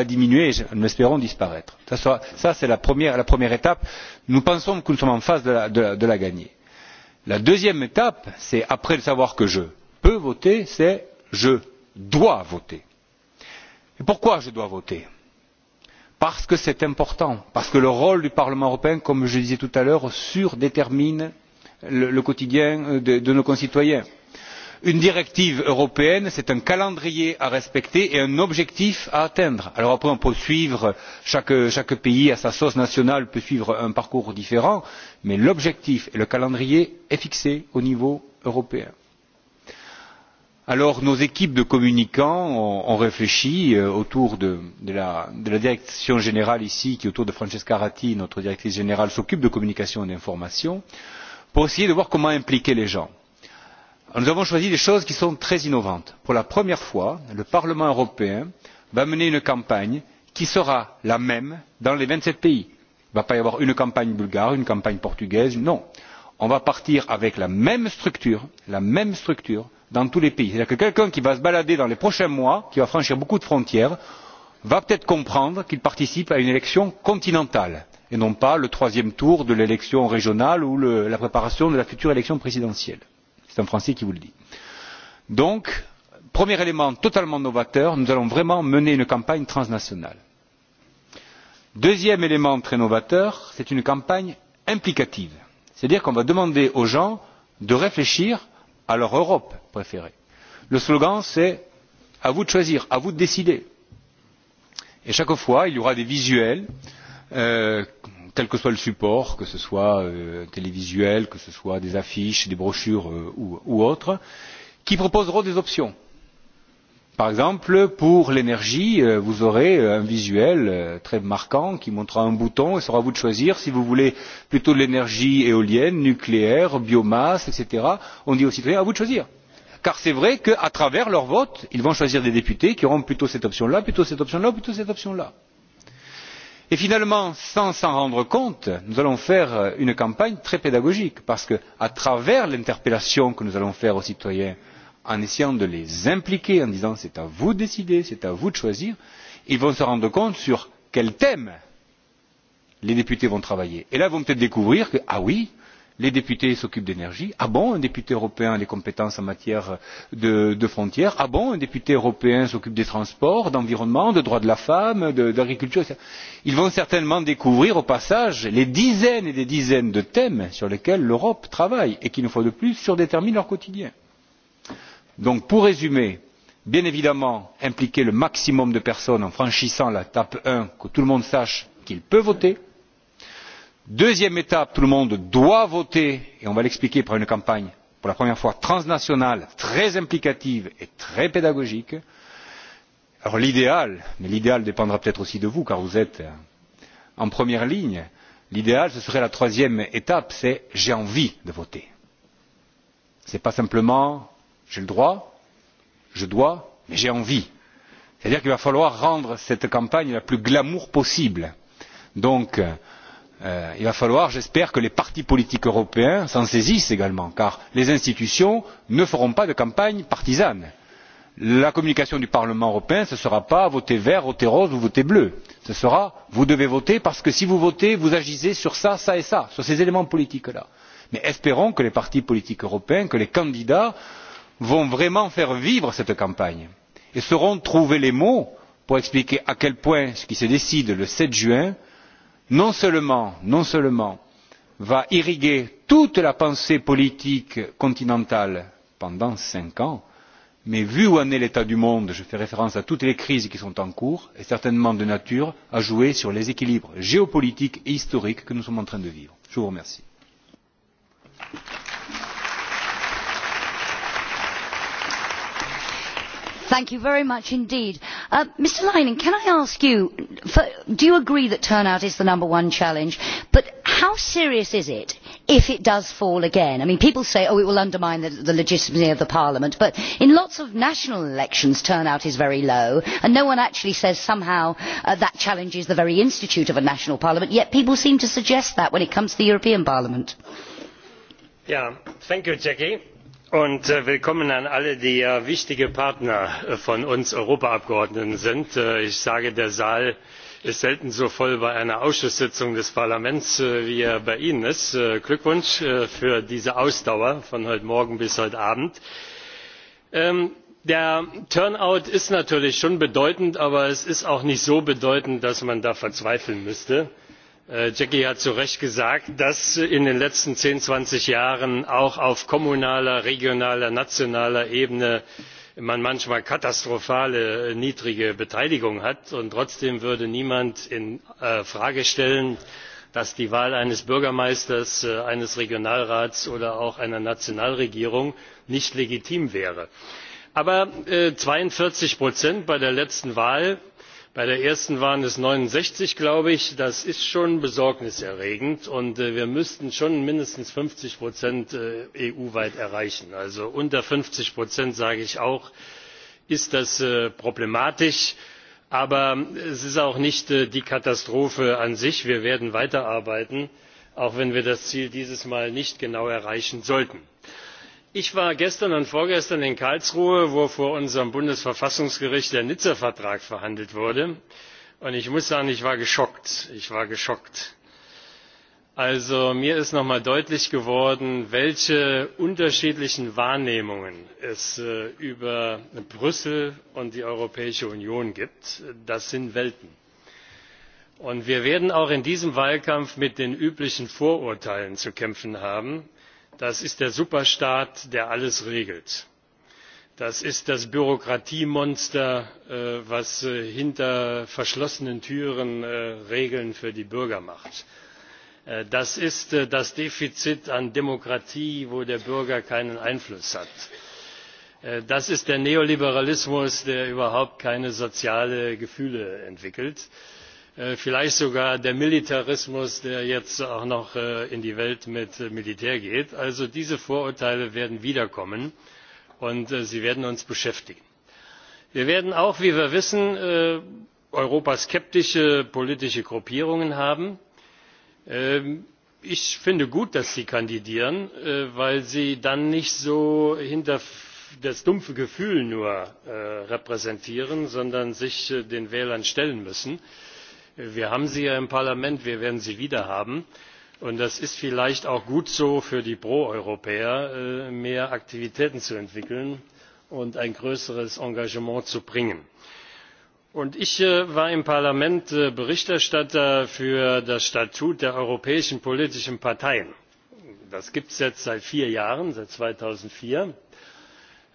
diminuer et nous l'espérons disparaître. c'est la première, étape. nous pensons que nous sommes en passe de la gagner la deuxième étape c'est après savoir que je peux voter c'est je dois voter. Et pourquoi je dois voter? parce que c'est important parce que le rôle du parlement européen comme je le disais tout à l'heure surdétermine le, quotidien euh, de nos concitoyens une directive européenne c'est un calendrier à respecter et un objectif à atteindre. alors après on peut suivre chaque pays à sa sauce nationale peut suivre un parcours différent mais l'objectif et le calendrier sont fixés au niveau européen. alors nos équipes de communicants ont réfléchi euh, autour de la direction générale ici qui autour de francesca ratti notre directrice générale s'occupe de communication et d'information pour essayer de voir comment impliquer les gens nous avons choisi des choses qui sont très innovantes. pour la première fois le parlement européen va mener une campagne qui sera la même dans les vingt sept pays. il ne va pas y avoir une campagne bulgare une campagne portugaise non on va partir avec la même structure la même structure dans tous les pays. c'est à dire que quelqu'un qui va se balader dans les prochains mois qui va franchir beaucoup de frontières va peut être comprendre qu'il participe à une élection continentale et non pas au troisième tour de l'élection régionale ou à la préparation de la future élection présidentielle c'est un français qui vous le dit. donc premier élément totalement novateur nous allons vraiment mener une campagne transnationale. deuxième élément très novateur c'est une campagne implicative c'est à dire qu'on va demander aux gens de réfléchir à leur europe préférée. le slogan c'est à vous de choisir à vous de décider et chaque fois il y aura des visuels euh, quel que soit le support que ce soit euh, télévisuel que ce soit des affiches des brochures euh, ou, ou autres qui proposeront des options. par exemple pour l'énergie euh, vous aurez un visuel très marquant qui montrera un bouton et sera à vous de choisir si vous voulez plutôt de l'énergie éolienne nucléaire biomasse etc. on dit aux citoyens à vous de choisir car c'est vrai qu'à travers leur vote ils vont choisir des députés qui auront plutôt cette option là plutôt cette option là ou plutôt cette option là et finalement sans s'en rendre compte nous allons faire euh, une campagne très pédagogique parce que à travers l'interpellation que nous allons faire aux citoyens en essayant de les impliquer en disant c'est à vous de décider c'est à vous de choisir ils vont se rendre compte sur quel thème les députés vont travailler et là ils vont peut être découvrir que ah oui les députés s'occupent d'énergie ah bon un député européen a des compétences en matière de, de frontières ah bon un député européen s'occupe des transports de l'environnement des droits de la femme de l'agriculture etc. ils vont certainement découvrir au passage les dizaines et des dizaines de thèmes sur lesquels l'europe travaille et qui une fois de plus surdéterminent leur quotidien. donc pour résumer bien évidemment impliquer le maximum de personnes en franchissant l'étape un que tout le monde sache qu'il peut voter deuxième étape tout le monde doit voter et on va l'expliquer par une campagne pour la première fois transnationale très implicative et très pédagogique. l'idéal mais l'idéal dépendra peut être aussi de vous car vous êtes euh, en première ligne l'idéal ce serait la troisième étape c'est j'ai envie de voter. ce n'est pas simplement j'ai le droit je dois mais j'ai envie. c'est à dire qu'il va falloir rendre cette campagne la plus glamour possible. donc euh, Euh, il va falloir j'espère que les partis politiques européens s'en saisissent également car les institutions ne feront pas de campagne partisane. la communication du parlement européen ne sera pas voter vert voter rose ou voter bleu ce sera vous devez voter parce que si vous votez vous agissez sur ça ça et ça sur ces éléments politiques là. mais espérons que les partis politiques européens que les candidats vont vraiment faire vivre cette campagne et sauront trouver les mots pour expliquer à quel point ce qui se décide le sept juin non seulement va irriguer toute la pensée politique continentale pendant cinq ans mais vu où en est l'état du monde je fais référence à toutes les crises qui sont en cours est certainement de nature à jouer sur les équilibres géopolitiques et historiques que nous sommes en train de vivre. je vous remercie. thank you very much indeed. Uh, mr leinen can i ask you do you agree that turnout is the number one challenge but how serious is it if it does fall again? I mean, people say oh it will undermine the, the legitimacy of the parliament but in lots of national elections turnout is very low and no one actually says somehow uh, that challenges the very institute of a national parliament yet people seem to suggest that when it comes to the european parliament. Yeah, thank you, Jackie und äh, willkommen an alle die ja wichtige partner äh, von uns europaabgeordneten sind. Äh, ich sage der saal ist selten so voll bei einer ausschusssitzung des parlaments wie er bei ihnen ist. glückwunsch für diese ausdauer von heute morgen bis heute abend! Ähm, der turnout ist natürlich schon bedeutend aber es ist auch nicht so bedeutend dass man da verzweifeln müsste. Äh, jackie hat zu recht gesagt dass in den letzten zehn zwanzig jahren auch auf kommunaler regionaler nationaler ebene man manchmal katastrophal äh, niedrige beteiligung hat und trotzdem würde niemand in äh, frage stellen dass die wahl eines bürgermeisters eines regionalrats oder auch einer nationalregierung nicht legitim wäre. aber zweiundvierzig bei der letzten wahl bei der ersten waren es neunundsechzig glaube ich das ist schon besorgniserregend und äh, wir müssten schon mindestens fünfzig äh, eu weit erreichen. also unter fünfzig sage ich auch ist das äh, problematisch aber es ist auch nicht die katastrophe an sich wir werden weiterarbeiten auch wenn wir das ziel dieses mal nicht genau erreichen sollten ich war gestern und vorgestern in karlsruhe wo vor unserem bundesverfassungsgericht der nizza vertrag verhandelt wurde und ich muss sagen ich war geschockt. ich war geschockt. mir ist noch einmal deutlich geworden welche unterschiedlichen wahrnehmungen es äh, über brüssel und die europäische union gibt. das sind welten. und wir werden auch in diesem wahlkampf mit den üblichen vorurteilen zu kämpfen haben das ist der superstaat der alles regelt. das ist das bürokratiemonster das äh, äh, hinter verschlossenen türen äh, regeln für die bürger macht. das ist das defizit an demokratie wo der bürger keinen einfluss hat das ist der neoliberalismus der überhaupt keine sozialen gefühle entwickelt. Äh, vielleicht sogar der militarismus der jetzt auch noch äh, in die welt mit äh, militär geht. also diese vorurteile werden wiederkommen und sie werden uns beschäftigen. wir werden auch wie wir wissen europaskeptische politische gruppierungen haben. Ähm, ich finde gut dass sie kandidieren weil sie dann nicht so nur das dumpfe gefühl repräsentieren sondern sich den wählern stellen müssen wir haben sie ja im parlament wir werden sie wieder haben und das ist vielleicht auch gut so für die pro europäer äh, mehr aktivitäten zu entwickeln und ein größeres engagement zu bringen. ich äh, war im parlament äh, berichterstatter für das statut der europäischen politischen parteien. das gibt es jetzt seit vier jahren seit zweitausendvier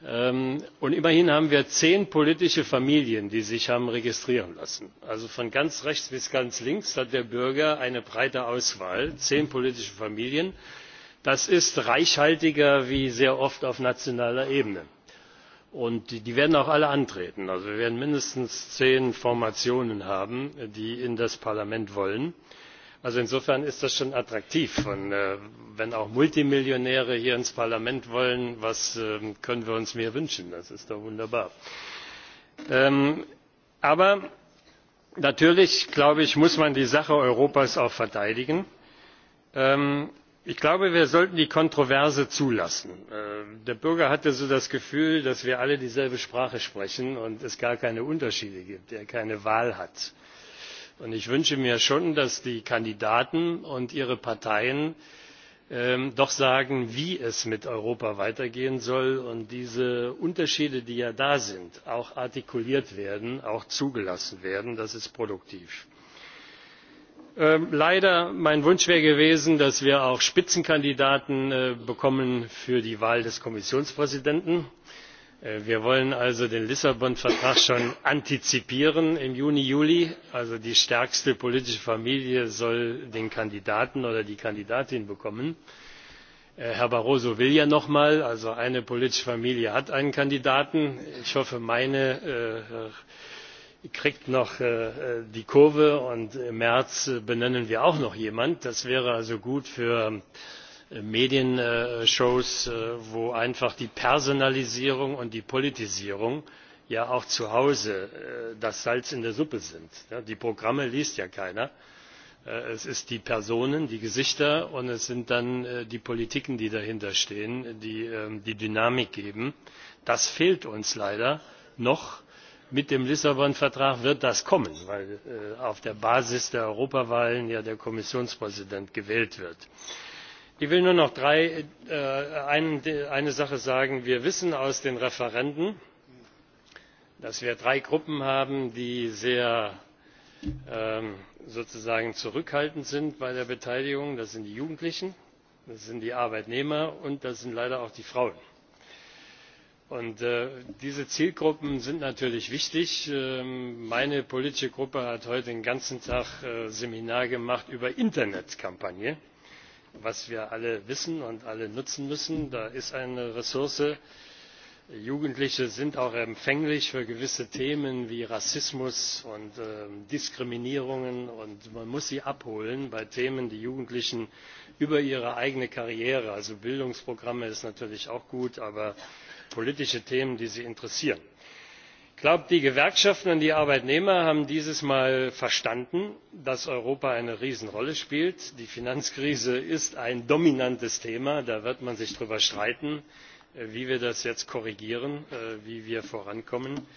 Ähm, und immerhin haben wir zehn politische familien die sich haben registrieren lassen. also von ganz rechts bis ganz links hat der bürger eine breite auswahl zehn politische familien. das ist reichhaltiger als sehr oft auf nationaler ebene. und die werden auch alle antreten. also wir werden mindestens zehn formationen haben die in das parlament wollen also insofern ist das schon attraktiv äh, wenn auch multimillionäre hier ins parlament wollen was ähm, können wir uns mehr wünschen? das ist doch wunderbar. Ähm, aber natürlich muss man die sache europas auch verteidigen. Ähm, ich glaube wir sollten die kontroverse zulassen. Äh, der bürger hatte so das gefühl dass wir alle dieselbe sprache sprechen und es gar keine unterschiede gibt er keine wahl hat und ich wünsche mir schon dass die kandidaten und ihre parteien ähm, doch sagen wie es mit europa weitergehen soll und diese unterschiede die ja da sind auch artikuliert werden auch zugelassen werden. das ist produktiv. Ähm, leider wäre mein wunsch gewesen dass wir auch spitzenkandidaten äh, bekommen für die wahl des kommissionspräsidenten Äh, wir wollen also den lissabon vertrag schon antizipieren im juni juli also die stärkste politische familie soll den kandidaten oder die kandidatin bekommen. Äh, herr barroso will ja noch einmal also eine politische familie hat einen kandidaten. ich hoffe meine äh, kriegt noch die kurve und im märz benennen wir auch noch jemanden. das wäre also gut für medienshows äh, äh, wo einfach die personalisierung und die politisierung ja auch zu hause äh, das salz in der suppe sind. die programme liest ja keiner es sind die personen die gesichter und es sind dann die politiken die dahinter stehen die ähm, die dynamik geben. das fehlt uns leider noch. mit dem lissabon vertrag wird das kommen weil auf der basis der europawahlen ja der kommissionspräsident gewählt wird ich will nur noch äh, eine sache sagen wir wissen aus den referenden dass wir drei gruppen haben die sehr ähm, sozusagen zurückhaltend sind bei der beteiligung das sind die jugendlichen das sind die arbeitnehmer und das sind leider auch die frauen. Äh, diese zielgruppen sind natürlich wichtig. Ähm, meine politische fraktion hat heute den ganzen tag ein äh, seminar gemacht über internetkampagnen was wir alle wissen und alle nutzen müssen. da ist eine ressource. jugendliche sind auch empfänglich für gewisse themen wie rassismus und ähm, diskriminierungen und man muss sie abholen bei themen die jugendlichen über ihre eigene karriere also bildungsprogramme sind natürlich auch gut aber politische themen die sie interessieren ich glaube die gewerkschaften und die arbeitnehmer haben dieses mal verstanden dass europa eine riesenrolle spielt. die finanzkrise ist ein dominantes thema da wird man sich darüber streiten äh, wie wir das jetzt korrigieren äh, wie wir vorankommen.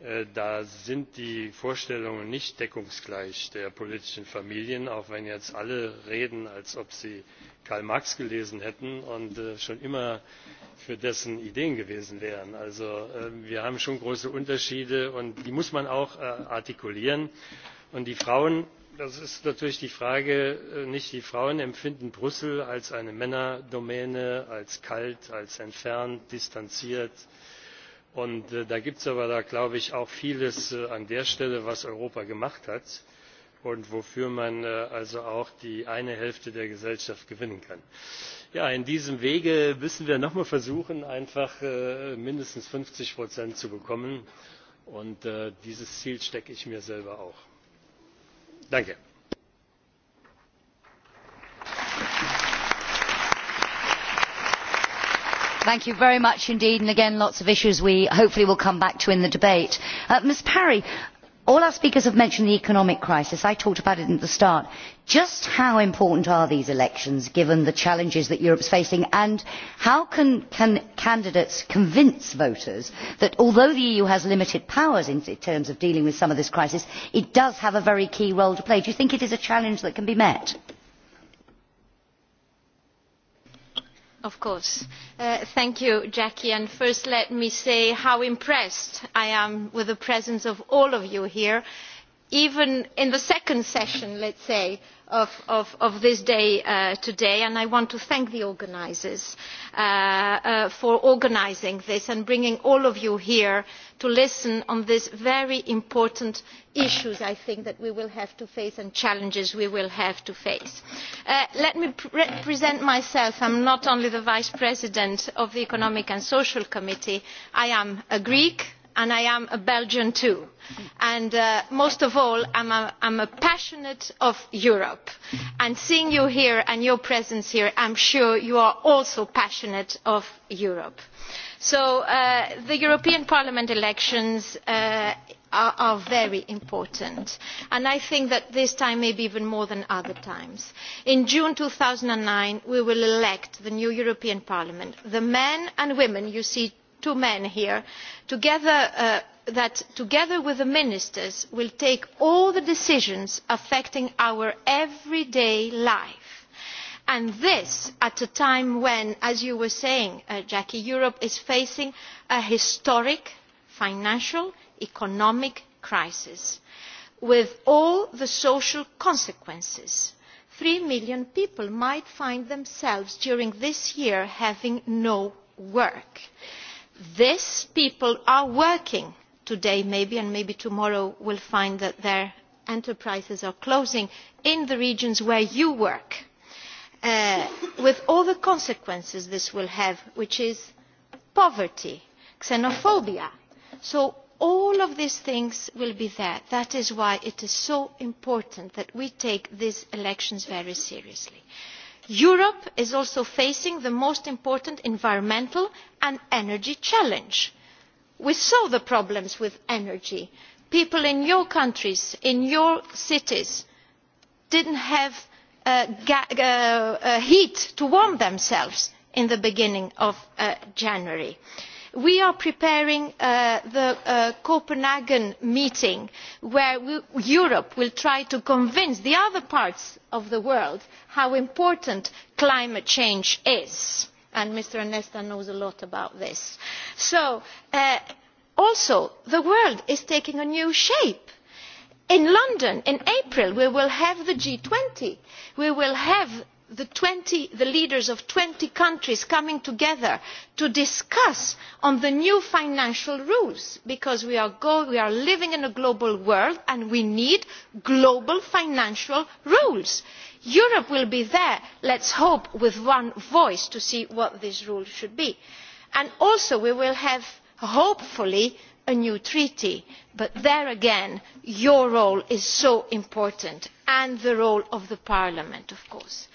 Äh, da sind die vorstellungen nicht deckungsgleich der politischen familien auch wenn jetzt alle reden als ob sie karl marx gelesen hätten und äh, schon immer für dessen ideen gewesen wären. also ähm, wir haben schon große unterschiede und die muss man auch äh, artikulieren. und die frauen das ist natürlich die frage nicht die frauen empfinden brüssel als eine männerdomäne als kalt als entfernt distanziert und äh, da gibt es aber glaube ich auch vieles äh, an der stelle was europa gemacht hat und wofür man äh, also auch die eine hälfte der gesellschaft gewinnen kann. ja in diesem wege müssen wir noch einmal versuchen einfach mindestens fünfzig zu bekommen und dieses ziel stecke ich mir selber auch. danke! thank you very much indeed and again lots of issues we hopefully will come back to in the debate. Uh, ms parry all our speakers have mentioned the economic crisis i talked about it at the start. just how important are these elections given the challenges that europe is facing and how can candidates convince voters that although the eu has limited powers in terms of dealing with some of this crisis it does have a very key role to play? do you think it is a challenge that can be met? Of course. Uh, thank you, Jackie. And first, let me say how impressed I am with the presence of all of you here even in the second session let us say of, this day uh, today and i want to thank the organisers uh, uh, for organising this and bringing all of you here to listen on these very important issues i think that we will have to face and challenges we will have to face. let me present myself i am not only the vice president of the economic and social committee i am a greek and i am a belgian too and uh, most of all i am passionate about europe and seeing you here and your presence here i am sure you are also passionate about europe. so uh, the european parliament elections uh, are very important and i think that this time maybe even more than other times. in june two thousand and nine we will elect the new european parliament the men and women you see two men here uh, that together with the ministers will take all the decisions affecting our everyday life and this at a time when as you were saying uh, jackie europe is facing a historic financial and economic crisis with all the social consequences. three million people might find themselves during this year having no work these people are working today maybe and maybe tomorrow they will find that their enterprises are closing in the regions where you work uh, with all the consequences this will have which is poverty xenophobia so all of these things will be there. that is why it is so important that we take these elections very seriously europe is also facing the most important environmental and energy challenge. we saw the problems with energy people in your countries in your cities did not have uh, uh, uh, heat to warm themselves at the beginning of january we are preparing uh, the uh, copenhagen meeting where europe will try to convince the other parts of the world how important climate change is and mr nesta knows a lot about this. Uh, also the world is taking a new shape in london in april we will have the g twenty we will have the, leaders of twenty countries coming together to discuss the new financial rules because we are, we are living in a global world and we need global financial rules. europe will be there let us hope with one voice to see what these rules should be. and also we will have hopefully a new treaty but there again your role is so important and the role of the parliament of course.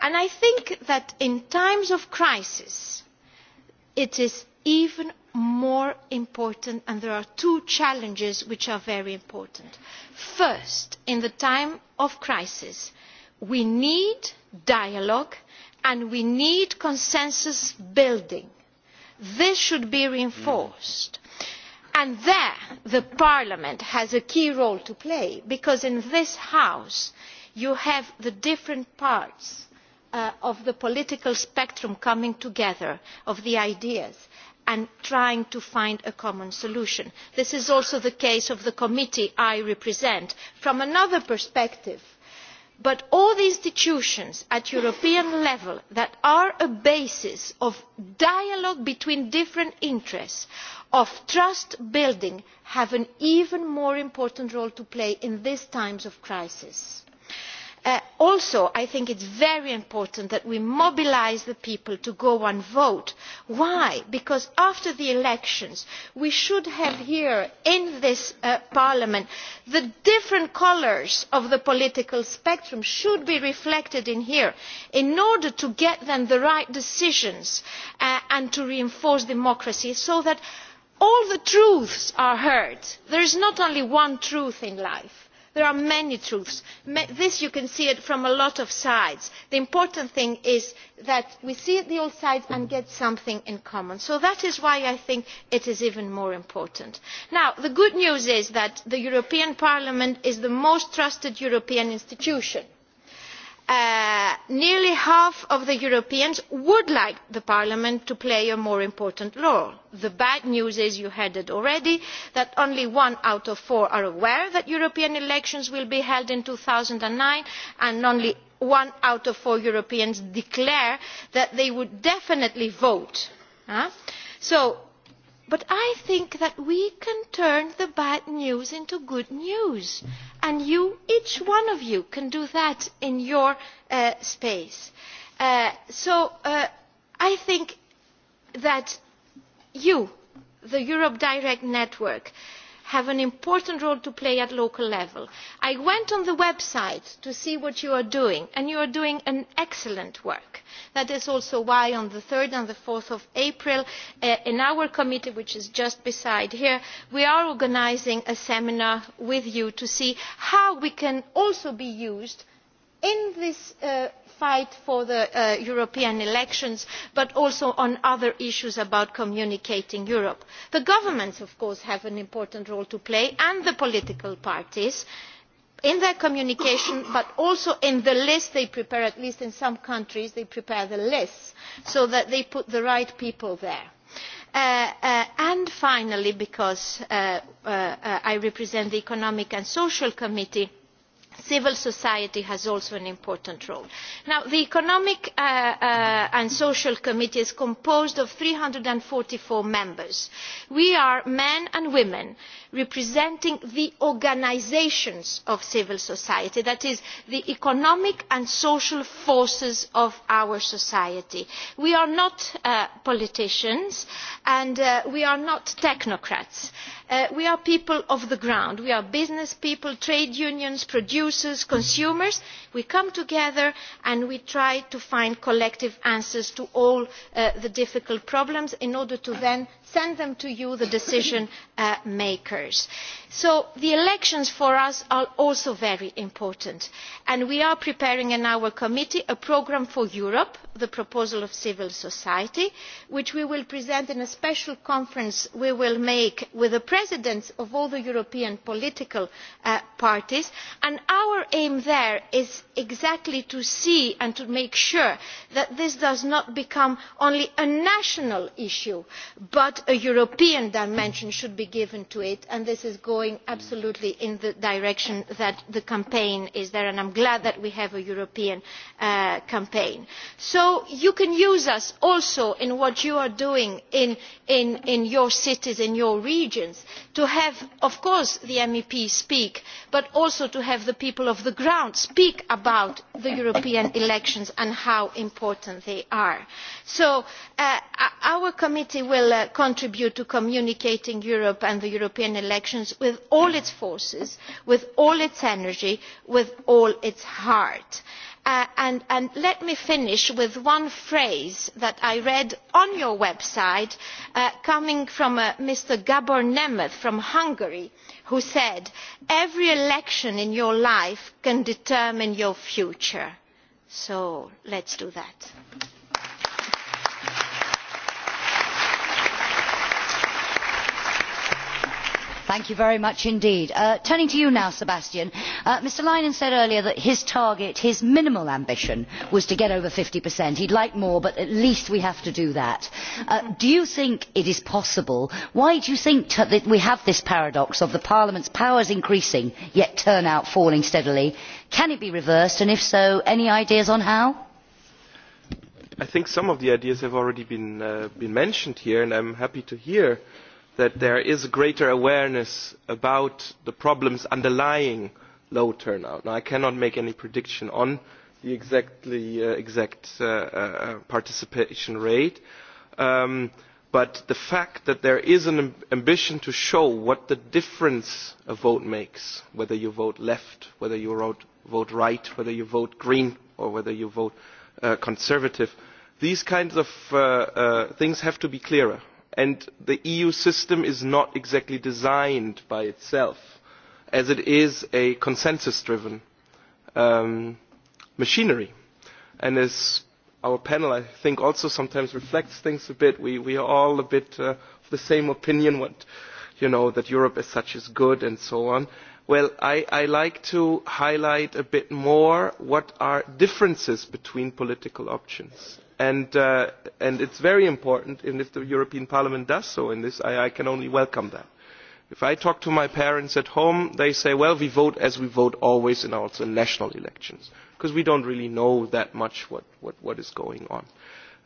i think that in times of crisis it is even more important and there are two challenges which are very important. first in the time of crisis we need dialogue and we need consensus building. this should be reinforced and there the parliament has a key role to play because in this house you have the different parts uh, of the political spectrum coming together of the ideas and trying to find a common solution. this is also the case of the committee i represent from another perspective but all the institutions at european level that are a basis of dialogue between different interests of trust building have an even more important role to play in these times of crisis. Uh, also i think it is very important that we mobilise the people to go and vote. why? because after the elections we should have here in this uh, parliament the different colours of the political spectrum should be reflected in here in order to get then the right decisions uh, and to reinforce democracy so that all the truths are heard. there is not only one truth in life there are many truths. this you can see from a lot of sides. the important thing is that we see the all sides and get something in common. so that is why i think it is even more important. Now, the good news is that the european parliament is the most trusted european institution Uh, nearly half of europeans would like parliament to play a more important role. the bad news is you heard it already that only one out of four are aware that european elections will be held in two thousand and nine and only one out of four europeans declare that they would definitely vote but i think that we can turn the bad news into good news and you, each one of you can do that in your uh, space. Uh, so uh, i think that you the europe direct network should have an important role to play at local level. i went on the website to see what you are doing and you are doing excellent work. that is also why on three and four april uh, in our committee which is just beside here we are organising a seminar with you to see how we can also be used in this uh, fight for the uh, european elections but also on other issues about communicating europe. the governments of course have an important role to play and the political parties in their communication but also in the list they prepare at least in some countries they prepare the lists so that they put the right people there. Uh, uh, and finally because i represent the economic and social committee civil society has also an important role. Now, the economic uh, uh, and social committee is composed of three hundred and forty four members. we are men and women representing the organisations of civil society that is the economic and social forces of our society. we are not uh, politicians and uh, we are not technocrats. Uh, we are people of the ground. we are business people trade unions producers consumers. we come together and we try to find collective answers to all the difficult problems in order to then send them to you the decision uh, makers so the elections for us are also very important and we are preparing in our committee a programme for europe the proposal of civil society which we will present in a special conference we will make with the presidents of all the european political uh, parties and our aim there is exactly to see and to make sure that this does not become only a national issue but a european dimension should be given to it and this is going absolutely in the direction that the campaign is there and i am glad that we have a european uh, campaign. so you can use us also in what you are doing in, your cities in your regions to have of course the meps speak but also to have the people on the ground speak about the european elections and how important they are. so uh, our committee will uh, contribute to communicating europe and the european elections with all its forces with all its energy with all its heart. Uh, and, let me finish with one phrase that i read on your website uh, coming from uh, mr gabor nemeth from hungary who said every election in your life can determine your future'. so let us do that. Uh, turning to you now sebastian uh, mr leinen said earlier that his target his minimal ambition was to get over fifty he would like more but at least we have to do that. Uh, do you think it is possible? why do you think that we have this paradox of parliament's powers increasing yet turnout falling steadily? can it be reversed and if so any ideas on how? i think some of the ideas have already been, mentioned here and i am happy to hear uh, that there is greater awareness about the problems underlying low turnout. I cannot make any prediction on the uh, exact uh, uh, participation rate, um, but the fact that there is an ambition to show what the difference a vote makes, whether you vote left, whether you vote, right, whether you vote green, or whether you vote conservative, these kinds of things have to be clearer and the eu system is not exactly designed by itself as it is a consensus driven um, machinery and as our panel i think also sometimes reflects things a bit we, are all a bit uh, of the same opinion that europe as such is good and so on i i like to highlight a bit more what are differences between political options and uh, it is very important and if the european parliament does so in this i, can only welcome that if i talk to my parents at home they say well we vote as we vote always in our national elections because we do not really know that much what, what, is going on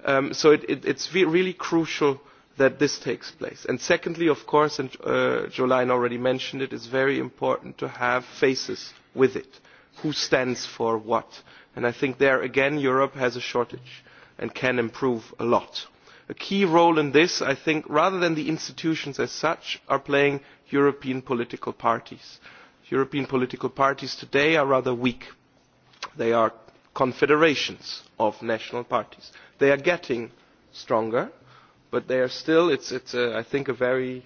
um, so it, is really crucial that this takes place. And secondly of course and uh, jolene already mentioned it it is very important to have faces with it who stands for what and i think there again europe has a shortage and can improve a lot. a key role in this i think rather than the institutions as such are playing european political parties. european political parties today are rather weak they are confederations of national parties. they are getting stronger but they are still it is I think a very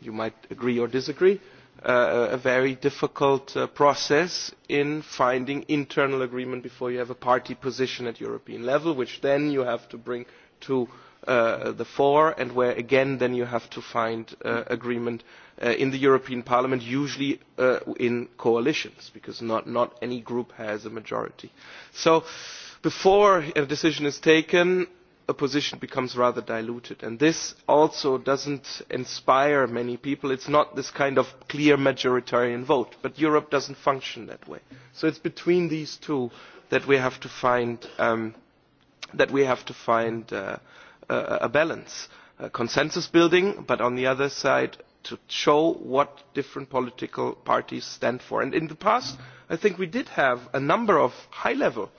you might agree or disagree uh, a very difficult uh, process in finding internal agreement before you have a party position at European level which then you have to bring to uh, the fore and where again then you have to find agreement in the European Parliament usually in coalitions because not any group has a majority. So before a decision is taken a position becomes rather diluted. And this also does not inspire many people. it is not this kind of clear majoritarian vote. But Europe does not function that way. So it is between these two that we have to find, um, uh, a, balance. Uh, consensus building, but on the other side, to show what different political parties stand for. in the past, I think we did have a number of high-level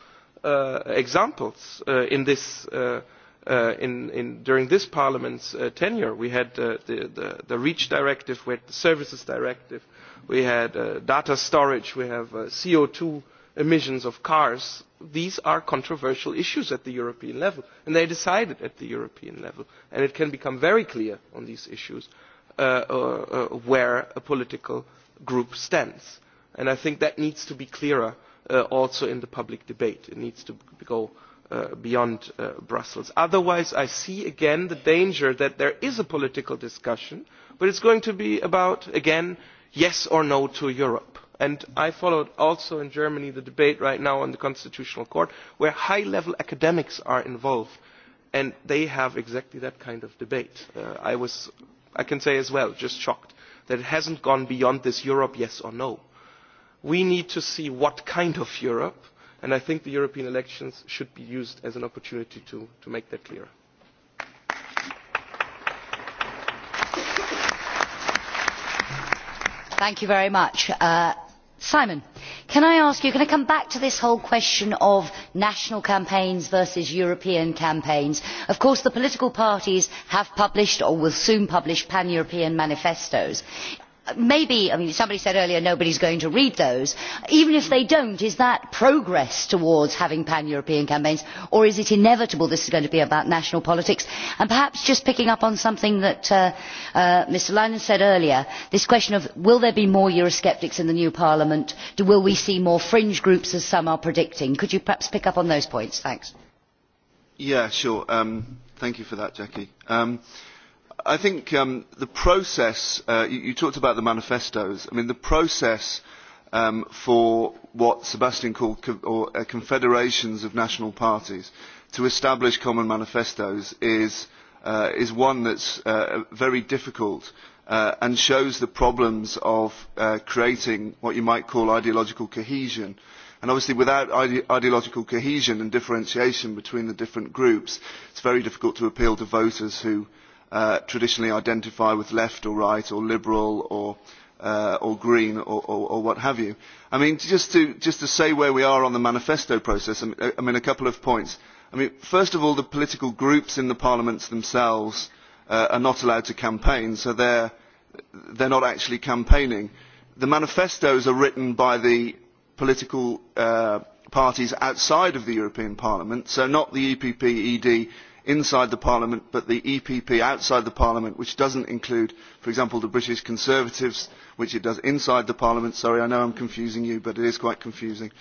uh, examples in this uh, Uh, in, in, during this Parliament's uh, tenure. We had uh, the, the, the REACH directive, we had the services directive, we had uh, data storage, we have uh, CO2 emissions of cars. These are controversial issues at the European level, and they decided at the European level. And it can become very clear on these issues uh, uh, uh, where a political group stands. And I think that needs to be clearer uh, also in the public debate. It needs to go Uh, beyond uh, brussels. otherwise i see again the danger that there is a political discussion but it is going to be about again yes or no to europe. And i followed also in germany the debate right now on the constitutional court where high level academics are involved and they have exactly that kind of debate. Uh, i was i can say as well just shocked that it has not gone beyond this europe yes or no. we need to see what kind of europe and i think the european elections should be used as an opportunity to, make that clear. Uh, simon can i ask you can i come back to this whole question of national campaigns versus european campaigns? of course the political parties have published or will soon publish pan european manifestos maybe somebody said earlier nobody is going to read those even if they do not is that progress towards having pan european campaigns or is it inevitable that this is going to be about national politics? and perhaps just picking up on something that uh, uh, mr leinen said earlier this question of will there be more eurosceptics in the new parliament Do, will we see more fringe groups as some are predicting? could you perhaps pick up on those points? Um, thank you for that jackie. Um, I think um, the process, uh, you, you talked about the manifestos. I mean, the process um, for what Sebastian called co or, uh, confederations of national parties to establish common manifestos is, uh, is one that's uh, very difficult uh, and shows the problems of uh, creating what you might call ideological cohesion. And obviously without ide ideological cohesion and differentiation between the different groups, it's very difficult to appeal to voters who Uh, traditionally identify with left or right or liberal or, uh, or green or, or, or what have you. I mean, just to, just to say where we are on the manifesto process, uh, I mean, a couple of points. I mean, first of all, the political groups in the parliaments themselves uh, are not allowed to campaign, so they're, they're not actually campaigning. The manifestos are written by the political uh, parties outside of the European Parliament, so not the EPP, ED, inside the parliament but the epp outside the parliament which does not include for example the british conservatives which it does inside the parliament sorry i know i am confusing you but it is quite confusing.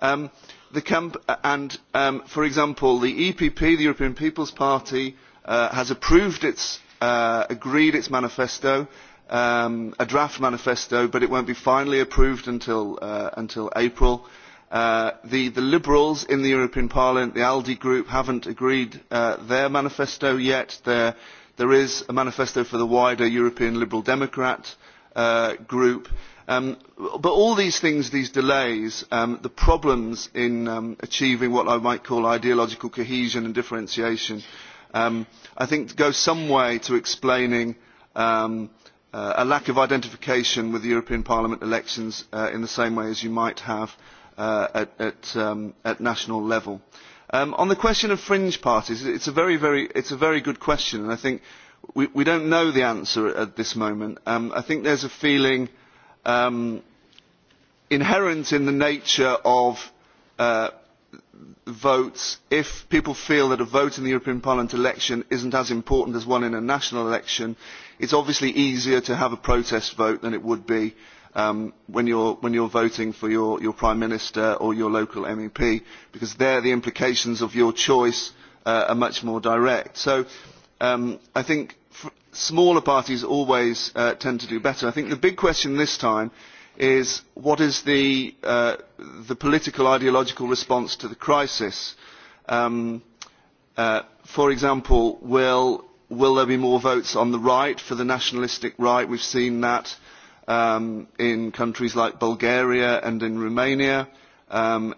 Um, uh, and, um, for example the epp the european people's party uh, has approved its uh, agreed its manifesto um, a draft manifesto but it will not be finally approved until, until april Uh, the, the liberals in the european parliament the alde group have not agreed uh, their manifesto yet. There, there is a manifesto for the wider european liberal democrat uh, group um, but all these things these delays um, the problems in um, achieving what i might call ideological cohesion and differentiation um, i think go some way to explaining um, uh, a lack of identification with the european parliament elections uh, in the same way as you might have Uh, um, at, national level. Um, on the question of fringe parties, it's a very, very, it's a very good question, and I think we, do don't know the answer at this moment. Um, I think there's a feeling inherent in the nature of uh, votes if people feel that a vote in the european parliament election is not as important as one in a national election it is obviously easier to have a protest vote than it would be um, when, you're, when you're voting for your, your Prime Minister or your local MEP, because there the implications of your choice uh, are much more direct. So um, I think smaller parties always uh, tend to do better. I think the big question this time is what is the, uh, the political ideological response to the crisis? Um, uh, for example, will, will there be more votes on the right for the nationalistic right? We've seen that. Uh, Um, in countries like Bulgaria and in Romania. Um,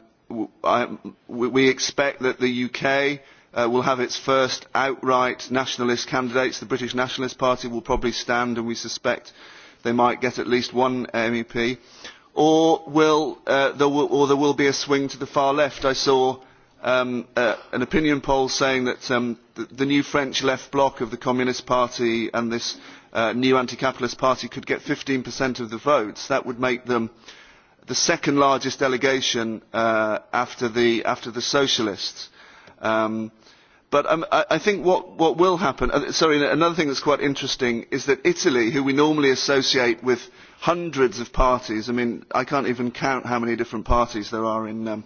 I, we expect that the UK uh, will have its first outright nationalist candidates. The British Nationalist Party will probably stand, and we suspect they might get at least one MEP. Or, will, uh, there, will, or there will be a swing to the far left. I saw um, uh, an opinion poll saying that um, the, the new French left bloc of the Communist Party and this Uh, new anti capitalist party could get fifteen of the votes that would make them the second largest delegation uh, after, the, socialists. Um, but um, I, think what, will happen, uh, sorry, another thing that is quite interesting is that Italy, which we normally associate with hundreds of parties, I mean, I cannot even count how many different parties there are in um,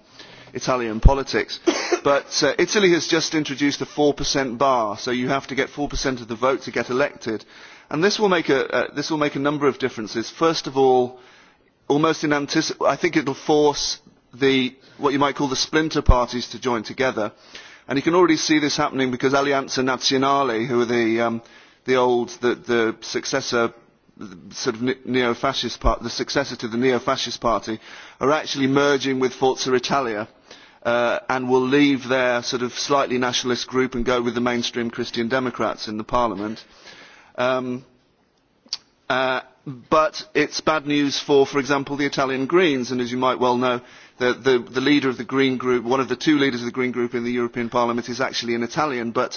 Italian politics, but Italy has just introduced a four bar, so you have to get four of the vote to get elected this will make a, number of differences. First of all, I think it will force what you might call the splinter parties to join together. And you can already see this happening because Alleanza Nazionale, who are the, old, the, successor to the neo-fascist party, are actually merging with Forza Italia uh, and will leave their slightly nationalist group and go with the mainstream Christian Democrats in the parliament. Um, uh, but it is bad news for, for example, the Italian Greens. And as you might well know, the, leader of the Green Group, one of the two leaders of the Green Group in the European Parliament is actually an Italian, uh,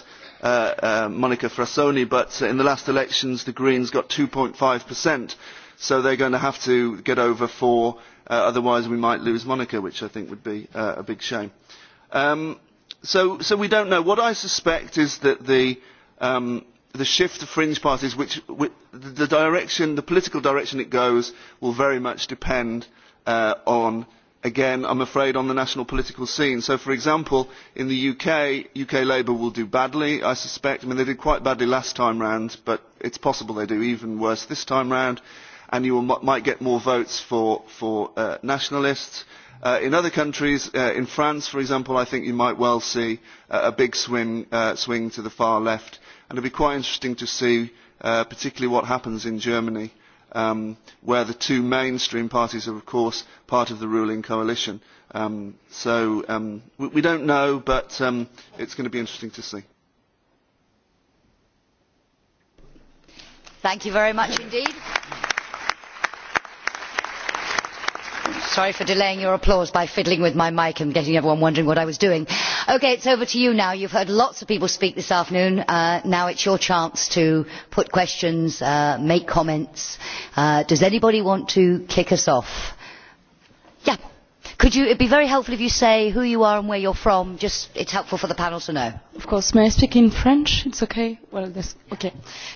uh, Monica Frassoni. But in the last elections, the Greens got two five So they are going to have to get over four, otherwise we might lose Monica, which I think would be a big shame. Um, so, we do not know. What I suspect is that the, um, the shift of fringe parties, which, which the direction, the political direction it goes, will very much depend uh, on, again, I'm afraid, on the national political scene. So, for example, in the UK, UK Labour will do badly, I suspect. I mean, they did quite badly last time round, but it's possible they do even worse this time round. And you will, might get more votes for, for uh, nationalists. Uh, in other countries uh, in france for example i think you might well see uh, a big swing, uh, swing to the far left and it will be quite interesting to see uh, particularly what happens in Germany um, where the two mainstream parties are of course part of the ruling coalition. Um, so um, we, we don't know but um, it's going to be interesting to see. Thank you very much indeed. sorry for delaying your applause by fiddling with my mic and getting everyone wondering what i was doing. okay it is over to you now. you have heard lots of people speak this afternoon. Uh, now it is your chance to put questions uh, make comments. Uh, does anybody want to kick us off? yeah. You, it would be very helpful if you say who you are and where you are from just it is helpful for the panel to know. of course may i speak in french it's okay well that's okay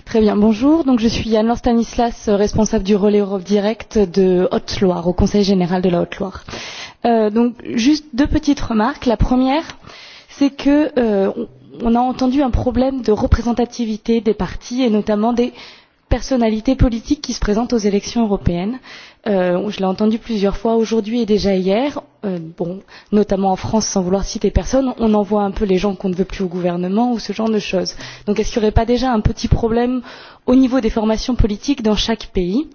très bien bonjour donc je suis Yann Stanislas responsable du relais Europe Direct de Haute-Loire au conseil général de la Haute-Loire euh, donc juste deux petites remarques la première c'est que euh, on a entendu un problème de représentativité des partis et notamment des personnalités politiques qui se présentent aux élections européennes euh, je l'ai entendu plusieurs fois aujourd'hui et déjà hier, euh, bon, notamment en France, sans vouloir citer personne, on envoie un peu les gens qu'on ne veut plus au gouvernement ou ce genre de choses. Donc est-ce qu'il n'y aurait pas déjà un petit problème au niveau des formations politiques dans chaque pays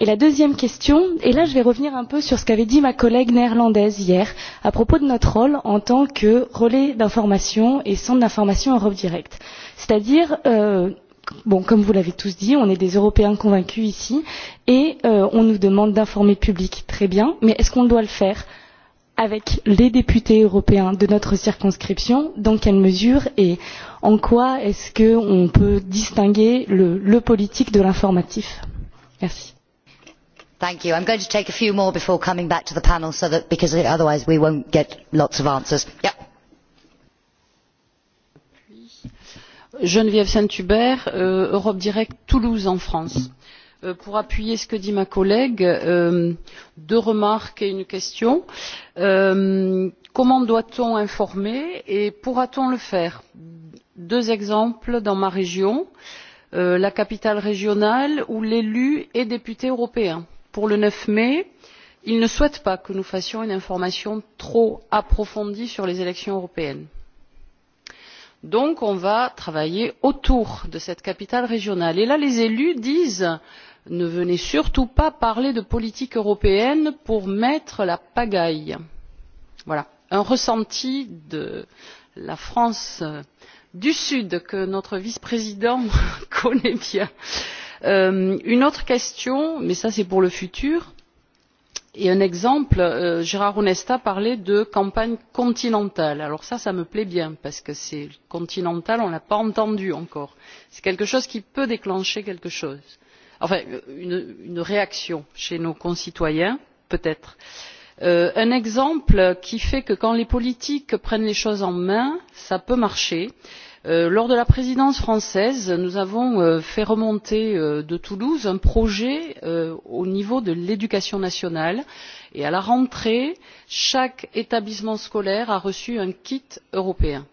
Et la deuxième question, et là je vais revenir un peu sur ce qu'avait dit ma collègue néerlandaise hier à propos de notre rôle en tant que relais d'information et centre d'information Europe Direct. C'est-à-dire, euh, Bon, comme vous l'avez tous dit, on est des Européens convaincus ici et euh, on nous demande d'informer le public très bien, mais est-ce qu'on doit le faire avec les députés européens de notre circonscription Dans quelle mesure et en quoi est-ce qu'on peut distinguer le, politique de l'informatif Merci. Thank you. I'm going to take a few more before coming back to the panel so that because otherwise we won't get lots of answers. geneviève saint hubert euh, europe direct toulouse en france euh, pour appuyer ce que dit ma collègue euh, deux remarques et une question comment doit on informer et pourra t on le faire? deux exemples dans ma région la capitale régionale où l'élu est député européen. pour le neuf mai il ne souhaite pas que nous fassions une information trop approfondie sur les élections européennes donc on va travailler autour de cette capitale régionale et là les élus disent ne venez surtout pas parler de politique européenne pour mettre la pagaille. voilà un ressenti de la france du sud que notre vice président connaît bien. Euh, une autre question mais ça c'est pour le futur et un exemple euh, gérard onesta parlait de campagne continentale. alors ça ça me plaît bien parce que c'est continental on ne l'a pas entendu encore. c'est quelque chose qui peut déclencher quelque chose enfin une, réaction chez nos concitoyens peut être. Euh, un exemple qui fait que quand les politiques prennent les choses en main ça peut marcher c'est Euh, lors de la présidence française nous avons euh, fait remonter euh, de toulouse un projet au niveau de l'éducation nationale et à la rentrée chaque établissement scolaire a reçu un kit européen.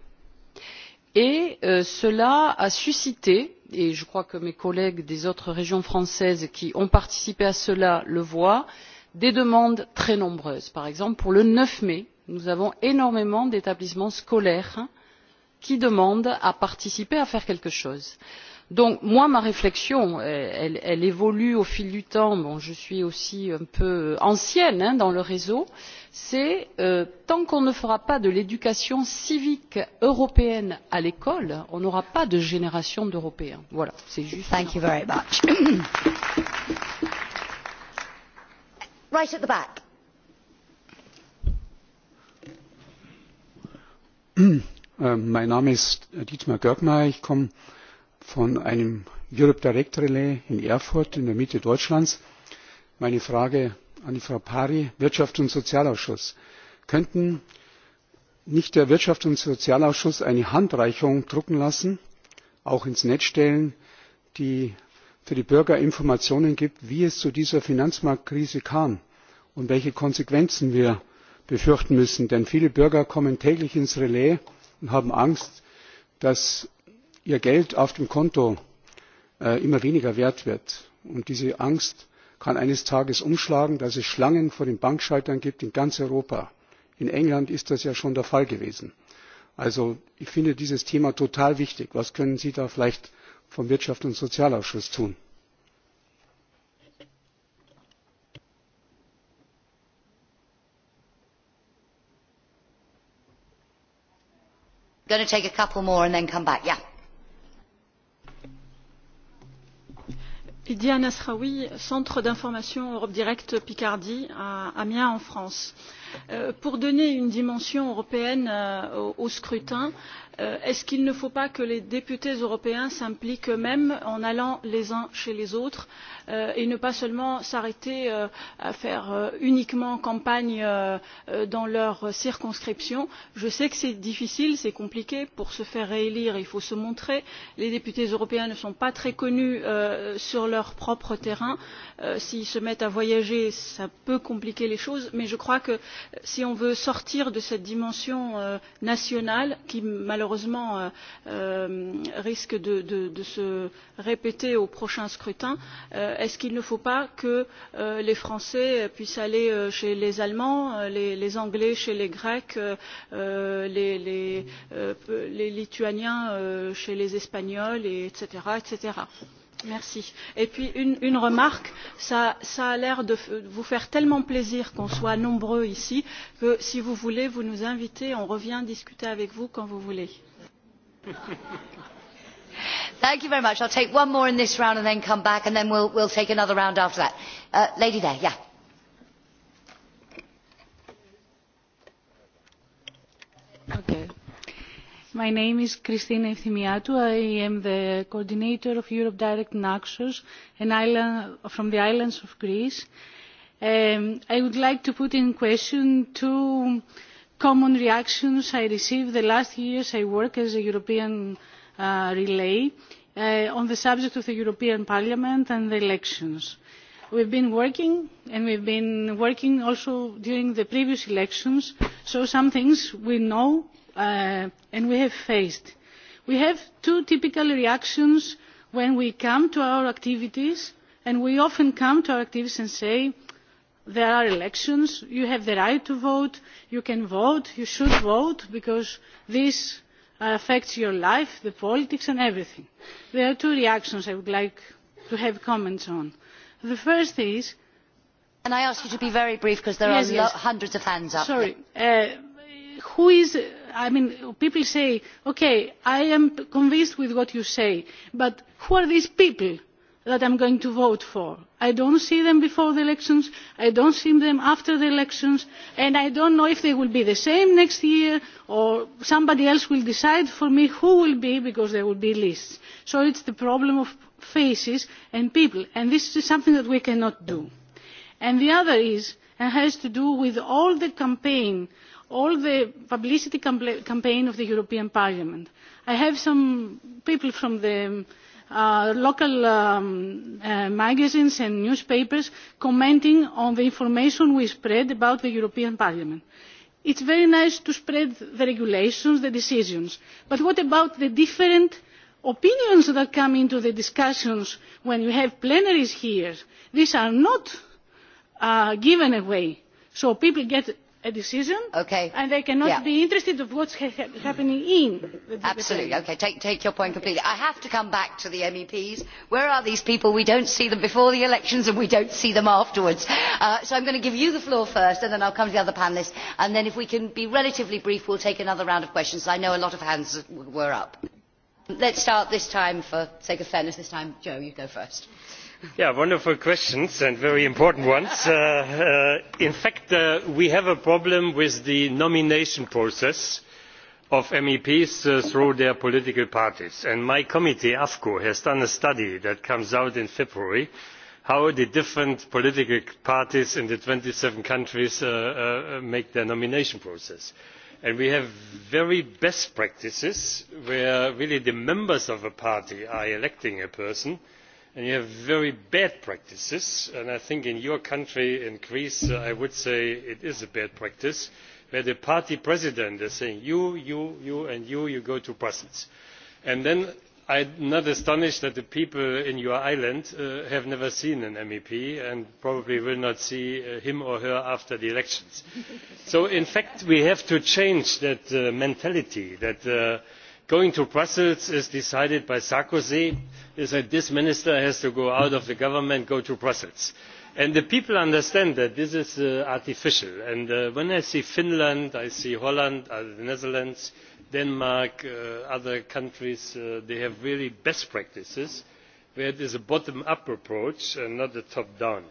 cela a suscité et je crois que mes collègues des autres régions françaises qui ont participé à cela le voient des demandes très nombreuses. par exemple pour le neuf mai nous avons énormément d'établissements scolaires qui demandent à participer à faire quelque chose. donc ma réflexion évolue au fil du temps je suis aussi un peu ancienne dans le réseau c'est que euh, tant qu'on ne fera pas de l'éducation civique européenne à l'école on n'aura pas de génération d'européens. voilà c'est juste. Thank you Äh, mein Name ist äh, Dietmar Görgmeier. Ich komme von einem Europe Direct Relais in Erfurt in der Mitte Deutschlands. Meine Frage an die Frau Pari, Wirtschafts- und Sozialausschuss. Könnten nicht der Wirtschafts- und Sozialausschuss eine Handreichung drucken lassen, auch ins Netz stellen, die für die Bürger Informationen gibt, wie es zu dieser Finanzmarktkrise kam und welche Konsequenzen wir befürchten müssen. Denn viele Bürger kommen täglich ins Relais und haben angst dass ihr geld auf dem konto äh, immer weniger wert wird. und diese angst kann eines tages umschlagen dass es schlangen vor den bankschaltern gibt in ganz europa. in england ist das ja schon der fall gewesen. also ich finde dieses thema total wichtig. was können sie da vielleicht vom wirtschafts und sozialausschuss tun? going to take a couple more and then come back. Yeah. Diane Asraoui, Centre d'information Europe Direct Picardie à Amiens en France. Euh, pour donner une dimension européenne euh, au scrutin euh, est ce qu'il ne faut pas que les députés européens s'impliquent eux mêmes en allant les uns chez les autres et ne pas seulement s'arrêter à faire uniquement campagne dans leur circonscription? je sais que c'est difficile c'est compliqué pour se faire réélire il faut se montrer les députés européens ne sont pas très connus sur leur propre terrain s'ils se mettent à voyager cela peut compliquer les choses mais je crois que si on veut sortir de cette dimension euh, nationale qui malheureusement euh, euh, risque de, de, de se répéter au prochain scrutin, est-ce qu'il ne faut pas que les Français puissent aller chez les Allemands, les, les Anglais chez les Grecs, les, les, les Lituaniens chez les Espagnols, et etc. etc. Merci. Et puis une, une remarque, ça, ça a l'air de vous faire tellement plaisir qu'on soit nombreux ici que si vous voulez, vous nous invitez, on revient discuter avec vous quand vous voulez. Thank you very much. I'll take one more in this round and then come back and then we'll, we'll take another round after that. Uh, lady there, yeah. Okay My name is Christine Efthimiatou. I am the coordinator of Europe Direct Naxos, an island from the islands of Greece. Um, I would like to put in question two common reactions I received the last years I work as a European uh, relay uh, on the subject of the European Parliament and the elections. We've been working, and we've been working also during the previous elections, so some things we know Uh, and we have faced. we have two typical reactions when we come to our activities and we often come to our activities and say there are elections you have the right to vote you can vote you should vote because this affects your life the politics and everything. there are two reactions i would like to have comments on. the first is can i ask you to be very brief because there are hundreds of hands up. sorry. Uh, who I mean, people say, ok I am convinced with what you say, but who are these people that i am going to vote for? I do not see them before the elections, I do not see them after the elections, and I do not know if they will be the same next year or somebody else will decide for me who will be because there will be lists. So it is the problem of faces and people, and this is something that we cannot do. the other is, and has to do with all the campaign all the publicity campaign of the European Parliament. I have some people from the uh, local um, uh, magazines and newspapers commenting on the information we spread about the European Parliament. It's very nice to spread the regulations, the decisions, but what about the different opinions that come into the discussions when you have plenaries here? These are not uh, given away, so people get a decision okay. and they cannot yeah. be interested in what's ha happening in the absolutely okay take, take your point completely i have to come back to the meps where are these people we don't see them before the elections and we don't see them afterwards uh, so i'm going to give you the floor first and then i'll come to the other panelists and then if we can be relatively brief we'll take another round of questions i know a lot of hands were up let's start this time for sake of fairness this time joe you go first wonderful questions and very important ones. Uh, uh, in fact, uh, we have a problem with the nomination process of meps through their political parties and my committee afco has done a study that comes out in february on how the different political parties in the twenty seven countries make their nomination process we have very best practices where really the members of a party are electing a person and you have very bad practices and i think in your country in greece uh, i would say it is a bad practice where the party president is saying you you you and you you go to brussels and then i am not astonished that the people in your island uh, have never seen an mep and probably will not see uh, him or her after the elections. so in fact we have to change that mentality that going to brussels is decided by sarkozy that this minister has to go out of the government go to brussels and the people understand that this is uh, artificial and uh, when i see finland i see holland uh, the netherlands denmark other countries they have really best practices where it is a bottom up approach and not a top down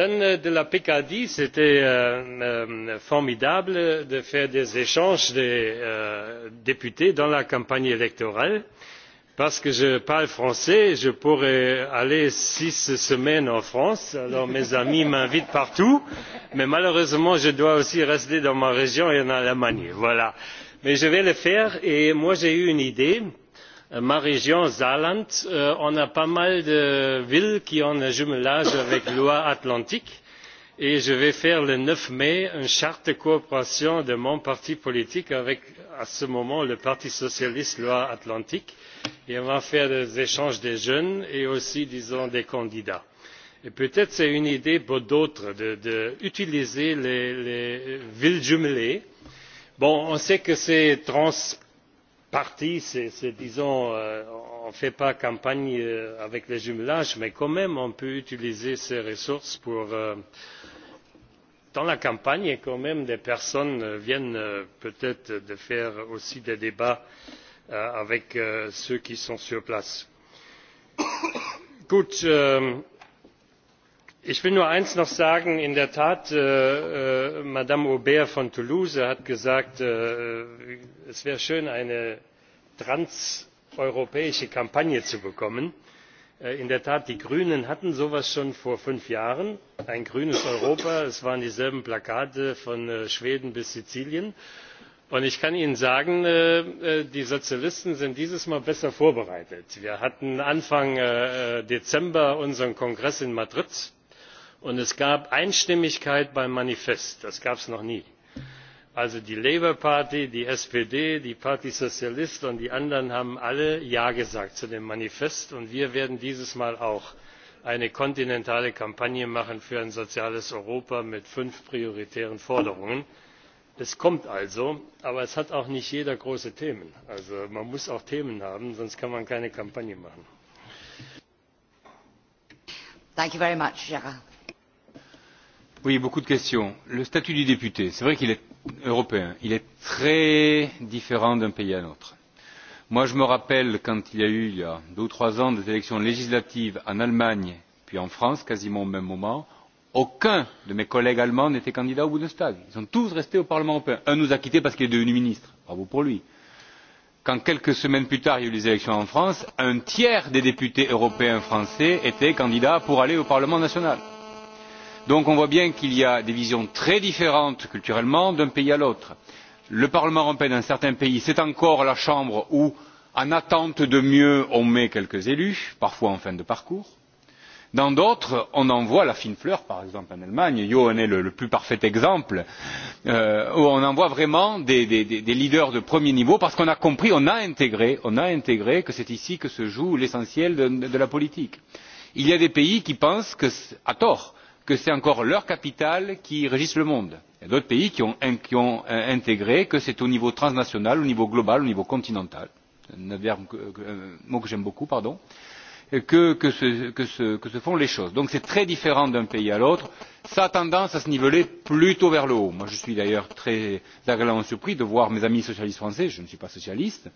Euh, de la picardie c'était euh, euh, formidable de faire des échanges de députés dans la campagne électorale parce que je parle français et je pourrais aller six semaines en france alors mes amis m'invitent partout mais malheureusement je dois aussi rester dans ma région et en allemagne voilà mais je vais le faire et j'ai eu une idée ma région saarland euh, on a pas mal de villes qui ont un jumelage avec la loire atlantique et je vais faire le neuf mai une charte de coopération de mon parti politique avec à ce moment le parti socialiste loire atlantique et on va faire des échanges de jeunes et aussi disons des candidats. Et peut être est ce une idée pour d'autres d'utiliser les, villes jumelées. Bon, on sait que c'est trente parti disant euh, on ne fait pas campagne euh, avec les jumelages mais quand même on peut utiliser ces ressources pour euh, dans la campagne quand même des personnes viennent peut être de faire aussi des débats avec ceux qui sont sur place. écoute ich will nur eines noch sagen in der tat äh, äh, madame aubert von toulouse hat gesagt äh, es wäre schön eine transeuropäische kampagne zu bekommen. in der tat die grünen hatten so etwas schon vor fünf jahren ein grünes europa es waren dieselben plakate von schweden bis sizilien. und ich kann ihnen sagen die sozialisten sind dieses mal besser vorbereitet. wir hatten anfang dezember unseren kongress in madrid und es gab einstimmigkeit beim manifest das gab es noch nie. also die labour party die spd die parti socialiste und die anderen haben alle ja gesagt zu dem manifest und wir werden dieses mal auch eine kontinentale kampagne machen für ein soziales europa mit fünf prioritären forderungen. es kommt also aber es hat auch nicht jeder große themen. also man muss auch themen haben sonst kann man keine kampagne machen. Oui, beaucoup de questions. le statut du député c'est vrai qu'il est européen il est très différent d'un pays à l'autre. je me rappelle quand il y a eu il y a deux ou trois ans des élections législatives en allemagne puis en france quasiment au même moment aucun de mes collègues allemands n'était candidat au bundestag ils sont tous restés au parlement européen. un nous a quittés parce qu'il est devenu ministre bravo pour lui. quand quelques semaines plus tard il y a eu les élections en france un tiers des députés européens français étaient candidats pour aller au parlement national donc on voit bien qu'il y a des visions très différentes culturellement d'un pays à l'autre. le parlement européen dans certains pays c'est encore la chambre où en attente de mieux on met quelques élus parfois en fin de parcours. dans d'autres on envoie la fine fleur par exemple en allemagne jo en est le, plus parfait exemple euh, où on envoie vraiment des, leaders de premier niveau parce qu'on a compris on a intégré, on a intégré que c'est ici que se joue l'essentiel de, la politique. il y a des pays qui pensent à tort que c'est encore leur capital qui régisse le monde. il y a d'autres pays qui ont, euh, intégré que c'est au niveau transnational au niveau global au niveau continental un, mot que j'aime beaucoup pardon, que, se, que se font les choses. donc c'est très différent d'un pays à l'autre. ça a tendance à se niveler plutôt vers le haut. Moi, je suis d'ailleurs très agréablement surpris de voir mes amis socialistes français je ne suis pas socialiste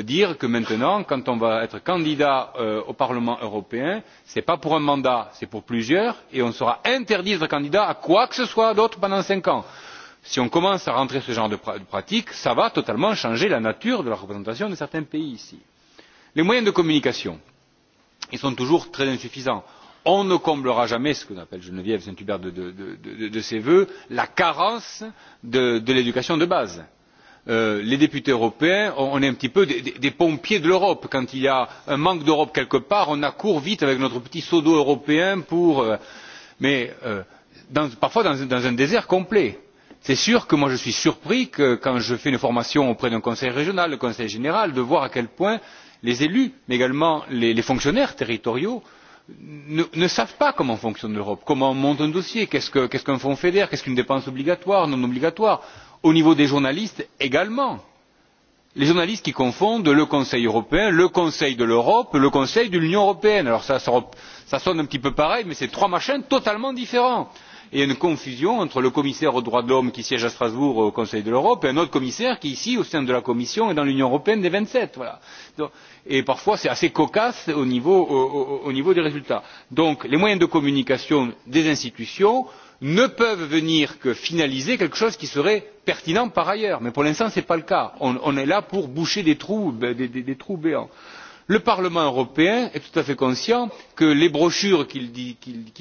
dire que maintenant quand on va être candidat euh, au parlement européen ce n'est pas pour un mandat c'est pour plusieurs et on sera interdit d'être candidat à quoi que ce soit d'autre pendant cinq ans. si on commence à entrer dans ce genre de pratique cela va totalement changer la nature de la représentation de certains pays ici. les moyens de communication sont toujours très insuffisants. on ne comblera jamais ce que appelle geneviève saint hubert de, de ses vœux la carence de l'éducation de base Euh, les députés européens on est un petit peu des pompiers de l'europe quand il y a un manque d'europe quelque part on accourt vite avec notre petit seau d'eau européen euh, mais euh, parfois dans un désert complet. c'est sûr que je suis surpris quand je fais une formation auprès d'un conseil régional d'un conseil général de voir à quel point les élus mais également les fonctionnaires territoriaux ne savent pas comment fonctionne l'europe comment on monte un dossier qu'est ce qu'un fonds feder qu'est ce qu'une dépense obligatoire non obligatoire au niveau des journalistes également les journalistes qui confondent le conseil européen le conseil de l'europe le conseil de l'union européenne alors ça, sonne un petit peu pareil mais ce sont trois machins totalement différents il y a une confusion entre le commissaire aux droits de l'homme qui siège à strasbourg au conseil de l'europe et un autre commissaire qui ici au sein de la commission et dans l'union européenne des vingt sept voilà. et parfois c'est assez cocasse au niveau des résultats. donc les moyens de communication des institutions ne peuvent venir que finaliser quelque chose qui serait pertinent par ailleurs mais pour l'instant ce n'est pas le cas on, est là pour boucher des trous, béants. le parlement européen est tout à fait conscient que les brochures qu'il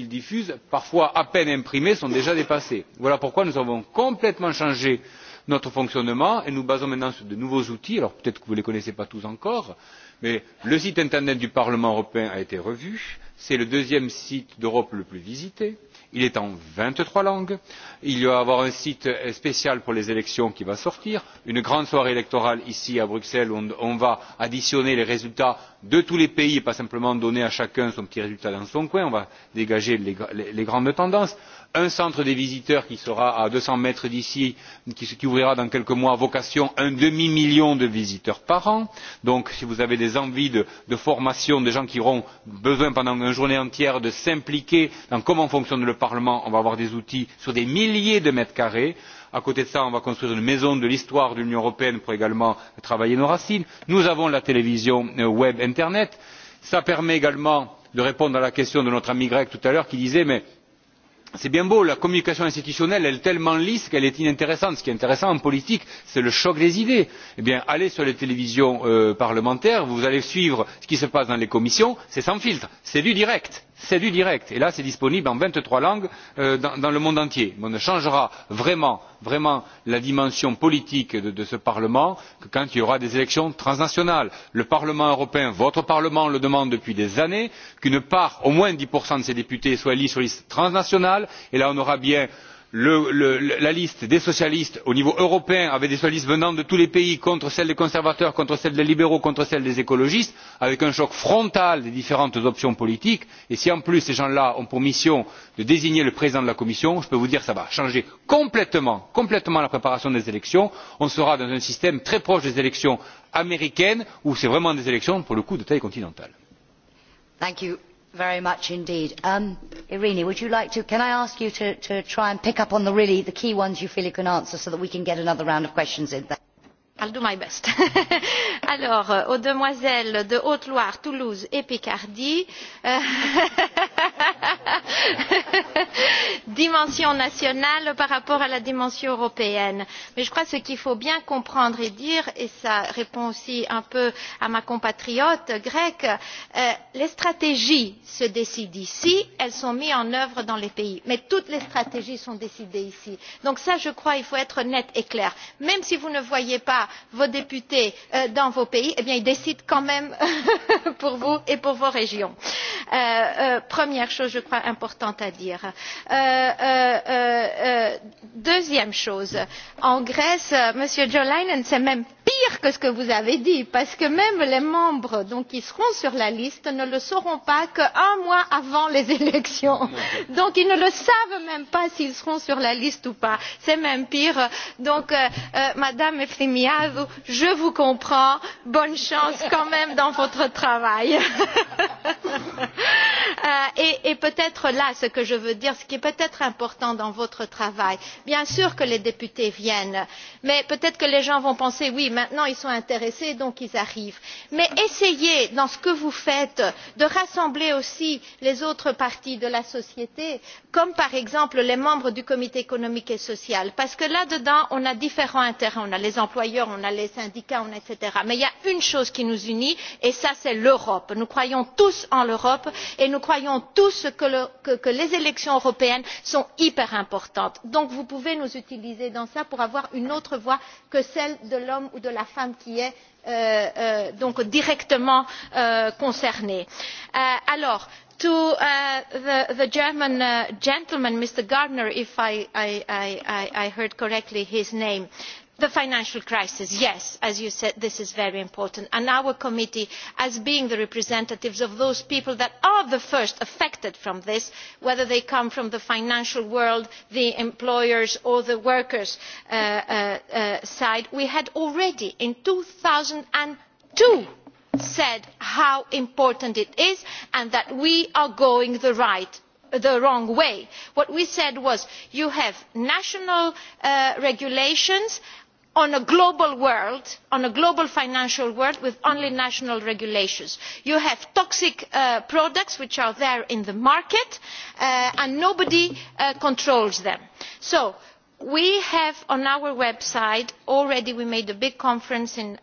diffuse parfois à peine imprimées sont déjà dépassées. voilà pourquoi nous avons complètement changé notre fonctionnement et nous basons maintenant sur de nouveaux outils alors peut être que vous ne les connaissez pas tous encore mais le site internet du parlement européen a été revu c'est le deuxième site d'europe le plus visité il est en vingt trois langues il va y avoir un site spécial pour les élections qui va sortir une grande soirée électorale ici à bruxelles où on va additionner les résultats de tous les pays et pas simplement donner à chacun son petit résultat dans son coin on va dégager les grandes tendances un centre des visiteurs qui sera à deux cents mètres d'ici qui ouvrira dans quelques mois vocation un demi million de visiteurs par an donc si vous avez des envies de formation des gens qui auront besoin pendant une journée entière de s'impliquer dans comment fonctionne le parlement on va avoir des outils sur des milliers de mètres carrés à côté de cela on va construire une maison de l'histoire de l'union européenne pour également travailler nos racines nous avons la télévision euh, web internet cela permet également de répondre à la question de notre ami grec tout à l'heure qui disait c'est bien beau la communication institutionnelle est tellement lisse qu'elle est inintéressante. ce qui est intéressant en politique c'est le choc des idées. eh bien allez sur les télévisions euh, parlementaires vous allez suivre ce qui se passe dans les commissions c'est sans filtre c'est du direct c'est du direct et là c'est disponible en vingt trois langues euh, dans le monde entier. on ne changera vraiment la dimension politique de ce parlement que quand il y aura des élections transnationales. le parlement européen votre parlement le demande depuis des années qu'une part au moins dix de ses députés soit élue sur liste transnationale et là on aura bien la liste des socialistes au niveau européen avec des socialistes venant de tous les pays contre celle des conservateurs contre celle des libéraux contre celle des écologistes avec un choc frontal des différentes options politiques et si en plus ces gens là ont pour mission de désigner le président de la commission je peux vous dire que cela va changer complètement, la préparation des élections on sera dans un système très proche des élections américaines où ce sont vraiment des élections pour le coup de taille continentale very much indeed. Irini, um, Irene, would you like to, can I ask you to, try and pick up on the really the key ones you feel you can answer so that we can get another round of questions in I'll do my best. Alors, euh, aux demoiselles de Haute-Loire, Toulouse et Picardie, euh, dimension nationale par rapport à la dimension européenne. Mais je crois que ce qu'il faut bien comprendre et dire, et ça répond aussi un peu à ma compatriote grecque, euh, les stratégies se décident ici, elles sont mises en œuvre dans les pays. Mais toutes les stratégies sont décidées ici. Donc ça, je crois, il faut être net et clair. Même si vous ne voyez pas vos députés euh, dans vos pays eh ils décident quand même pour vous et pour vos régions. Euh, euh, première chose je crois importante à dire. deuxième chose en grèce monsieur jo leinen c'est même pire que ce que vous avez dit parce que même les membres qui seront sur la liste ne le sauront pas qu'un mois avant les élections donc ils ne le savent même pas s'ils seront sur la liste ou pas c'est même pire. donc madame efremia phrase où je vous comprends bonne chance quand même dans votre travail. Euh, et, et peut être là ce que je veux dire ce qui est peut être important dans votre travail bien sûr que les députés viennent mais peut être que les gens vont penser oui maintenant ils sont intéressés donc ils arrivent mais essayez dans ce que vous faites de rassembler aussi les autres parties de la société comme par exemple les membres du comité économique et social parce que là dedans on a différents intérêts on a les employeurs travailleurs on a les syndicats etc. mais il y a une chose qui nous unit et c'est l'europe. nous croyons tous en l'europe et nous croyons tous que les élections européennes sont hyper importantes. donc vous pouvez nous utiliser dans cela pour avoir une autre voix que celle de l'homme ou de la femme qui est euh, euh, directement euh, concerné. alors to the german gentleman mr gardner if i heard correctly his name the financial crisis yes as you said this is very important and our committee as being the representatives of those people that are the first affected by this whether they come from the financial world the employers or the workers' uh, uh, uh, side we had already in two thousand and two said how important it is and that we are going the the wrong way. what we said was you have national regulations and in a global world in a global financial world with only national regulations. you have toxic uh, products which are there in the market uh, and nobody uh, controls them. so we have on our website already we made a big conference in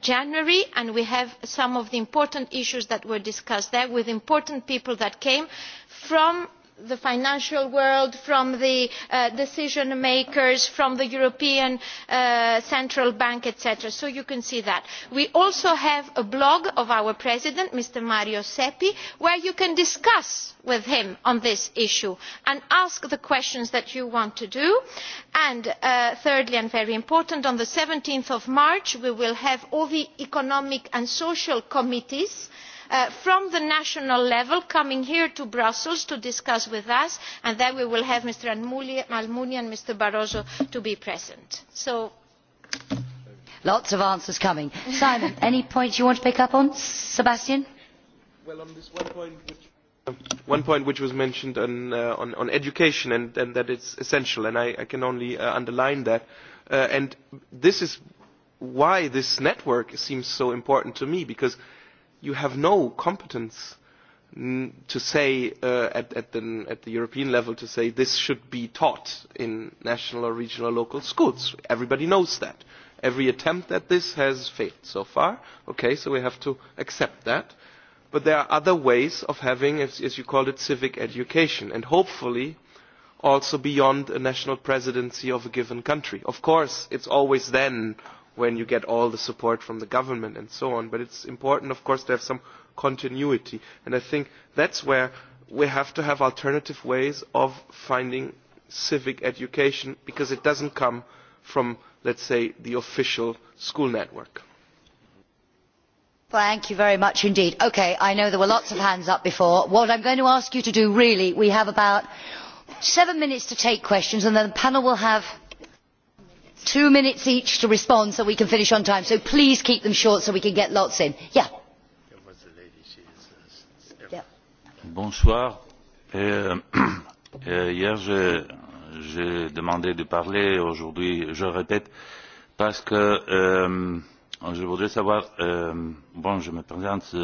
january and we have some of the important issues that were discussed there with important people that came from the financial world from the uh, decision makers from the european uh, central bank etc. so you can see that. we also have a blog of our president mr mario seppi where you can discuss with him on this issue and ask the questions that you want to do. and uh, thirdly and very important on seventeen march we will have all the economic and social committees Uh, from the national level coming here to brussels to discuss with us and then we will have mr almunia and mr barroso to be present. so lots of answers coming. simon any points you want to pick up on? sebastian? well on this one point which was mentioned on, uh, on, on education and, and that it's essential and I, I can only uh, underline that uh, and this is why this network seems so important to me because you have no competence mm, to say uh, at, at, the, at the European level to say this should be taught in national or regional or local schools. Everybody knows that. Every attempt at this has failed so far. Okay, so we have to accept that. But there are other ways of having, as, as you called it, civic education, and hopefully also beyond a national presidency of a given country. Of course, it's always then when you get all the support from the government and so on. But it's important, of course, to have some continuity. And I think that's where we have to have alternative ways of finding civic education because it doesn't come from, let's say, the official school network. Thank you very much indeed. Okay, I know there were lots of hands up before. What I'm going to ask you to do really, we have about seven minutes to take questions and then the panel will have two minutes each to respond so we can finish on time so please keep them short so we can get lots in. Euh, euh, hier, j'ai demandé de parler. Aujourd'hui, je répète parce que euh, je voudrais savoir. bon, je me présente.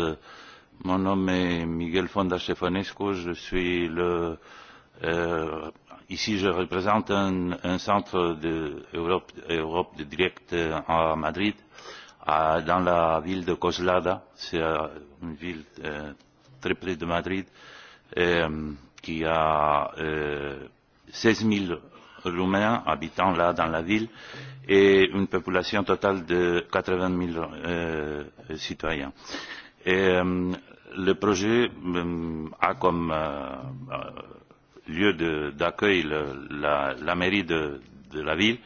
mon nom est Miguel Fonda Stefanescu. Je suis le Ici, je représente un, un centre de Europe, Europe de direct euh, à Madrid, à, dans la ville de Coslada. C'est euh, une ville euh, très près de Madrid euh, qui a euh, 16 000 Roumains habitant là dans la ville et une population totale de 80 000 euh, citoyens. Et, euh, le projet euh, a comme euh, lieu d'accueil la, la mairie de, de la ville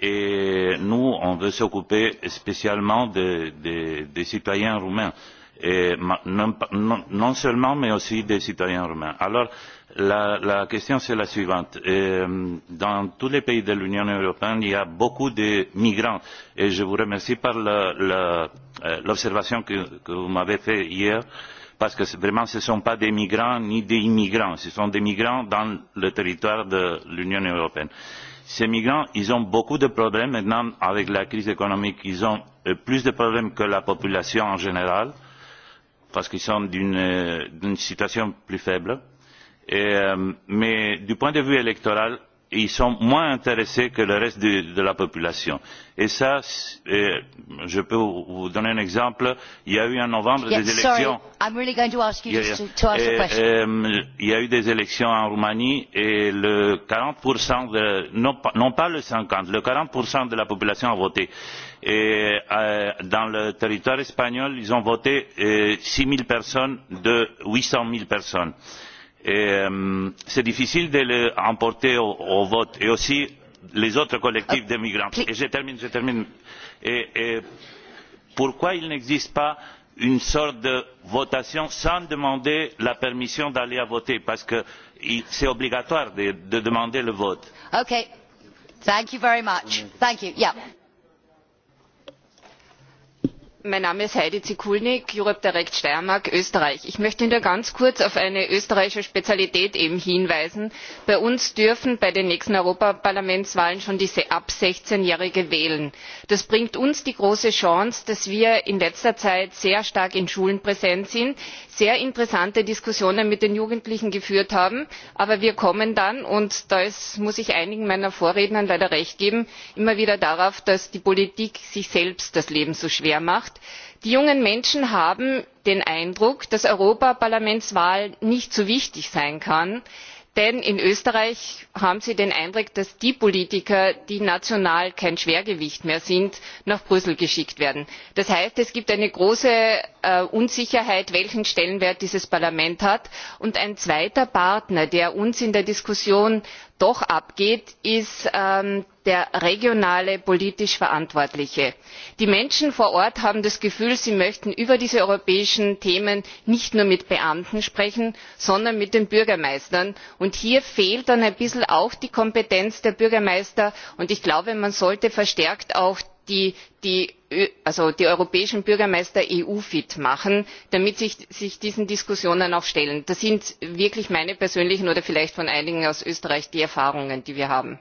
et nous on veut s'occuper spécialement des, des, des citoyens roumains et non, non, non seulement mais aussi des citoyens roumains. alors la, la question c'est la suivante et, euh, dans tous les pays de l'union européenne il y a beaucoup de migrants et je vous remercie par euh, l'observation que, que vous m'avez faite hier Euh, parce que vraiment ce ne sont pas des migrants ni des immigrants ce sont des migrants dans le territoire de l'union européenne. ces migrants ils ont beaucoup de problèmes maintenant avec la crise économique ils ont euh, plus de problèmes que la population en général parce qu'ils sont d'une euh, situation plus faible. Euh, mais du point de vue électoral ils sont moins intéressés que le reste de, la population. Et ça, et euh, je peux vous donner un exemple. Il y a eu en novembre yeah, des élections. Sorry, really yeah, yeah. Et, et, euh, il y a eu des élections en Roumanie et le 40 de, non, non pas le 50, le 40 de la population a voté. Et euh, dans le territoire espagnol, ils ont voté euh, 6 000 personnes de 800 000 personnes. Euh, c'est difficile de les emporter au, au vote et aussi les autres collectifs ah, de migrants. Et je termine, je termine. Et, et pourquoi il n'existe pas une sorte de votation sans demander la permission d'aller voter parce que c'est obligatoire de, de demander le vote? Okay. Thank you very much. Thank you. Yeah mein name ist heidi zikulnik europe direkt steiermark österreich. ich möchte nur ganz kurz auf eine österreichische spezialität hinweisen bei uns dürfen bei den nächsten europaparlamentswahlen schon die ab sechzehn jährige wählen. das bringt uns die große chance dass wir in letzter zeit sehr stark in schulen präsent sind sehr interessante diskussionen mit den jugendlichen geführt haben aber wir kommen dann und da muss ich einigen meiner vorredner leider recht geben immer wieder darauf dass die politik sich selbst das leben so schwer macht gesagt die jungen menschen haben den eindruck dass europaparlamentswahl nicht so wichtig sein kann denn in österreich haben sie den eindruck dass die politiker die national kein schwergewicht mehr sind nach brüssel geschickt werden. das heißt es gibt eine große äh, unsicherheit welchen stellenwert dieses parlament hat. und ein zweiter partner der uns in der diskussion doch abgeht ist ähm, der regionale politisch verantwortliche. die menschen vor ort haben das gefühl sie möchten über diese europäischen themen nicht nur mit beamten sprechen sondern mit den bürgermeistern und hier fehlt dann ein bisschen auch die kompetenz der bürgermeister und ich glaube man sollte verstärkt auch die europäischen bürgermeister eu fit machen damit sie sich diesen diskussionen auch stellen. das sind wirklich meine persönlichen oder vielleicht von einigen aus österreich die erfahrungen die wir haben.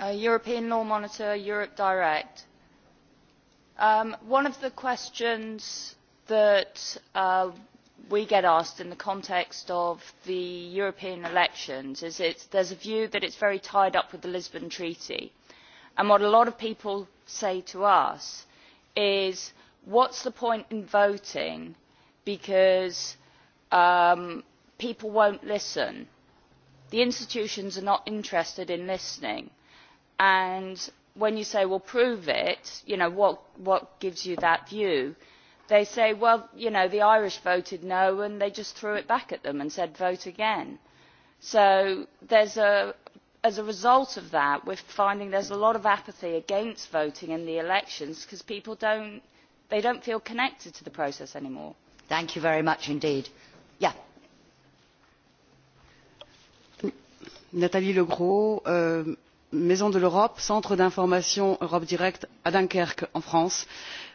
european law monitor europe direct. Um, one of the questions that uh, we get asked in the context of the European elections is that there is a view that it is very tied up with the Lisbon Treaty. And what a lot of people say to us is, what is the point in voting because um, people will not listen? The institutions are not interested in listening. And when you say, well, prove it, you know, what gives you that view? they say well you know the irish voted no and they just threw it back at them and said vote again. so as a result of that we are finding there is a lot of apathy against voting in the elections because people do not feel connected to the process any more. thank you very much indeed. Yeah. nathalie legros euh, maison de l'europe centre d'information europe direct à dunkerque en france.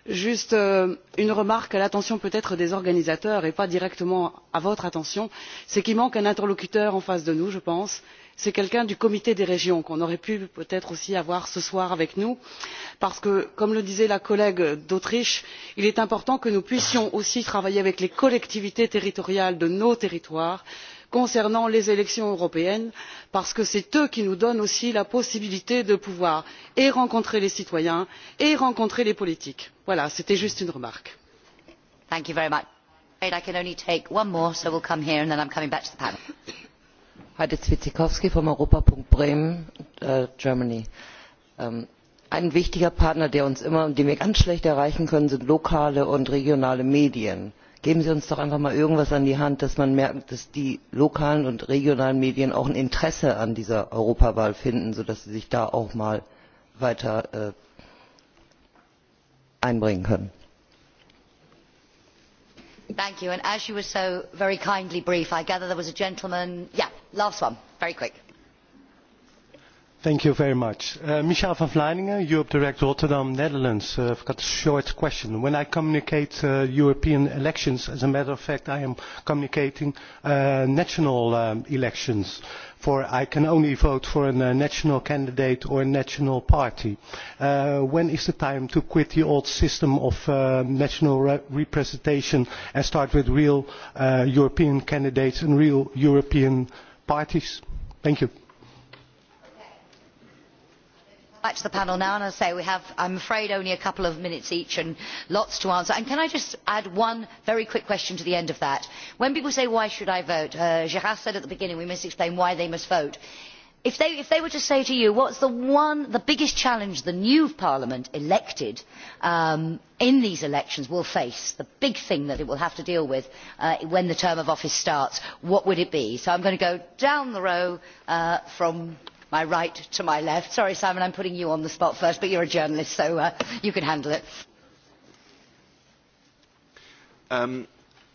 juste euh, une remarque à l'attention peut être des organisateurs et pas directement à votre attention c'est qu'il manque un interlocuteur en face de nous je pense c'est quelqu'un du comité des régions qu'on aurait pu peut être aussi avoir ce soir avec nous parce que comme le disait la collègue d'autriche il est important que nous puissions aussi travailler avec les collectivités territoriales de nos territoires afin concernant les élections européennes parce que ce sont eux qui nous donnent aussi la possibilité de pouvoir et rencontrer les citoyens et rencontrer les politiques. voilà c'était juste une remarque. Äh, ähm, ein wichtiger Partner, den wir ganz schlecht erreichen können, sind lokale und regionale Medien geben sie uns doch einfach mal irgendwas an die hand dass man merkt dass die lokalen und regionalen medien auch ein interesse an dieser europawahl finden sodass sie sich da auch mal weiter äh, einbringen können. thank you and as you were so very kindly brief i gather there was a gentleman yeah last one very quick. Thank you very much. Uh, Michel van Vleiningen, Europe Direct Rotterdam, Netherlands. Uh, I've got a short question. When I communicate uh, European elections, as a matter of fact, I am communicating uh, national um, elections. For I can only vote for a uh, national candidate or a national party. Uh, when is the time to quit the old system of uh, national re representation and start with real uh, European candidates and real European parties? Thank you back to the panel now and i say we have i am afraid only a couple of minutes each and lots to answer. can i just add one very quick question to the end of that? when people say why should i vote uh, gerard said at the beginning we must explain why they must vote. if they were to say to you what is the biggest challenge the new parliament elected um, in these elections will face the big thing that it will have to deal with uh, when the term of office starts what would it be? so i am going to go down the row uh, from my right to my left. Sorry, Simon, I'm putting you on the spot first, but you're a journalist, so uh, you can handle it. Um,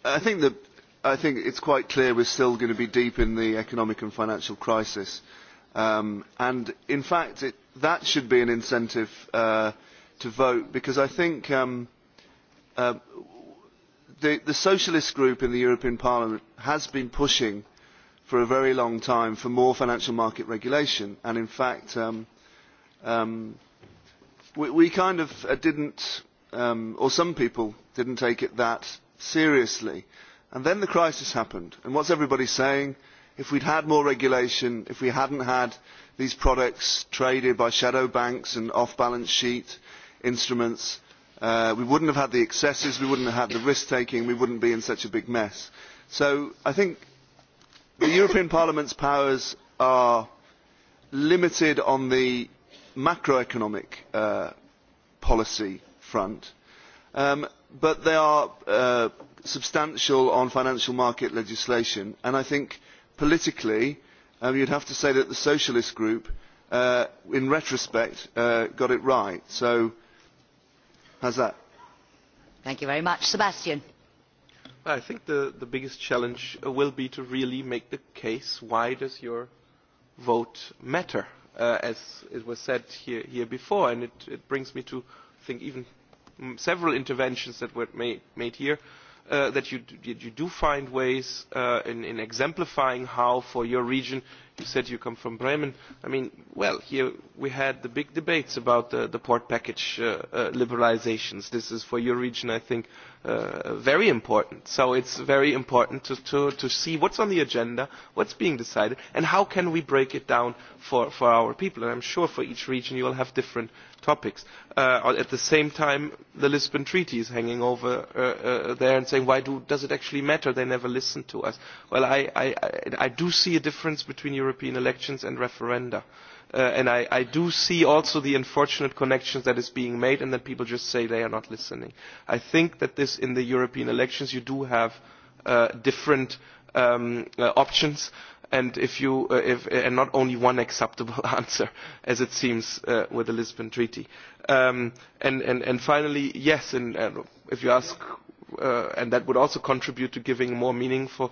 I think that I think it's quite clear we're still going to be deep in the economic and financial crisis. Um, and in fact, it, that should be an incentive uh, to vote because I think um, uh, the, the socialist group in the European Parliament has been pushing for a very long time for more financial market regulation and in fact um, um, we, we kind of uh, didn't, um, or some people didn't take it that seriously. And then the crisis happened and what's everybody saying? If we'd had more regulation, if we hadn't had these products traded by shadow banks and off-balance sheet instruments, uh, we wouldn't have had the excesses, we wouldn't have had the risk-taking, we wouldn't be in such a big mess. So I think the european parliament's powers are limited on the macroeconomic uh, policy front um, but they are uh, substantial on financial market legislation and i think politically um, you would have to say that the socialist group uh, in retrospect got it right so how is that? I think the, the biggest challenge uh, will be to really make the case why does your vote matter, uh, as it was said here, here before. And it, it brings me to, I think, even mm, several interventions that were made, made here. Uh, Uh, that you, you do find ways uh, in, in exemplifying how for your region you said you come from Bremen. I mean, well, here we had the big debates about the, the port package uh, uh, liberalizations. This is for your region, I think, uh, very important. So it's very important to, to, to see what's on the agenda, what's being decided, and how can we break it down for, for our people. And I'm sure for each region you will have different topics. Uh, at the same time, the Lisbon Treaty is hanging over uh, uh, there and saying, why do, does it actually matter? They never listen to us. Well, I, I, I do see a difference between European elections and referenda. Uh, and I, I do see also the unfortunate connections that is being made and that people just say they are not listening. I think that this, in the European elections, you do have uh, different um, uh, options and if you uh, if, uh, and not only one acceptable answer as it seems uh, with the lisbon treaty um, and, and and finally yes and, and if you ask uh, and that would also contribute to giving more meaning for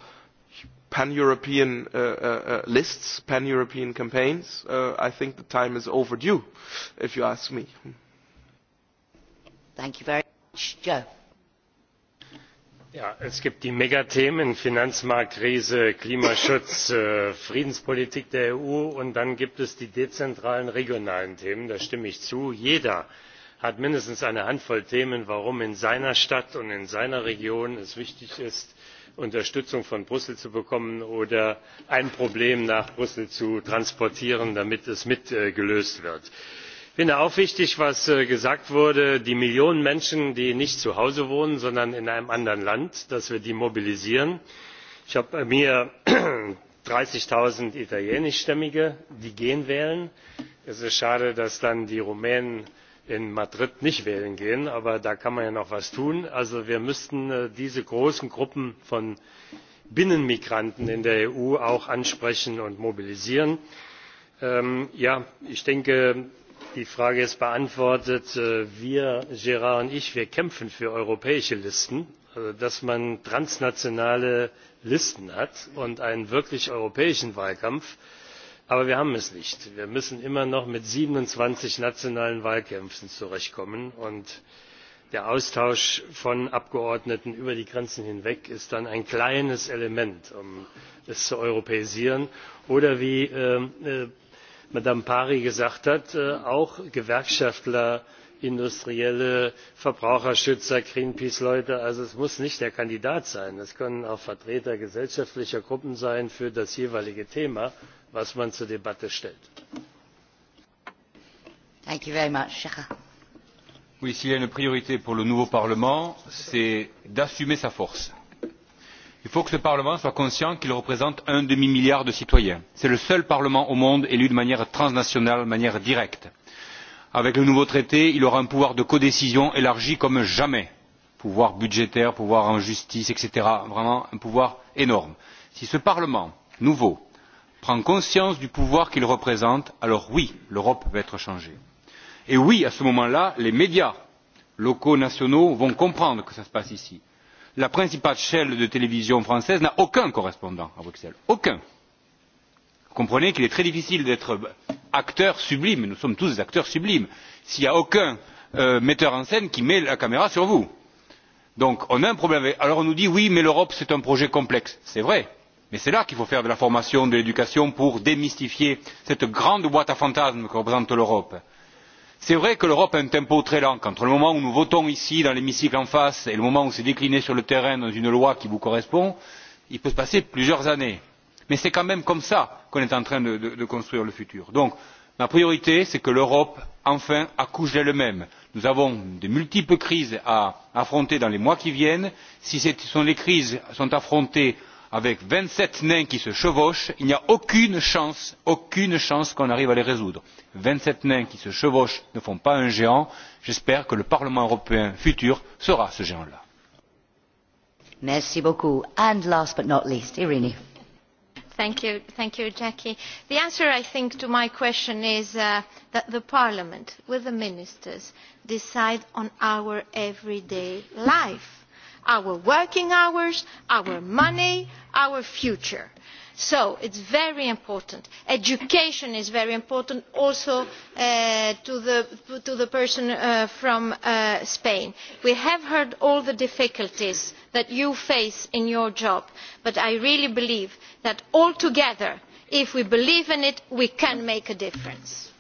pan-european uh, uh, uh lists pan-european campaigns uh, i think the time is overdue if you ask me thank you very much joe es gibt die megathemen finanzmarktkrise klimaschutz äh, friedenspolitik der eu und dann gibt es die dezentralen regionalen themen da stimme ich zu. jeder hat mindestens eine handvoll themen warum es in seiner stadt und in seiner region wichtig ist unterstützung von brüssel zu bekommen oder ein problem nach brüssel zu transportieren damit es mitgelöst äh, wird ich finde auch wichtig was äh, gesagt wurde die millionen menschen die nicht zu hause wohnen sondern in einem anderen land dass wir die mobilisieren. ich habe bei mir dreißig null italienischstämmige die gehen wählen. es ist schade dass dann die rumänen in madrid nicht wählen gehen aber da kann man ja noch etwas tun. also wir müssten äh, diese großen gruppen von binnenmigranten in der eu auch ansprechen und mobilisieren. Ähm, ja ich denke die frage ist beantwortet äh, wir gerard und ich wir kämpfen für europäische listen also dass man transnationale listen hat und einen wirklich europäischen wahlkampf aber wir haben es nicht. wir müssen immer noch mit siebenundzwanzig nationalen wahlkämpfen zurechtkommen und der austausch von abgeordneten über die grenzen hinweg ist dann ein kleines element um es zu europäisieren oder wie äh, äh, madame pari gesagt hat äh, auch gewerkschaftler industrielle verbraucherschützer greenpeace leute also es muss nicht der kandidat sein es können auch vertreter gesellschaftlicher gruppen sein für das jeweilige thema das man zur debatte stellt. s'il y a une priorité pour le nouveau parlement c'est d'assumer sa force il faut que ce parlement soit conscient qu'il représente un demi milliard de citoyens. c'est le seul parlement au monde élu de manière transnationale de manière directe. avec le nouveau traité il aura un pouvoir de codécision élargi comme jamais pouvoir budgétaire pouvoir en justice etc. vraiment un pouvoir énorme. si ce parlement nouveau prend conscience du pouvoir qu'il représente alors oui l'europe peut être changée. et oui à ce moment là les médias locaux nationaux vont comprendre que cela se passe ici la principale chaîne de télévision française n'a aucun correspondant à bruxelles. aucun! vous comprenez qu'il est très difficile d'être acteur sublime nous sommes tous des acteurs sublimes s'il n'y a aucun euh, metteur en scène qui met la caméra sur vous. donc on a un problème. alors on nous dit oui mais l'europe c'est un projet complexe. c'est vrai mais c'est là qu'il faut faire de la formation de l'éducation pour démystifier cette grande boîte à fantasmes que représente l'europe c'est vrai que l'europe a un tempo très lent entre le moment où nous votons ici dans l'hémicycle en face et le moment où c'est décliné sur le terrain dans une loi qui vous correspond il peut se passer plusieurs années mais c'est quand même comme cela qu'on est en train de, construire le futur. donc ma priorité c'est que l'europe enfin accouche d'elle même. nous avons de multiples crises à affronter dans les mois qui viennent. si ce sont des crises qui sont affrontées avec vingt sept nains qui se chevauchent il n'y a aucune chance aucune chance qu'on arrive à les résoudre. vingt sept nains qui se chevauchent ne font pas un géant j'espère que le parlement européen futur sera ce géant là. Merci beaucoup. And last but not least, Irini. Thank you, thank you, Jackie. The answer, I think, to my question is uh, that the Parliament, with the ministers, decide on our everyday life our working hours our money our future. so it is very important. education is very important also uh, to, the, person uh, from uh, spain. we have heard all the difficulties that you face in your job but i really believe that all together if we believe in it we can make a difference.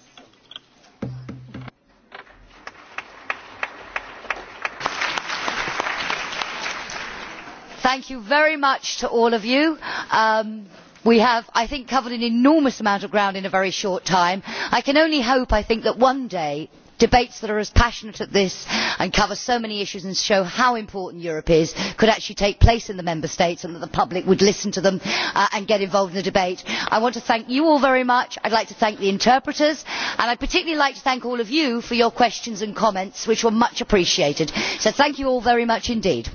thank you very much to all of you. Um, we have i think covered an enormous amount of ground in a very short time. i can only hope that one day debates that are as passionate as this and cover so many issues and show how important europe is could actually take place in the member states and that the public would listen to them uh, and get involved in the debate. i want to thank you all very much. i would like to thank the interpreters and i would particularly like to thank all of you for your questions and comments which were much appreciated. so thank you all very much indeed.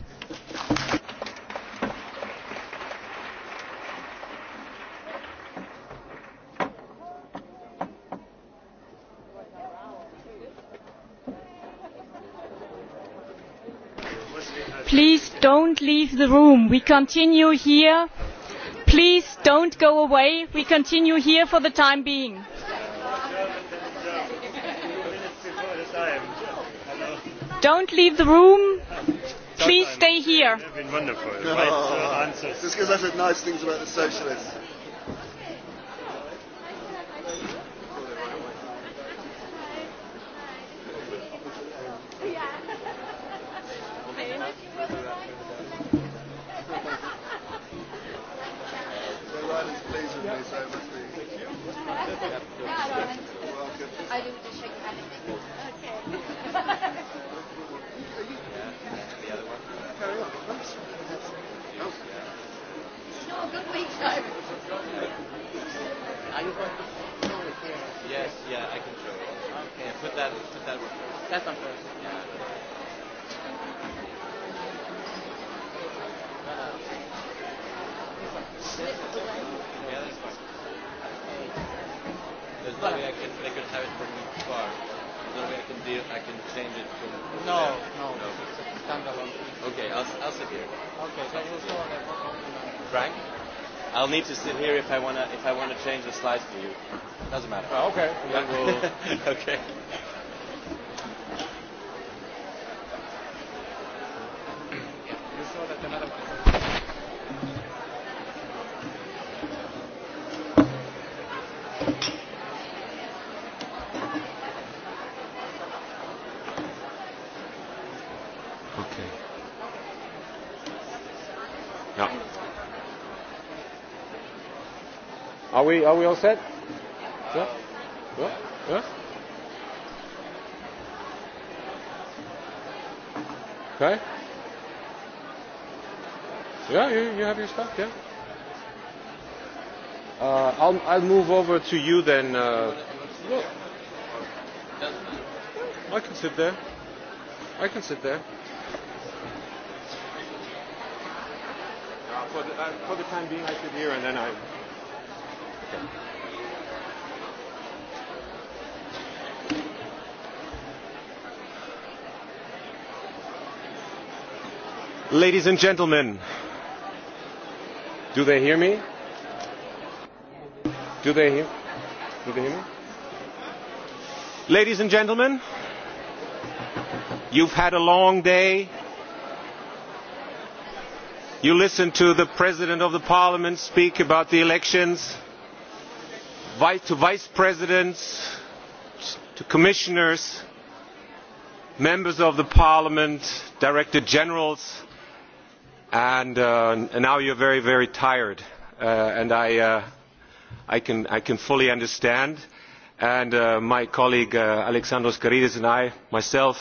don't leave the room we continue here please don't go away we continue here for the time being. don't leave the room please stay here. Oh, Right, so answers. Just because I said nice things about the socialists. Yes, yeah, I can show it. Okay. Yeah, put that, put that one first. That one first. There's no way I can, I can have it for each bar. There's no way I can deal, I can change it from. no, there. no, no. Okay, I'll, I'll sit here. Okay, so we'll show that. Frank. I'll need to sit here if I want to if I wanna change the slides for you. Doesn't matter. Oh, okay. Yeah. okay. we, are we all set? Yeah? Yeah? Yeah? Okay? Yeah, you, you have your stuff, yeah? Uh, I'll, I'll move over to you then. Uh, look. I can sit there. I can sit there. Uh, for, the, uh, for the time being, I sit here and then I Ladies and gentlemen, do they hear me? Do they hear? Do they hear me? Ladies and gentlemen, you've had a long day. You listened to the President of the Parliament speak about the elections to vice presidents to commissioners members of the parliament director generals and, uh, and now you're very very tired uh, and I, uh, I, can, I can fully understand and uh, my colleague uh, Alexandros Karidis and I myself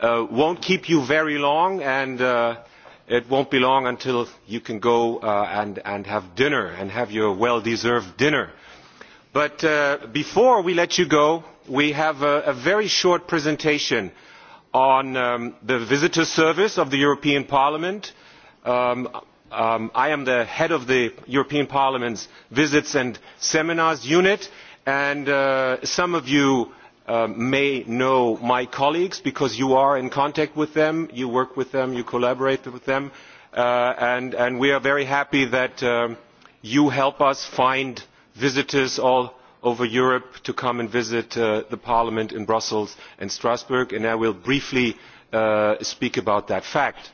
uh, won't keep you very long and uh, it won't be long until you can go uh, and, and have dinner and have your well-deserved dinner but uh, before we let you go we have a, very short presentation on um, the visitor service of the european parliament. Um, um, i am the head of the european parliament's visits and seminars unit and uh, some of you uh, may know my colleagues because you are in contact with them you work with them you collaborate with them and, and we are very happy that you help us find visitors all over europe to come and visit uh, parliament in brussels and strasbourg and i will briefly uh, speak about that fact.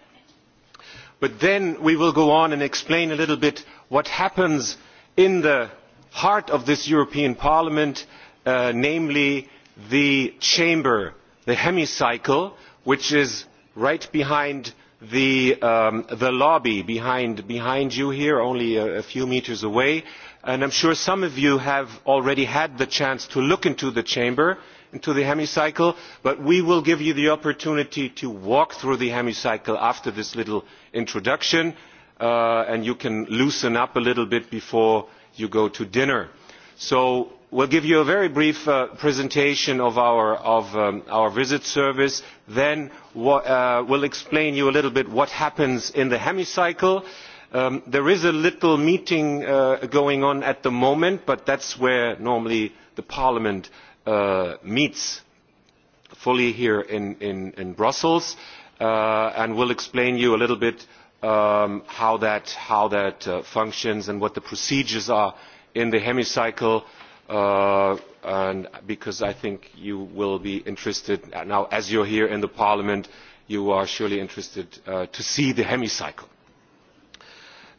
but then we will go on and explain a little bit what happens in the heart of this european parliament uh, namely the chamber the hemicycle which is right behind the, um, lobby behind, you here only a, a few metres away and i am sure some of you have already had the chance to look into the chamber into the hemicycle but we will give you the opportunity to walk through the hemicycle after this little introduction uh, and you can loosen up a little bit before you go to dinner. so we will give you a very brief uh, presentation of um, our, visit service then uh, we will explain to you a little bit what happens in the hemicycle and Um, there is a little meeting uh, going on at the moment, but that's where normally the Parliament uh, meets fully here in, in, in Brussels, uh, and we'll explain you a little bit um, how that, how that uh, functions and what the procedures are in the hemicycle, uh, and because I think you will be interested, now as you're here in the Parliament, you are surely interested uh, to see the hemicycle.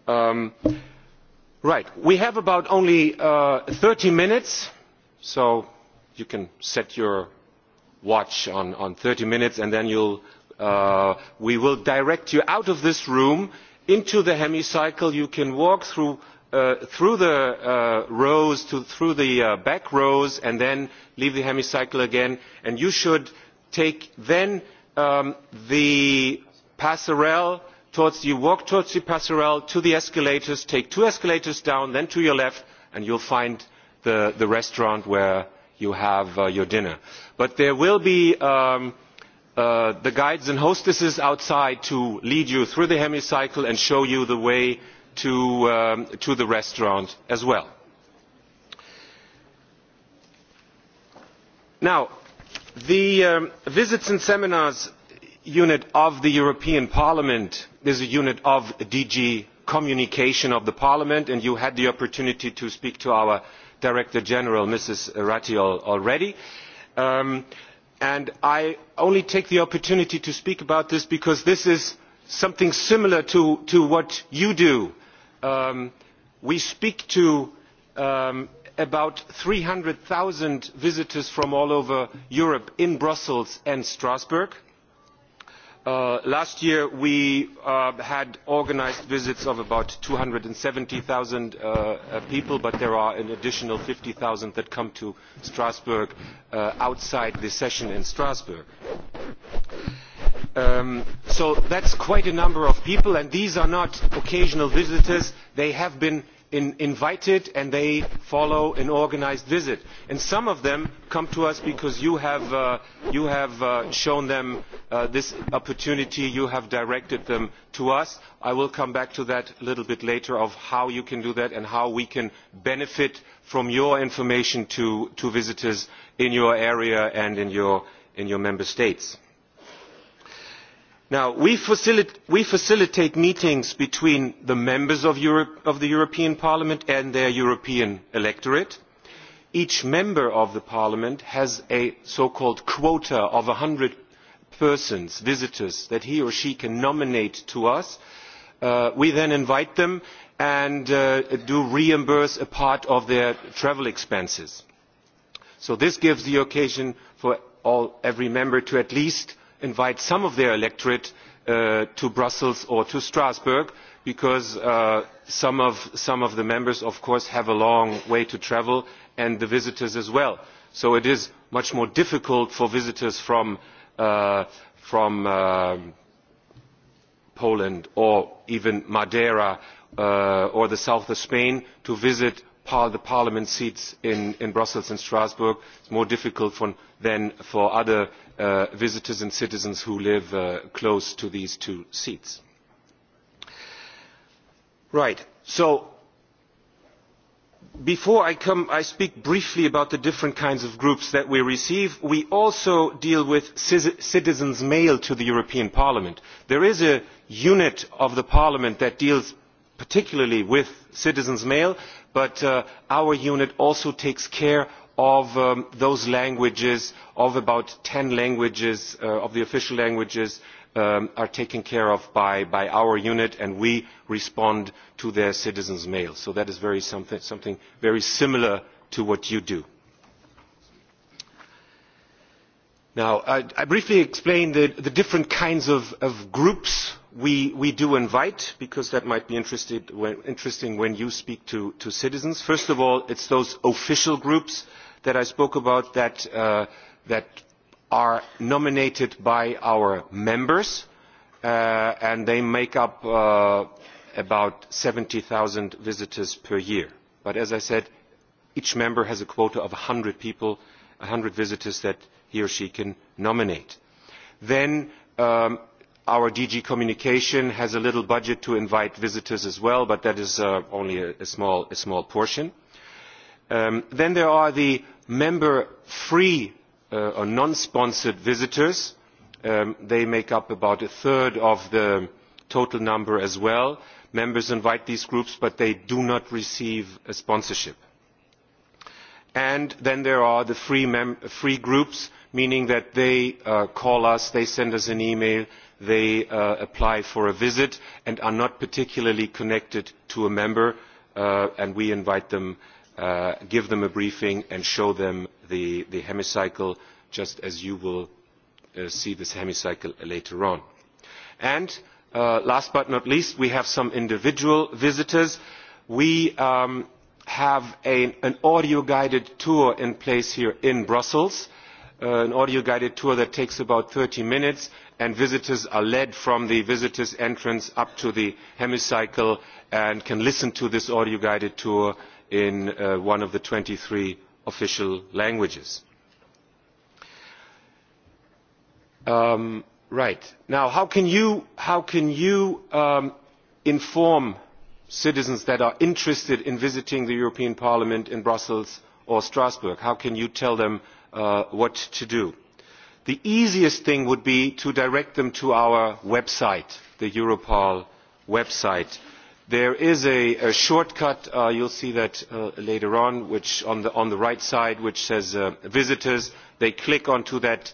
Um, right. We have about only uh, 30 minutes, so you can set your watch on, thirty 30 minutes and then uh, we will direct you out of this room into the hemicycle. You can walk through uh, the uh, rows to, through the back rows and then leave the hemicycle again and you should take then take um, the passerelle towards, you walk towards the passerelle to the escalators take two escalators down then to your left and you'll find the, the restaurant where you have uh, your dinner. but there will be um, uh, the guides and hostesses outside to lead you through the hemicycle and show you the way to, um, to the restaurant as well. now the um, visits and seminars unit of the european parliament this is a unit of dg communication of parliament and you had the opportunity to speak to our director general mrs ratiol already. Um, i only take the opportunity to speak about this because this is something similar to, what you do. Um, we speak to um, about three hundred zero visitors from all over europe in brussels and strasbourg Uh, last year we uh, had organised visits of about two hundred and seventy zero uh, people but there are an additional fifty zero that come to strasbourg outside the session in strasbourg. Um, so that is quite a number of people and these are not occasional visitors they have been invited and they follow an organised visit. And some of them come to us because you have, uh, uh, shown them uh, this opportunity, you have directed them to us. I will come back to that a little bit later of how you can do that and how we can benefit from your information to, visitors in your area and in your member states. Now, we, facilitate meetings between the members of, the European Parliament and their European electorate. Each member of the Parliament has a so-called quota of 100 persons, visitors, that he or she can nominate to us. Uh, we then invite them and uh, do reimburse a part of their travel expenses. So this gives the occasion for every member to at least invite some of their electorate uh, to brussels or to strasbourg because uh, some, of, the members of course have a long way to travel and the visitors as well so it is much more difficult for visitors from, uh, um, poland or even madeira or the south of spain to visit the parliament seats in, brussels and strasbourg it is more difficult than for other Uh, visitors and citizens who live uh, close to these two seats. Right, so before I, come, I speak briefly about the different kinds of groups that we receive, we also deal with citizens' mail to the European Parliament. There is a unit of the Parliament that deals particularly with citizens' mail, but uh, our unit also takes care of um, those languages of about ten languages uh, of the official languages um, are taken care of by, by our unit and we respond to their citizens' mail. so that is very something, something very similar to what you do. Now, I, i briefly explain the, the different kinds of, of groups we, we do invite because that might be when, interesting when you speak to, to citizens. first of all it is those official groups that i spoke about that, uh, that are nominated by our members uh, and they make up uh, about 70,000 visitors per year but as i said each member has a quota of 100 people 100 visitors that he or she can nominate. then um, our dg communication has a little budget to invite visitors as well but that is uh, only a, a, small, a small portion Um, then there are the member free uh, or non sponsored visitors um, they make up about a third of the total number as well. members invite these groups but they do not receive a sponsorship. and then there are the free, groups meaning that they uh, call us they send us an email they uh, apply for a visit and are not particularly connected to a member and we invite them Uh, give them a briefing and show them the, the hemicycle just as you will uh, see this hemicycle later on. And uh, last but not least, we have some individual visitors. We um, have a, an audio-guided tour in place here in Brussels, uh, an audio-guided tour that takes about 30 minutes, and visitors are led from the visitors' entrance up to the hemicycle and can listen to this audio-guided tour in uh, one of the 23 official languages. Um, right. Now, how can you, um, inform citizens that are interested in visiting the European Parliament in Brussels or Strasbourg? How can you tell them uh, what to do? The easiest thing would be to direct them to our website, the Europarl website there is a, shortcut uh, you will see that uh, later on which on the, right side which says uh, visitors they click onto that,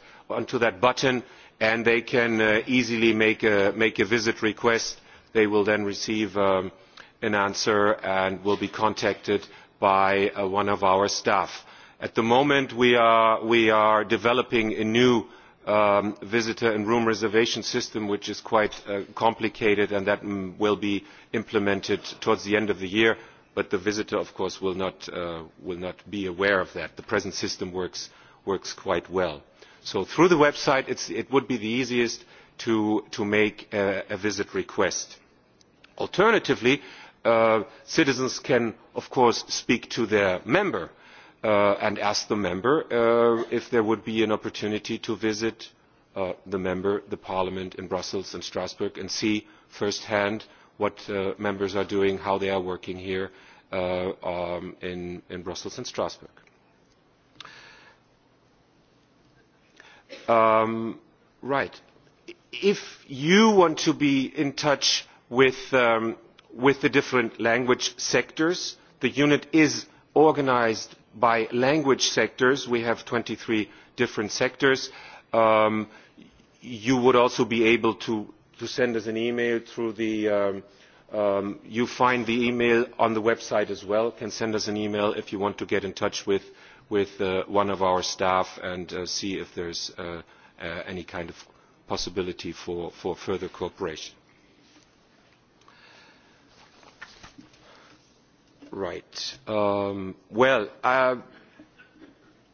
button and they can easily make a, visit request they will then receive um, an answer and will be contacted by one of our staff. at the moment we are, we are developing a new Um, visitor and room reservation system which is quite uh, complicated and that mm, will be implemented towards the end of the year but the visitor of course will not, uh, be aware of that. the present system works, quite well. so through the website it would be the easiest to, make a, visit request. alternatively uh, citizens can of course speak to their member Uh, and ask the member uh, if there would be an opportunity to visit uh, the member, the parliament in Brussels and Strasbourg and see firsthand what uh, members are doing, how they are working here uh, um, in, in Brussels and Strasbourg. Um, right. If you want to be in touch with, um, with the different language sectors, the unit is organized by language sectors we have twenty three different sectors. Um, you would also be able to, to send us an email through the um, um, you find the email on the website as well can send us an email if you want to get in touch with with uh, one of our staff and uh, see if there's uh, uh, any kind of possibility for, for further cooperation Right. Um, well, uh,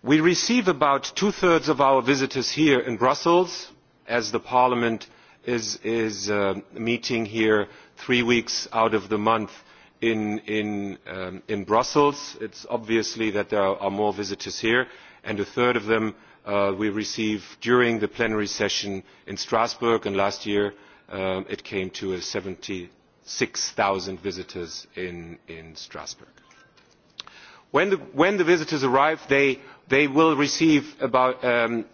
we receive about two-thirds of our visitors here in Brussels, as the Parliament is, is uh, meeting here three weeks out of the month in, in, um, in Brussels. It's obviously that there are more visitors here, and a third of them uh, we receive during the plenary session in Strasbourg, and last year um, it came to a 6,000 visitors in, in Strasbourg. When the, when the visitors arrive, they, they will receive about, um,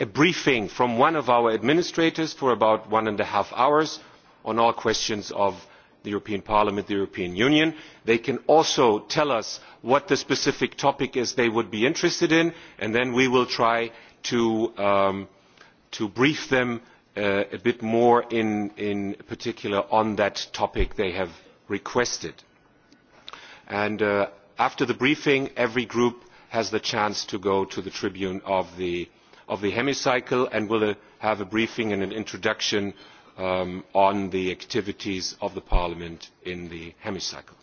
a briefing from one of our administrators for about one and a half hours on all questions of the European Parliament, the European Union. They can also tell us what the specific topic is they would be interested in, and then we will try to, um, to brief them uh, a bit more in, in particular on that topic they have requested. And uh, after the briefing, every group has the chance to go to the tribune of the, of the hemicycle and will uh, have a briefing and an introduction um, on the activities of the parliament in the hemicycle.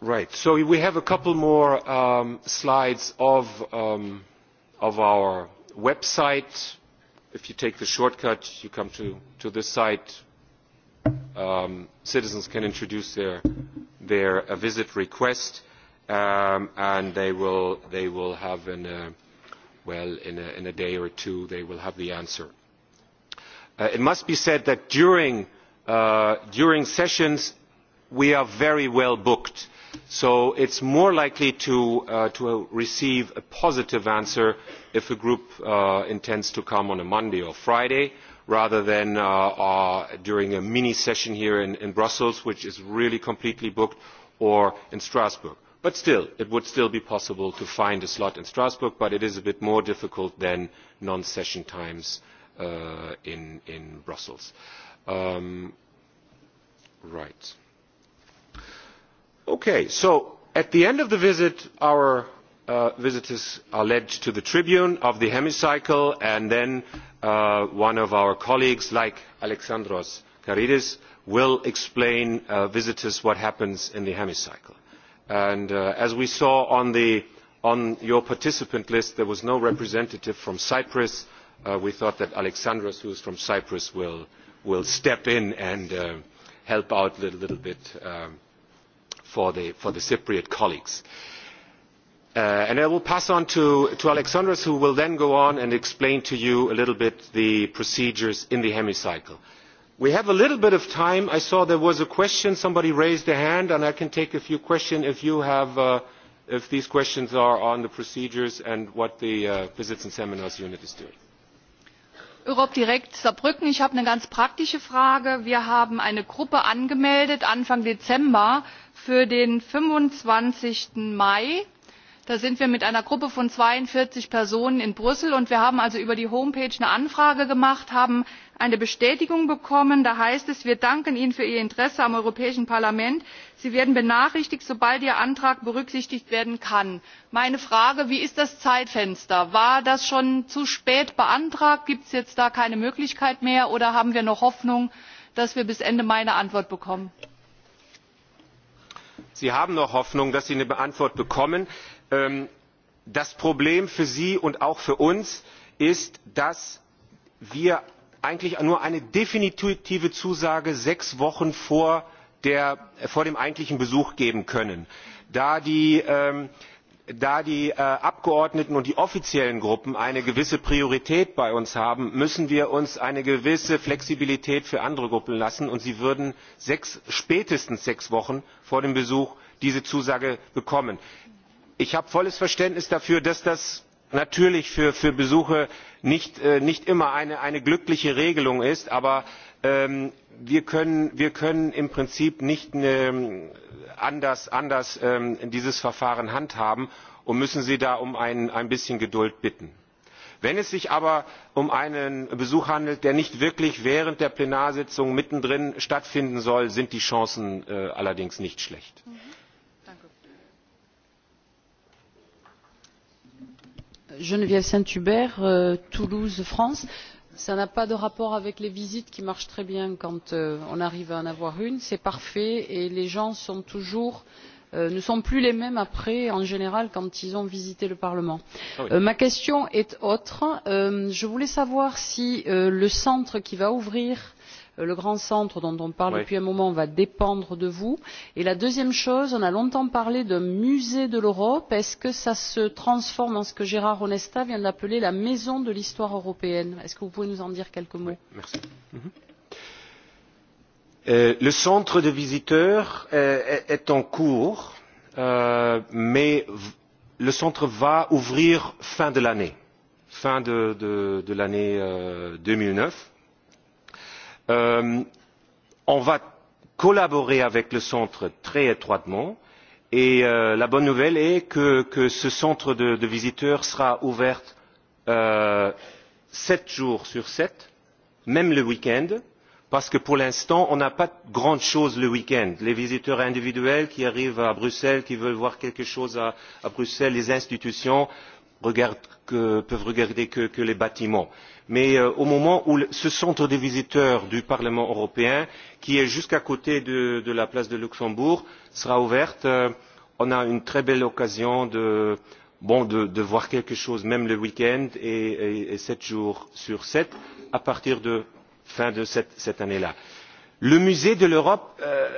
Right. So we have a couple more um, slides of, um, of our website. If you take the shortcut, you come to, to this site. Um, citizens can introduce their, their a uh, visit request, um, and they will, they will have, in a, well, in a, in a day or two, they will have the answer. Uh, it must be said that during, uh, during sessions, we are very well booked so it is more likely uh, to, receive a positive answer if a group uh, intends to come on a monday or friday rather than uh, during a mini session here in, brussels which is really completely booked or in strasbourg. but still it would still be possible to find a slot in strasbourg but it is a bit more difficult than non session times in, brussels. Um, Okay, so at the end of the visit, our uh, visitors are led to the tribune of the hemicycle, and then uh, one of our colleagues, like Alexandros Karidis, will explain uh, visitors what happens in the hemicycle. And uh, as we saw on, the, on your participant list, there was no representative from Cyprus. Uh, we thought that Alexandros, who is from Cyprus, will, will step in and uh, help out a little, little bit. Um, for the, for the Cypriot colleagues. Uh, and I will pass on to, to Alexandros, who will then go on and explain to you a little bit the procedures in the hemicycle. We have a little bit of time. I saw there was a question. Somebody raised their hand, and I can take a few questions if you have, uh, if these questions are on the procedures and what the uh, visits and seminars unit is doing europe direkt saarbrücken. ich habe eine ganz praktische frage wir haben eine gruppe angemeldet anfang dezember für den. fünfundzwanzig mai da sind wir mit einer gruppe von zweiundvierzig personen in brüssel und wir haben also über die homepage eine anfrage gemacht haben eine bestätigung bekommen da heißt es wir danken ihnen für ihr interesse am europäischen parlament sie werden benachrichtigt sobald ihr antrag berücksichtigt werden kann. meine frage wie ist das zeitfenster? war das schon zu spät beantragt gibt es jetzt da keine möglichkeit mehr oder haben wir noch hoffnung dass wir bis ende mai eine antwort bekommen? sie haben noch hoffnung dass sie eine antwort bekommen. Ähm, das problem für sie und auch für uns ist dass wir eigentlich nur eine definitive zusage sechs wochen vor äh, dem eigentlichen besuch geben können da die ähm, äh, abgeordneten und die offiziellen gruppen eine gewisse priorität bei uns haben müssen wir uns eine gewisse flexibilität für andere gruppen lassen und sie würden spätestens sechs wochen vor dem besuch diese zusage bekommen ich habe volles verständnis dafür dass das natürlich für, besuche nicht, äh, immer eine, glückliche regelung ist aber ähm, wir, können, im prinzip nicht ähm, anders, ähm, dieses verfahren handhaben und müssen sie da um ein, bisschen geduld bitten. wenn es sich aber um einen besuch handelt der nicht wirklich während der plenarsitzung mittendrin stattfinden soll sind die chancen äh, allerdings nicht schlecht. Mhm. geneviève saint hubert euh, toulouse france cela n'a pas de rapport avec les visites qui marchent très bien quand euh, on arrive à en avoir une c'est parfait et les gens sont toujours, euh, ne sont plus les mêmes après en général quand ils ont visité le parlement. Ah ma question est autre je voulais savoir si le centre qui va ouvrir Euh, le grand centre dont on parle depuis un moment va dépendre de vous. et la deuxième chose on a longtemps parlé d'un musée de l'europe est ce que cela se transforme en ce que gérard onesta vient d'appeler la maison de l'histoire européenne? est ce que vous pouvez nous en dire quelques mots? Euh, le centre de visiteurs euh, est, en cours mais le centre va ouvrir fin de l'année fin de l'année deux mille neuf Euh, on va collaborer avec le centre très étroitement et euh, la bonne nouvelle est que, ce centre de, visiteurs sera ouvert euh, sept jours sur sept même le week end parce que pour l'instant on n'a pas grand chose le week end les visiteurs individuels qui arrivent à bruxelles qui veulent voir quelque chose à, à bruxelles les institutions peuvent regarder que, les bâtiments. Mais euh, au moment où ce centre des visiteurs du Parlement européen, qui est juste à côté de, la place du Luxembourg, sera ouvert, euh, on a une très belle occasion de, voir quelque chose, même le week-end et, sept jours sur sept à partir de la fin de cette, année-là. Le musée de l'Europe, euh,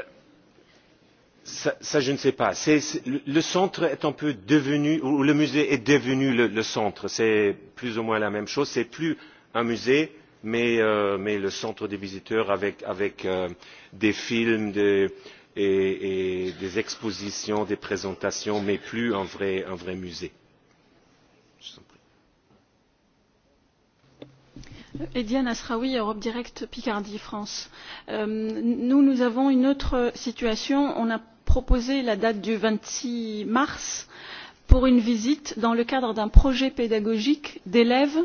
Ça, je ne sais pas. C est, le centre est un peu devenu ou le musée est devenu le, le centre c'est plus ou moins la même chose c'est plus un musée mais, euh, mais le centre des visiteurs avec, avec euh, des films des, et, et des expositions des présentations mais plus un vrai, un vrai musée. Ediane Asraoui, Europe Direct Picardie France. Euh, nous, nous avons une autre situation. On a proposé la date du vingt six mars pour une visite dans le cadre d'un projet pédagogique d'élèves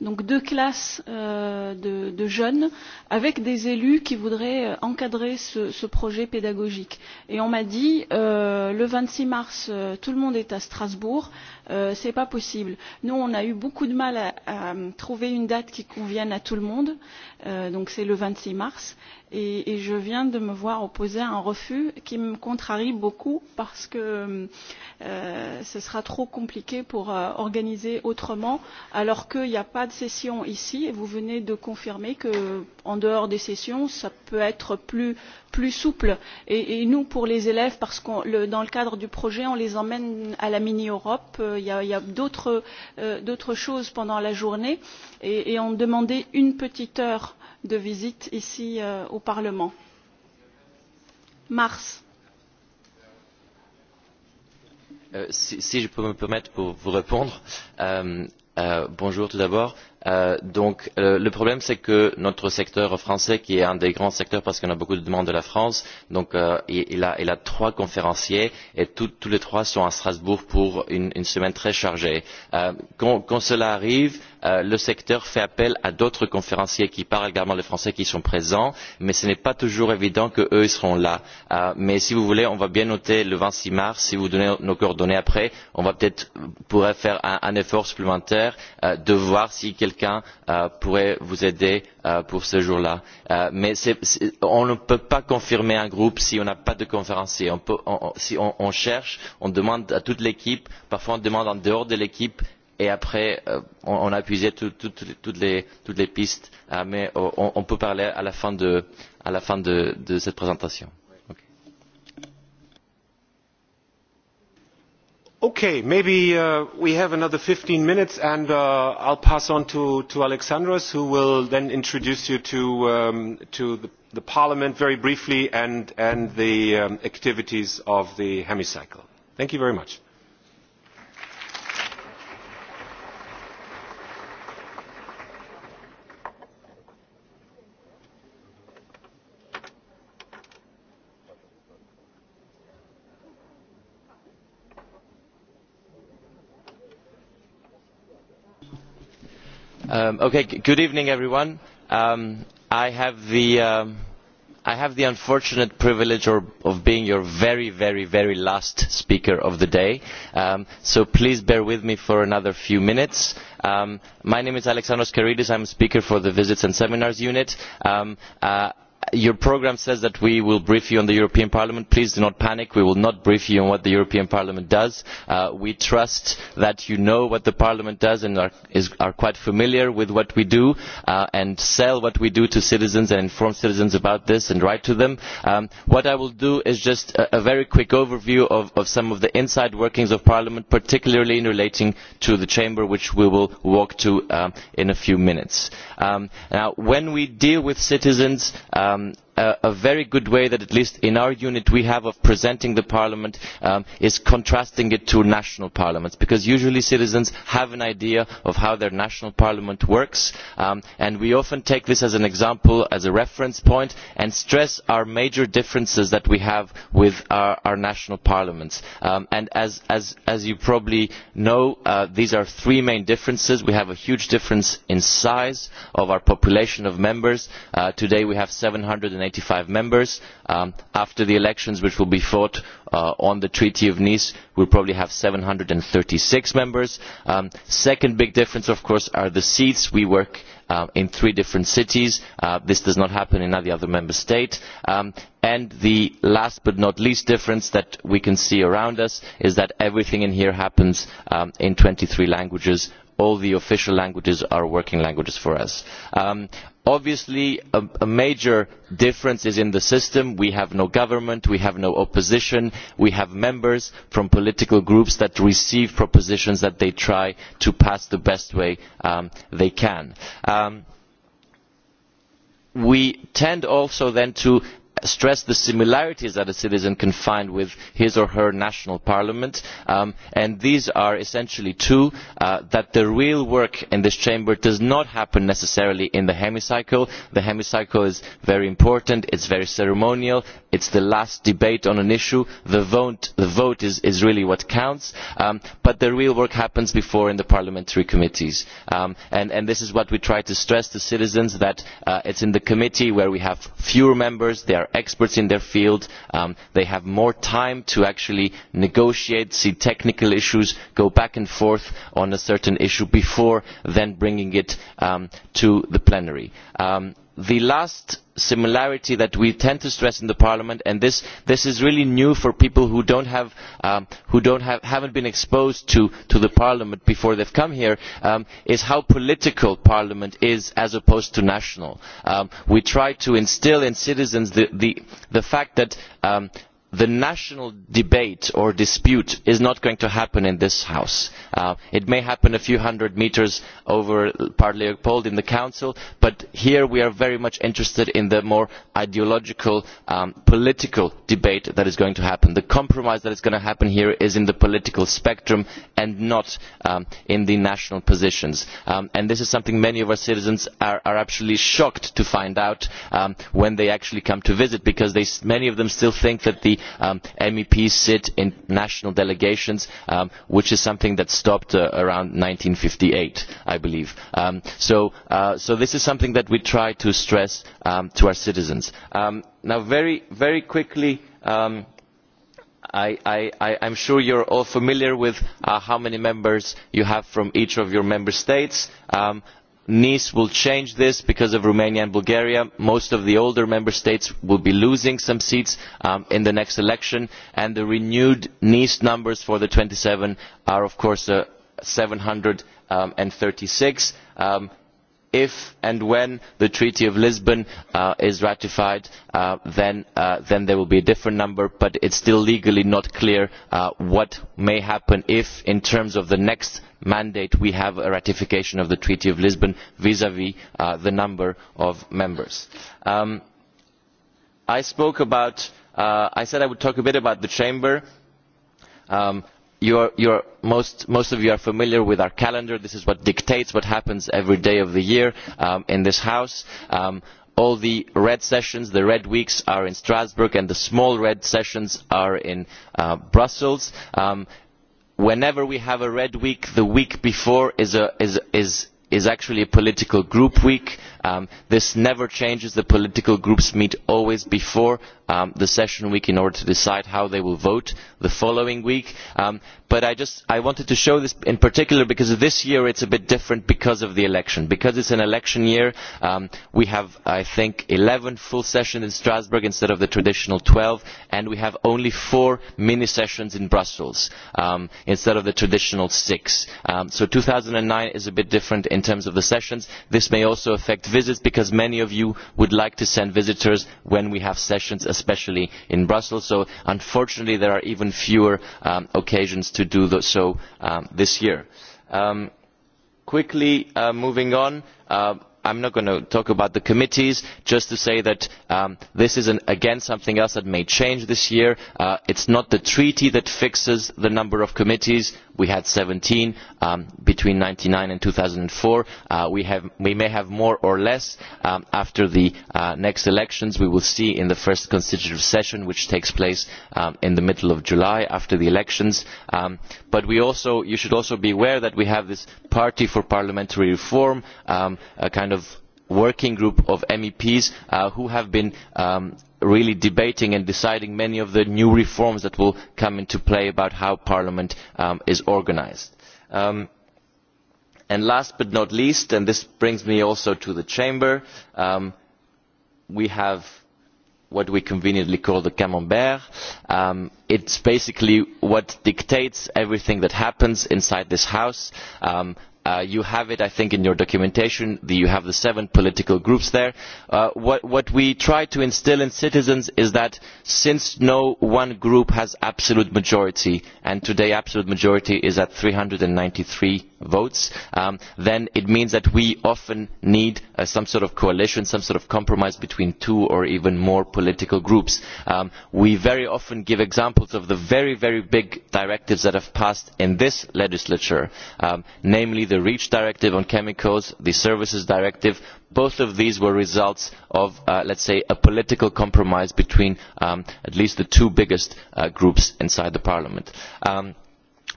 donc deux classes euh, de, de jeunes avec des élus qui voudraient euh, encadrer ce, ce projet pédagogique. Et on m'a dit euh, le six mars, euh, tout le monde est à Strasbourg, euh, c'est pas possible. Nous, on a eu beaucoup de mal à, à trouver une date qui convienne à tout le monde, euh, donc c'est le 26 mars et, et je viens de me voir opposer un refus qui me contrarie beaucoup parce que euh, ce sera trop compliqué pour euh, organiser autrement alors qu'il n'y a pas de session ici et vous venez de confirmer qu'en dehors des sessions ça peut être plus, plus souple et, et nous pour les élèves parce que le, dans le cadre du projet on les emmène à la mini Europe euh, il euh, y a, a d'autres euh, choses pendant la journée et, et on demandait une petite heure euh, de visite ici euh, au Parlement. Mars. Euh, si, si je peux me permettre pour vous répondre, euh, euh, bonjour tout d'abord. Euh, donc euh, le problème c'est que notre secteur français, qui est un des grands secteurs parce qu'on a beaucoup de demandes de la France, donc euh, il, il, a, il a trois conférenciers et tout, tous les trois sont à Strasbourg pour une, une semaine très chargée. Euh, quand, quand cela arrive, Euh, le secteur fait appel à d'autres conférenciers qui parlent également le français et qui sont présents mais ce n'est pas toujours évident qu'eux seront là. Euh, mais si vous voulez on va bien noter le vingt six mars si vous donnez nos coordonnées après on va peut être euh, faire un, effort supplémentaire de voir si quelqu'un pourrait vous aider pour ce jour là. mais on ne peut pas confirmer un groupe si on n'a pas de conférencier. si on cherche on demande à toute l'équipe parfois on demande en dehors de l'équipe et après euh, on, a épuisé toutes, les, pistes ah, mais euh, on, peut parler à la fin de, de cette présentation. Okay, maybe uh, we have another 15 minutes and uh, I'll pass on to, to Alexandros who will then introduce you to, um, to the, the Parliament very briefly and, and the um, activities of the hemicycle. Thank you very much. Um, good evening everyone. Um, I, have the, um, I have the unfortunate privilege or, of being your very, very, very last speaker of the day. Um, so please bear with me for another few minutes. Um, my name is Alexandros Karidis. I'm a speaker for the Visits and Seminars Unit. Um, uh, your programme says that we will brief you on the european parliament. please do not panic we will not brief you on what the european parliament does. Uh, we trust that you know what the parliament does and are, quite familiar with what we do uh, and sell what we do to citizens and inform citizens about this and write to them. Um, what i will do is just a, very quick overview of, some of the inside workings of parliament particularly in relation to the chamber which we will walk to um, in a few minutes. Um, now, when we deal with citizens uh, um, a, very good way that at least in our unit we have of presenting the parliament um, is contrasting it to national parliaments because usually citizens have an idea of how their national parliament works um, and we often take this as an example as a reference point and stress our major differences that we have with our, national parliaments um, and as, you probably know uh, these are three main differences we have a huge difference in size of our population of members uh, today we have seven hundred eighty five members. Um, after the elections which will be fought uh, on the treaty of nice we will probably have seven hundred and thirty six members. the um, second big difference of course are the seats. we work uh, in three different cities uh, this does not happen in any other member state um, and the last but not least difference that we can see around us is that everything in here happens in twenty three languages all the official languages are working languages for us. Um, obviously a, a major difference is in the system we have no government we have no opposition we have members from political groups that receive propositions that they try to pass the best way um, they can. Um, we tend also then to Stress the similarities that a citizen can find with his or her national parliament um, and these are essentially two uh, that the real work in this chamber does not happen necessarily in the hemicycle the hemicycle is very important it is very ceremonial it is the last debate on an issue the vote, is, really what counts um, but the real work happens before in the parliamentary committees um, and, this is what we try to stress to citizens that uh, it is in the committee where we have fewer members they are experts in their field um, they have more time to actually negotiate see technical issues go back and forth on a certain issue before then bringing it um, to the plenary. Um, the last similarity that we tend to stress in parliament and this, is really new for people who have um, not have, been exposed to, parliament before they have come here um, is how political parliament is as opposed to national. Um, we try to instil in citizens the fact that the national debate or dispute is not going to happen in this house. Uh, it may happen a few hundred metres over Parc Leopold in the council, but here we are very much interested in the more ideological, um, political debate that is going to happen. The compromise that is going to happen here is in the political spectrum and not um, in the national positions. Um, and this is something many of our citizens are, actually shocked to find out when they actually come to visit, because many of them still think that the um, meps sit in national delegations um, which is something that stopped uh, around one thousand nine hundred and fifty eight i believe um, so, uh, so this is something that we try to stress um, to our citizens. Um, now very, very quickly um, i am sure you are all familiar with uh, how many members you have from each of your member states. Um, nice will change this because of romania and bulgaria. most of the older member states will be losing some seats um, in the next election and the renewed nice numbers for the twenty seven are of course uh, seven hundred um, and thirty six um, if and when the treaty of lisbon uh, is ratified uh, uh, then, there will be a different number but it is still legally not clear what may happen if in terms of the next mandate we have a ratification of the treaty of lisbon vis vis the number of members. Um, i spoke about i said i would talk a bit about the chamber. Um, most, of you are familiar with our calendar this is what dictates what happens every day of the year um, in this house. Um, all the red sessions the red weeks are in strasbourg and the small red sessions are in uh, brussels. Um, whenever we have a red week the week before is, is actually a political group week. this never changes the political groups meet always before um, the session week in order to decide how they will vote the following week. Um, but I just I wanted to show this in particular because this year it's a bit different because of the election. Because it's an election year, um, we have I think 11 full sessions in Strasbourg instead of the traditional 12, and we have only four mini sessions in Brussels um, instead of the traditional six. Um, so 2009 is a bit different in terms of the sessions. This may also affect visits because many of you would like to send visitors when we have sessions especially in brussels so unfortunately there are even fewer um, occasions to do so um, this year. Um, quickly uh, moving on uh, i am not going to talk about the committees just to say that um, this is again something else that may change this year. Uh, it is not the treaty that fixes the number of committees we had seventeen um, between one thousand nine hundred and ninety nine and two thousand and four uh, we may have more or less um, after the uh, next elections we will see in the first constitutive session which takes place in the middle of july after the elections but you should also be aware that we have this party for parliamentary reform a kind of working group of meps uh, who have been um, really debating and deciding many of the new reforms that will come into play about how parliament um, is organised. Um, last but not least and this brings me also to the chamber we have what we conveniently call the camembert. it it's basically what dictates everything that happens inside this house. Uh, you have it, I think, in your documentation. you have the seven political groups there. Uh, what, we try to instill in citizens is that since no one group has absolute majority, and today absolute majority is at 393 votes, um, then it means that we often need uh, some sort of coalition, some sort of compromise between two or even more political groups. Um, we very often give examples of the very, very big directives that have passed in this legislature, um, namely the the reach directive on chemicals the services directive both of these were results of uh, let us say a political compromise between um, at least the two biggest uh, groups inside parliament. Um,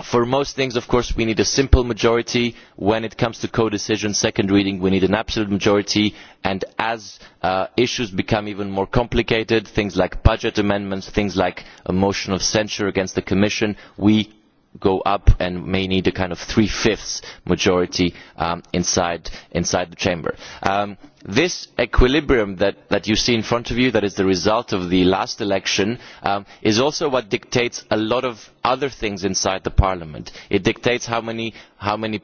for most things of course we need a simple majority when it comes to codecision second reading we need an absolute majority and as uh, issues become even more complicated things like budget amendments things like a motion of censure against the commission we go up and may need a kind of three-fifths majority um, inside, inside the chamber. Um, this equilibrium that, you see in front of you that is the result of the last election um, is also what dictates a lot of other things inside the parliament. it dictates how many,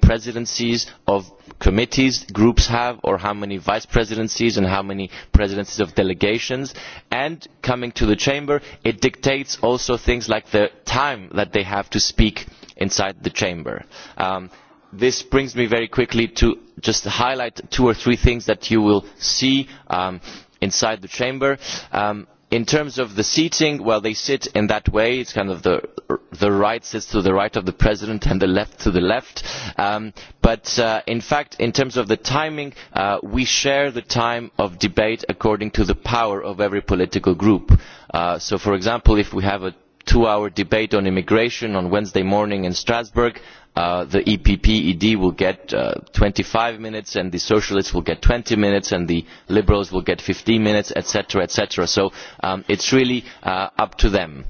presidencies of committees groups have or how many vice presidencies and how many presidencies of delegations and coming to the chamber it dictates also things like the time that they have to speak inside the chamber. Um, this brings me very quickly to just highlight two or three things that you will see um, inside the chamber. Um, in terms of the seating, well, they sit in that way. It's kind of the, the right sits to the right of the president and the left to the left. Um, but uh, in fact, in terms of the timing, uh, we share the time of debate according to the power of every political group. Uh, so, for example, if we have a two hour debate on immigration on wednesday morning in strasbourg uh, the epp ed will get uh, twenty five minutes the socialists will get twenty minutes and the liberals will get fifteen minutes etc. so um, it is really uh, up to them.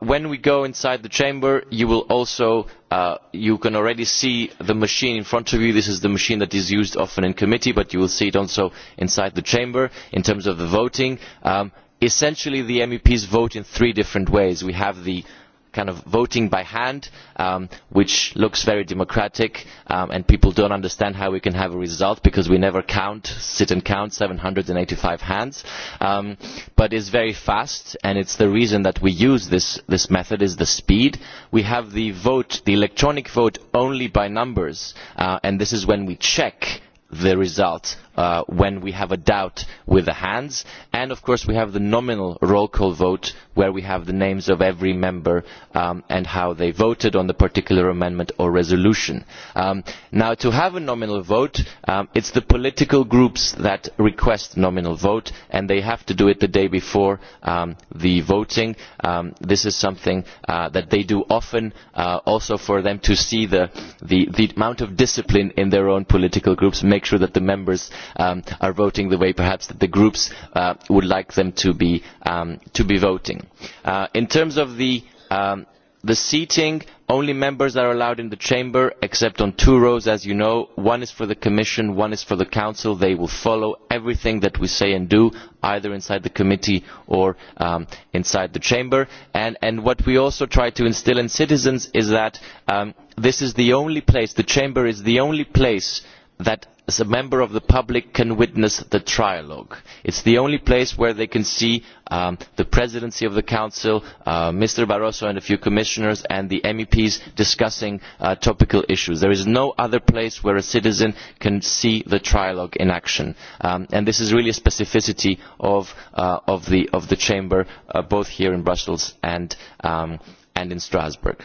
when we go inside the chamber you can already see the machine in front of you this is the machine that is used often in committee but you will see it also inside the chamber in terms of the voting. Um, essentially the meps vote in three different ways we have the kind of voting by hand um, which looks very democratic um, and people don't understand how we can have a result because we never count sit and count 785 hands um, but it's very fast and it's the reason that we use this this method is the speed we have the vote the electronic vote only by numbers uh, and this is when we check the result Uh, when we have a doubt with the hands. And of course, we have the nominal roll call vote where we have the names of every member um, and how they voted on the particular amendment or resolution. Um, now, to have a nominal vote, um, it's the political groups that request nominal vote, and they have to do it the day before um, the voting. Um, this is something uh, that they do often, uh, also for them to see the, the, the amount of discipline in their own political groups, make sure that the members um, are voting the way perhaps that the groups uh, would like them to be, um, to be voting. Uh, in terms of the, um, the seating, only members are allowed in the chamber except on two rows as you know one is for the commission one is for the council they will follow everything that we say and do either inside the committee or um, inside the chamber and, and what we also try to instil in citizens is that um, this is the only place the chamber is the only place that as a member of the public can witness the trialogue. It is the only place where they can see um, the presidency of the council, uh, Mr. Barroso and a few commissioners and the MEPs discussing uh, topical issues. There is no other place where a citizen can see the trialogue in action. Um, and this is really a specificity of, uh, the, chamber, both here in Brussels and, um, in Strasbourg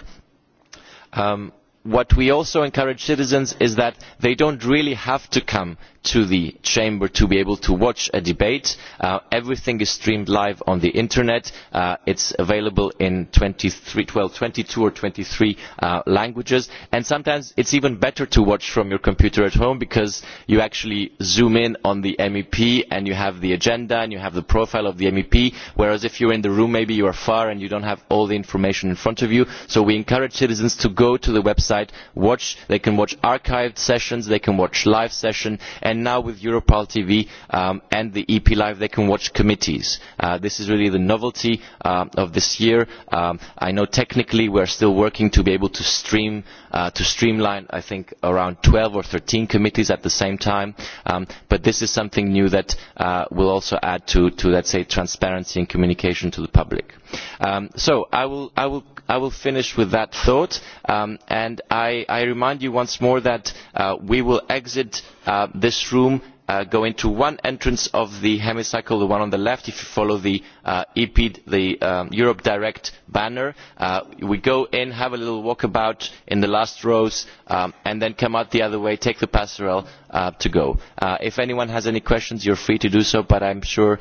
what we also encourage citizens is that they not really have to come; to the chamber to be able to watch a debate. Uh, everything is streamed live on the internet. Uh, it's available in 23, 12, 22 or 23 uh, languages. And sometimes it's even better to watch from your computer at home because you actually zoom in on the MEP and you have the agenda and you have the profile of the MEP. Whereas if you're in the room, maybe you are far and you don't have all the information in front of you. So we encourage citizens to go to the website, watch. They can watch archived sessions, they can watch live sessions, and and now with Europal TV um, and the EP Live, they can watch committees. Uh, this is really the novelty uh, of this year. Um, I know technically we are still working to be able to stream uh, to streamline, I think, around 12 or 13 committees at the same time. Um, but this is something new that uh, will also add to, to, let's say, transparency and communication to the public. Um, so I will, I, will, I will finish with that thought, um, and I, I remind you once more that uh, we will exit uh, this room uh, go into one entrance of the hemicycle the one on the left if you follow the uh, e the um, europe direct banner uh, we go in have a little walk about in the last rows um, and then come out the other way take the passerelle uh, to go uh, if anyone has any questions you are free to do so but i am sure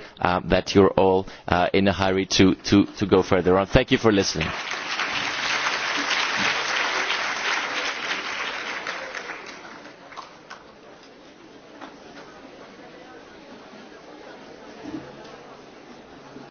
that you are all in a hurry to, to go further on thank you for listening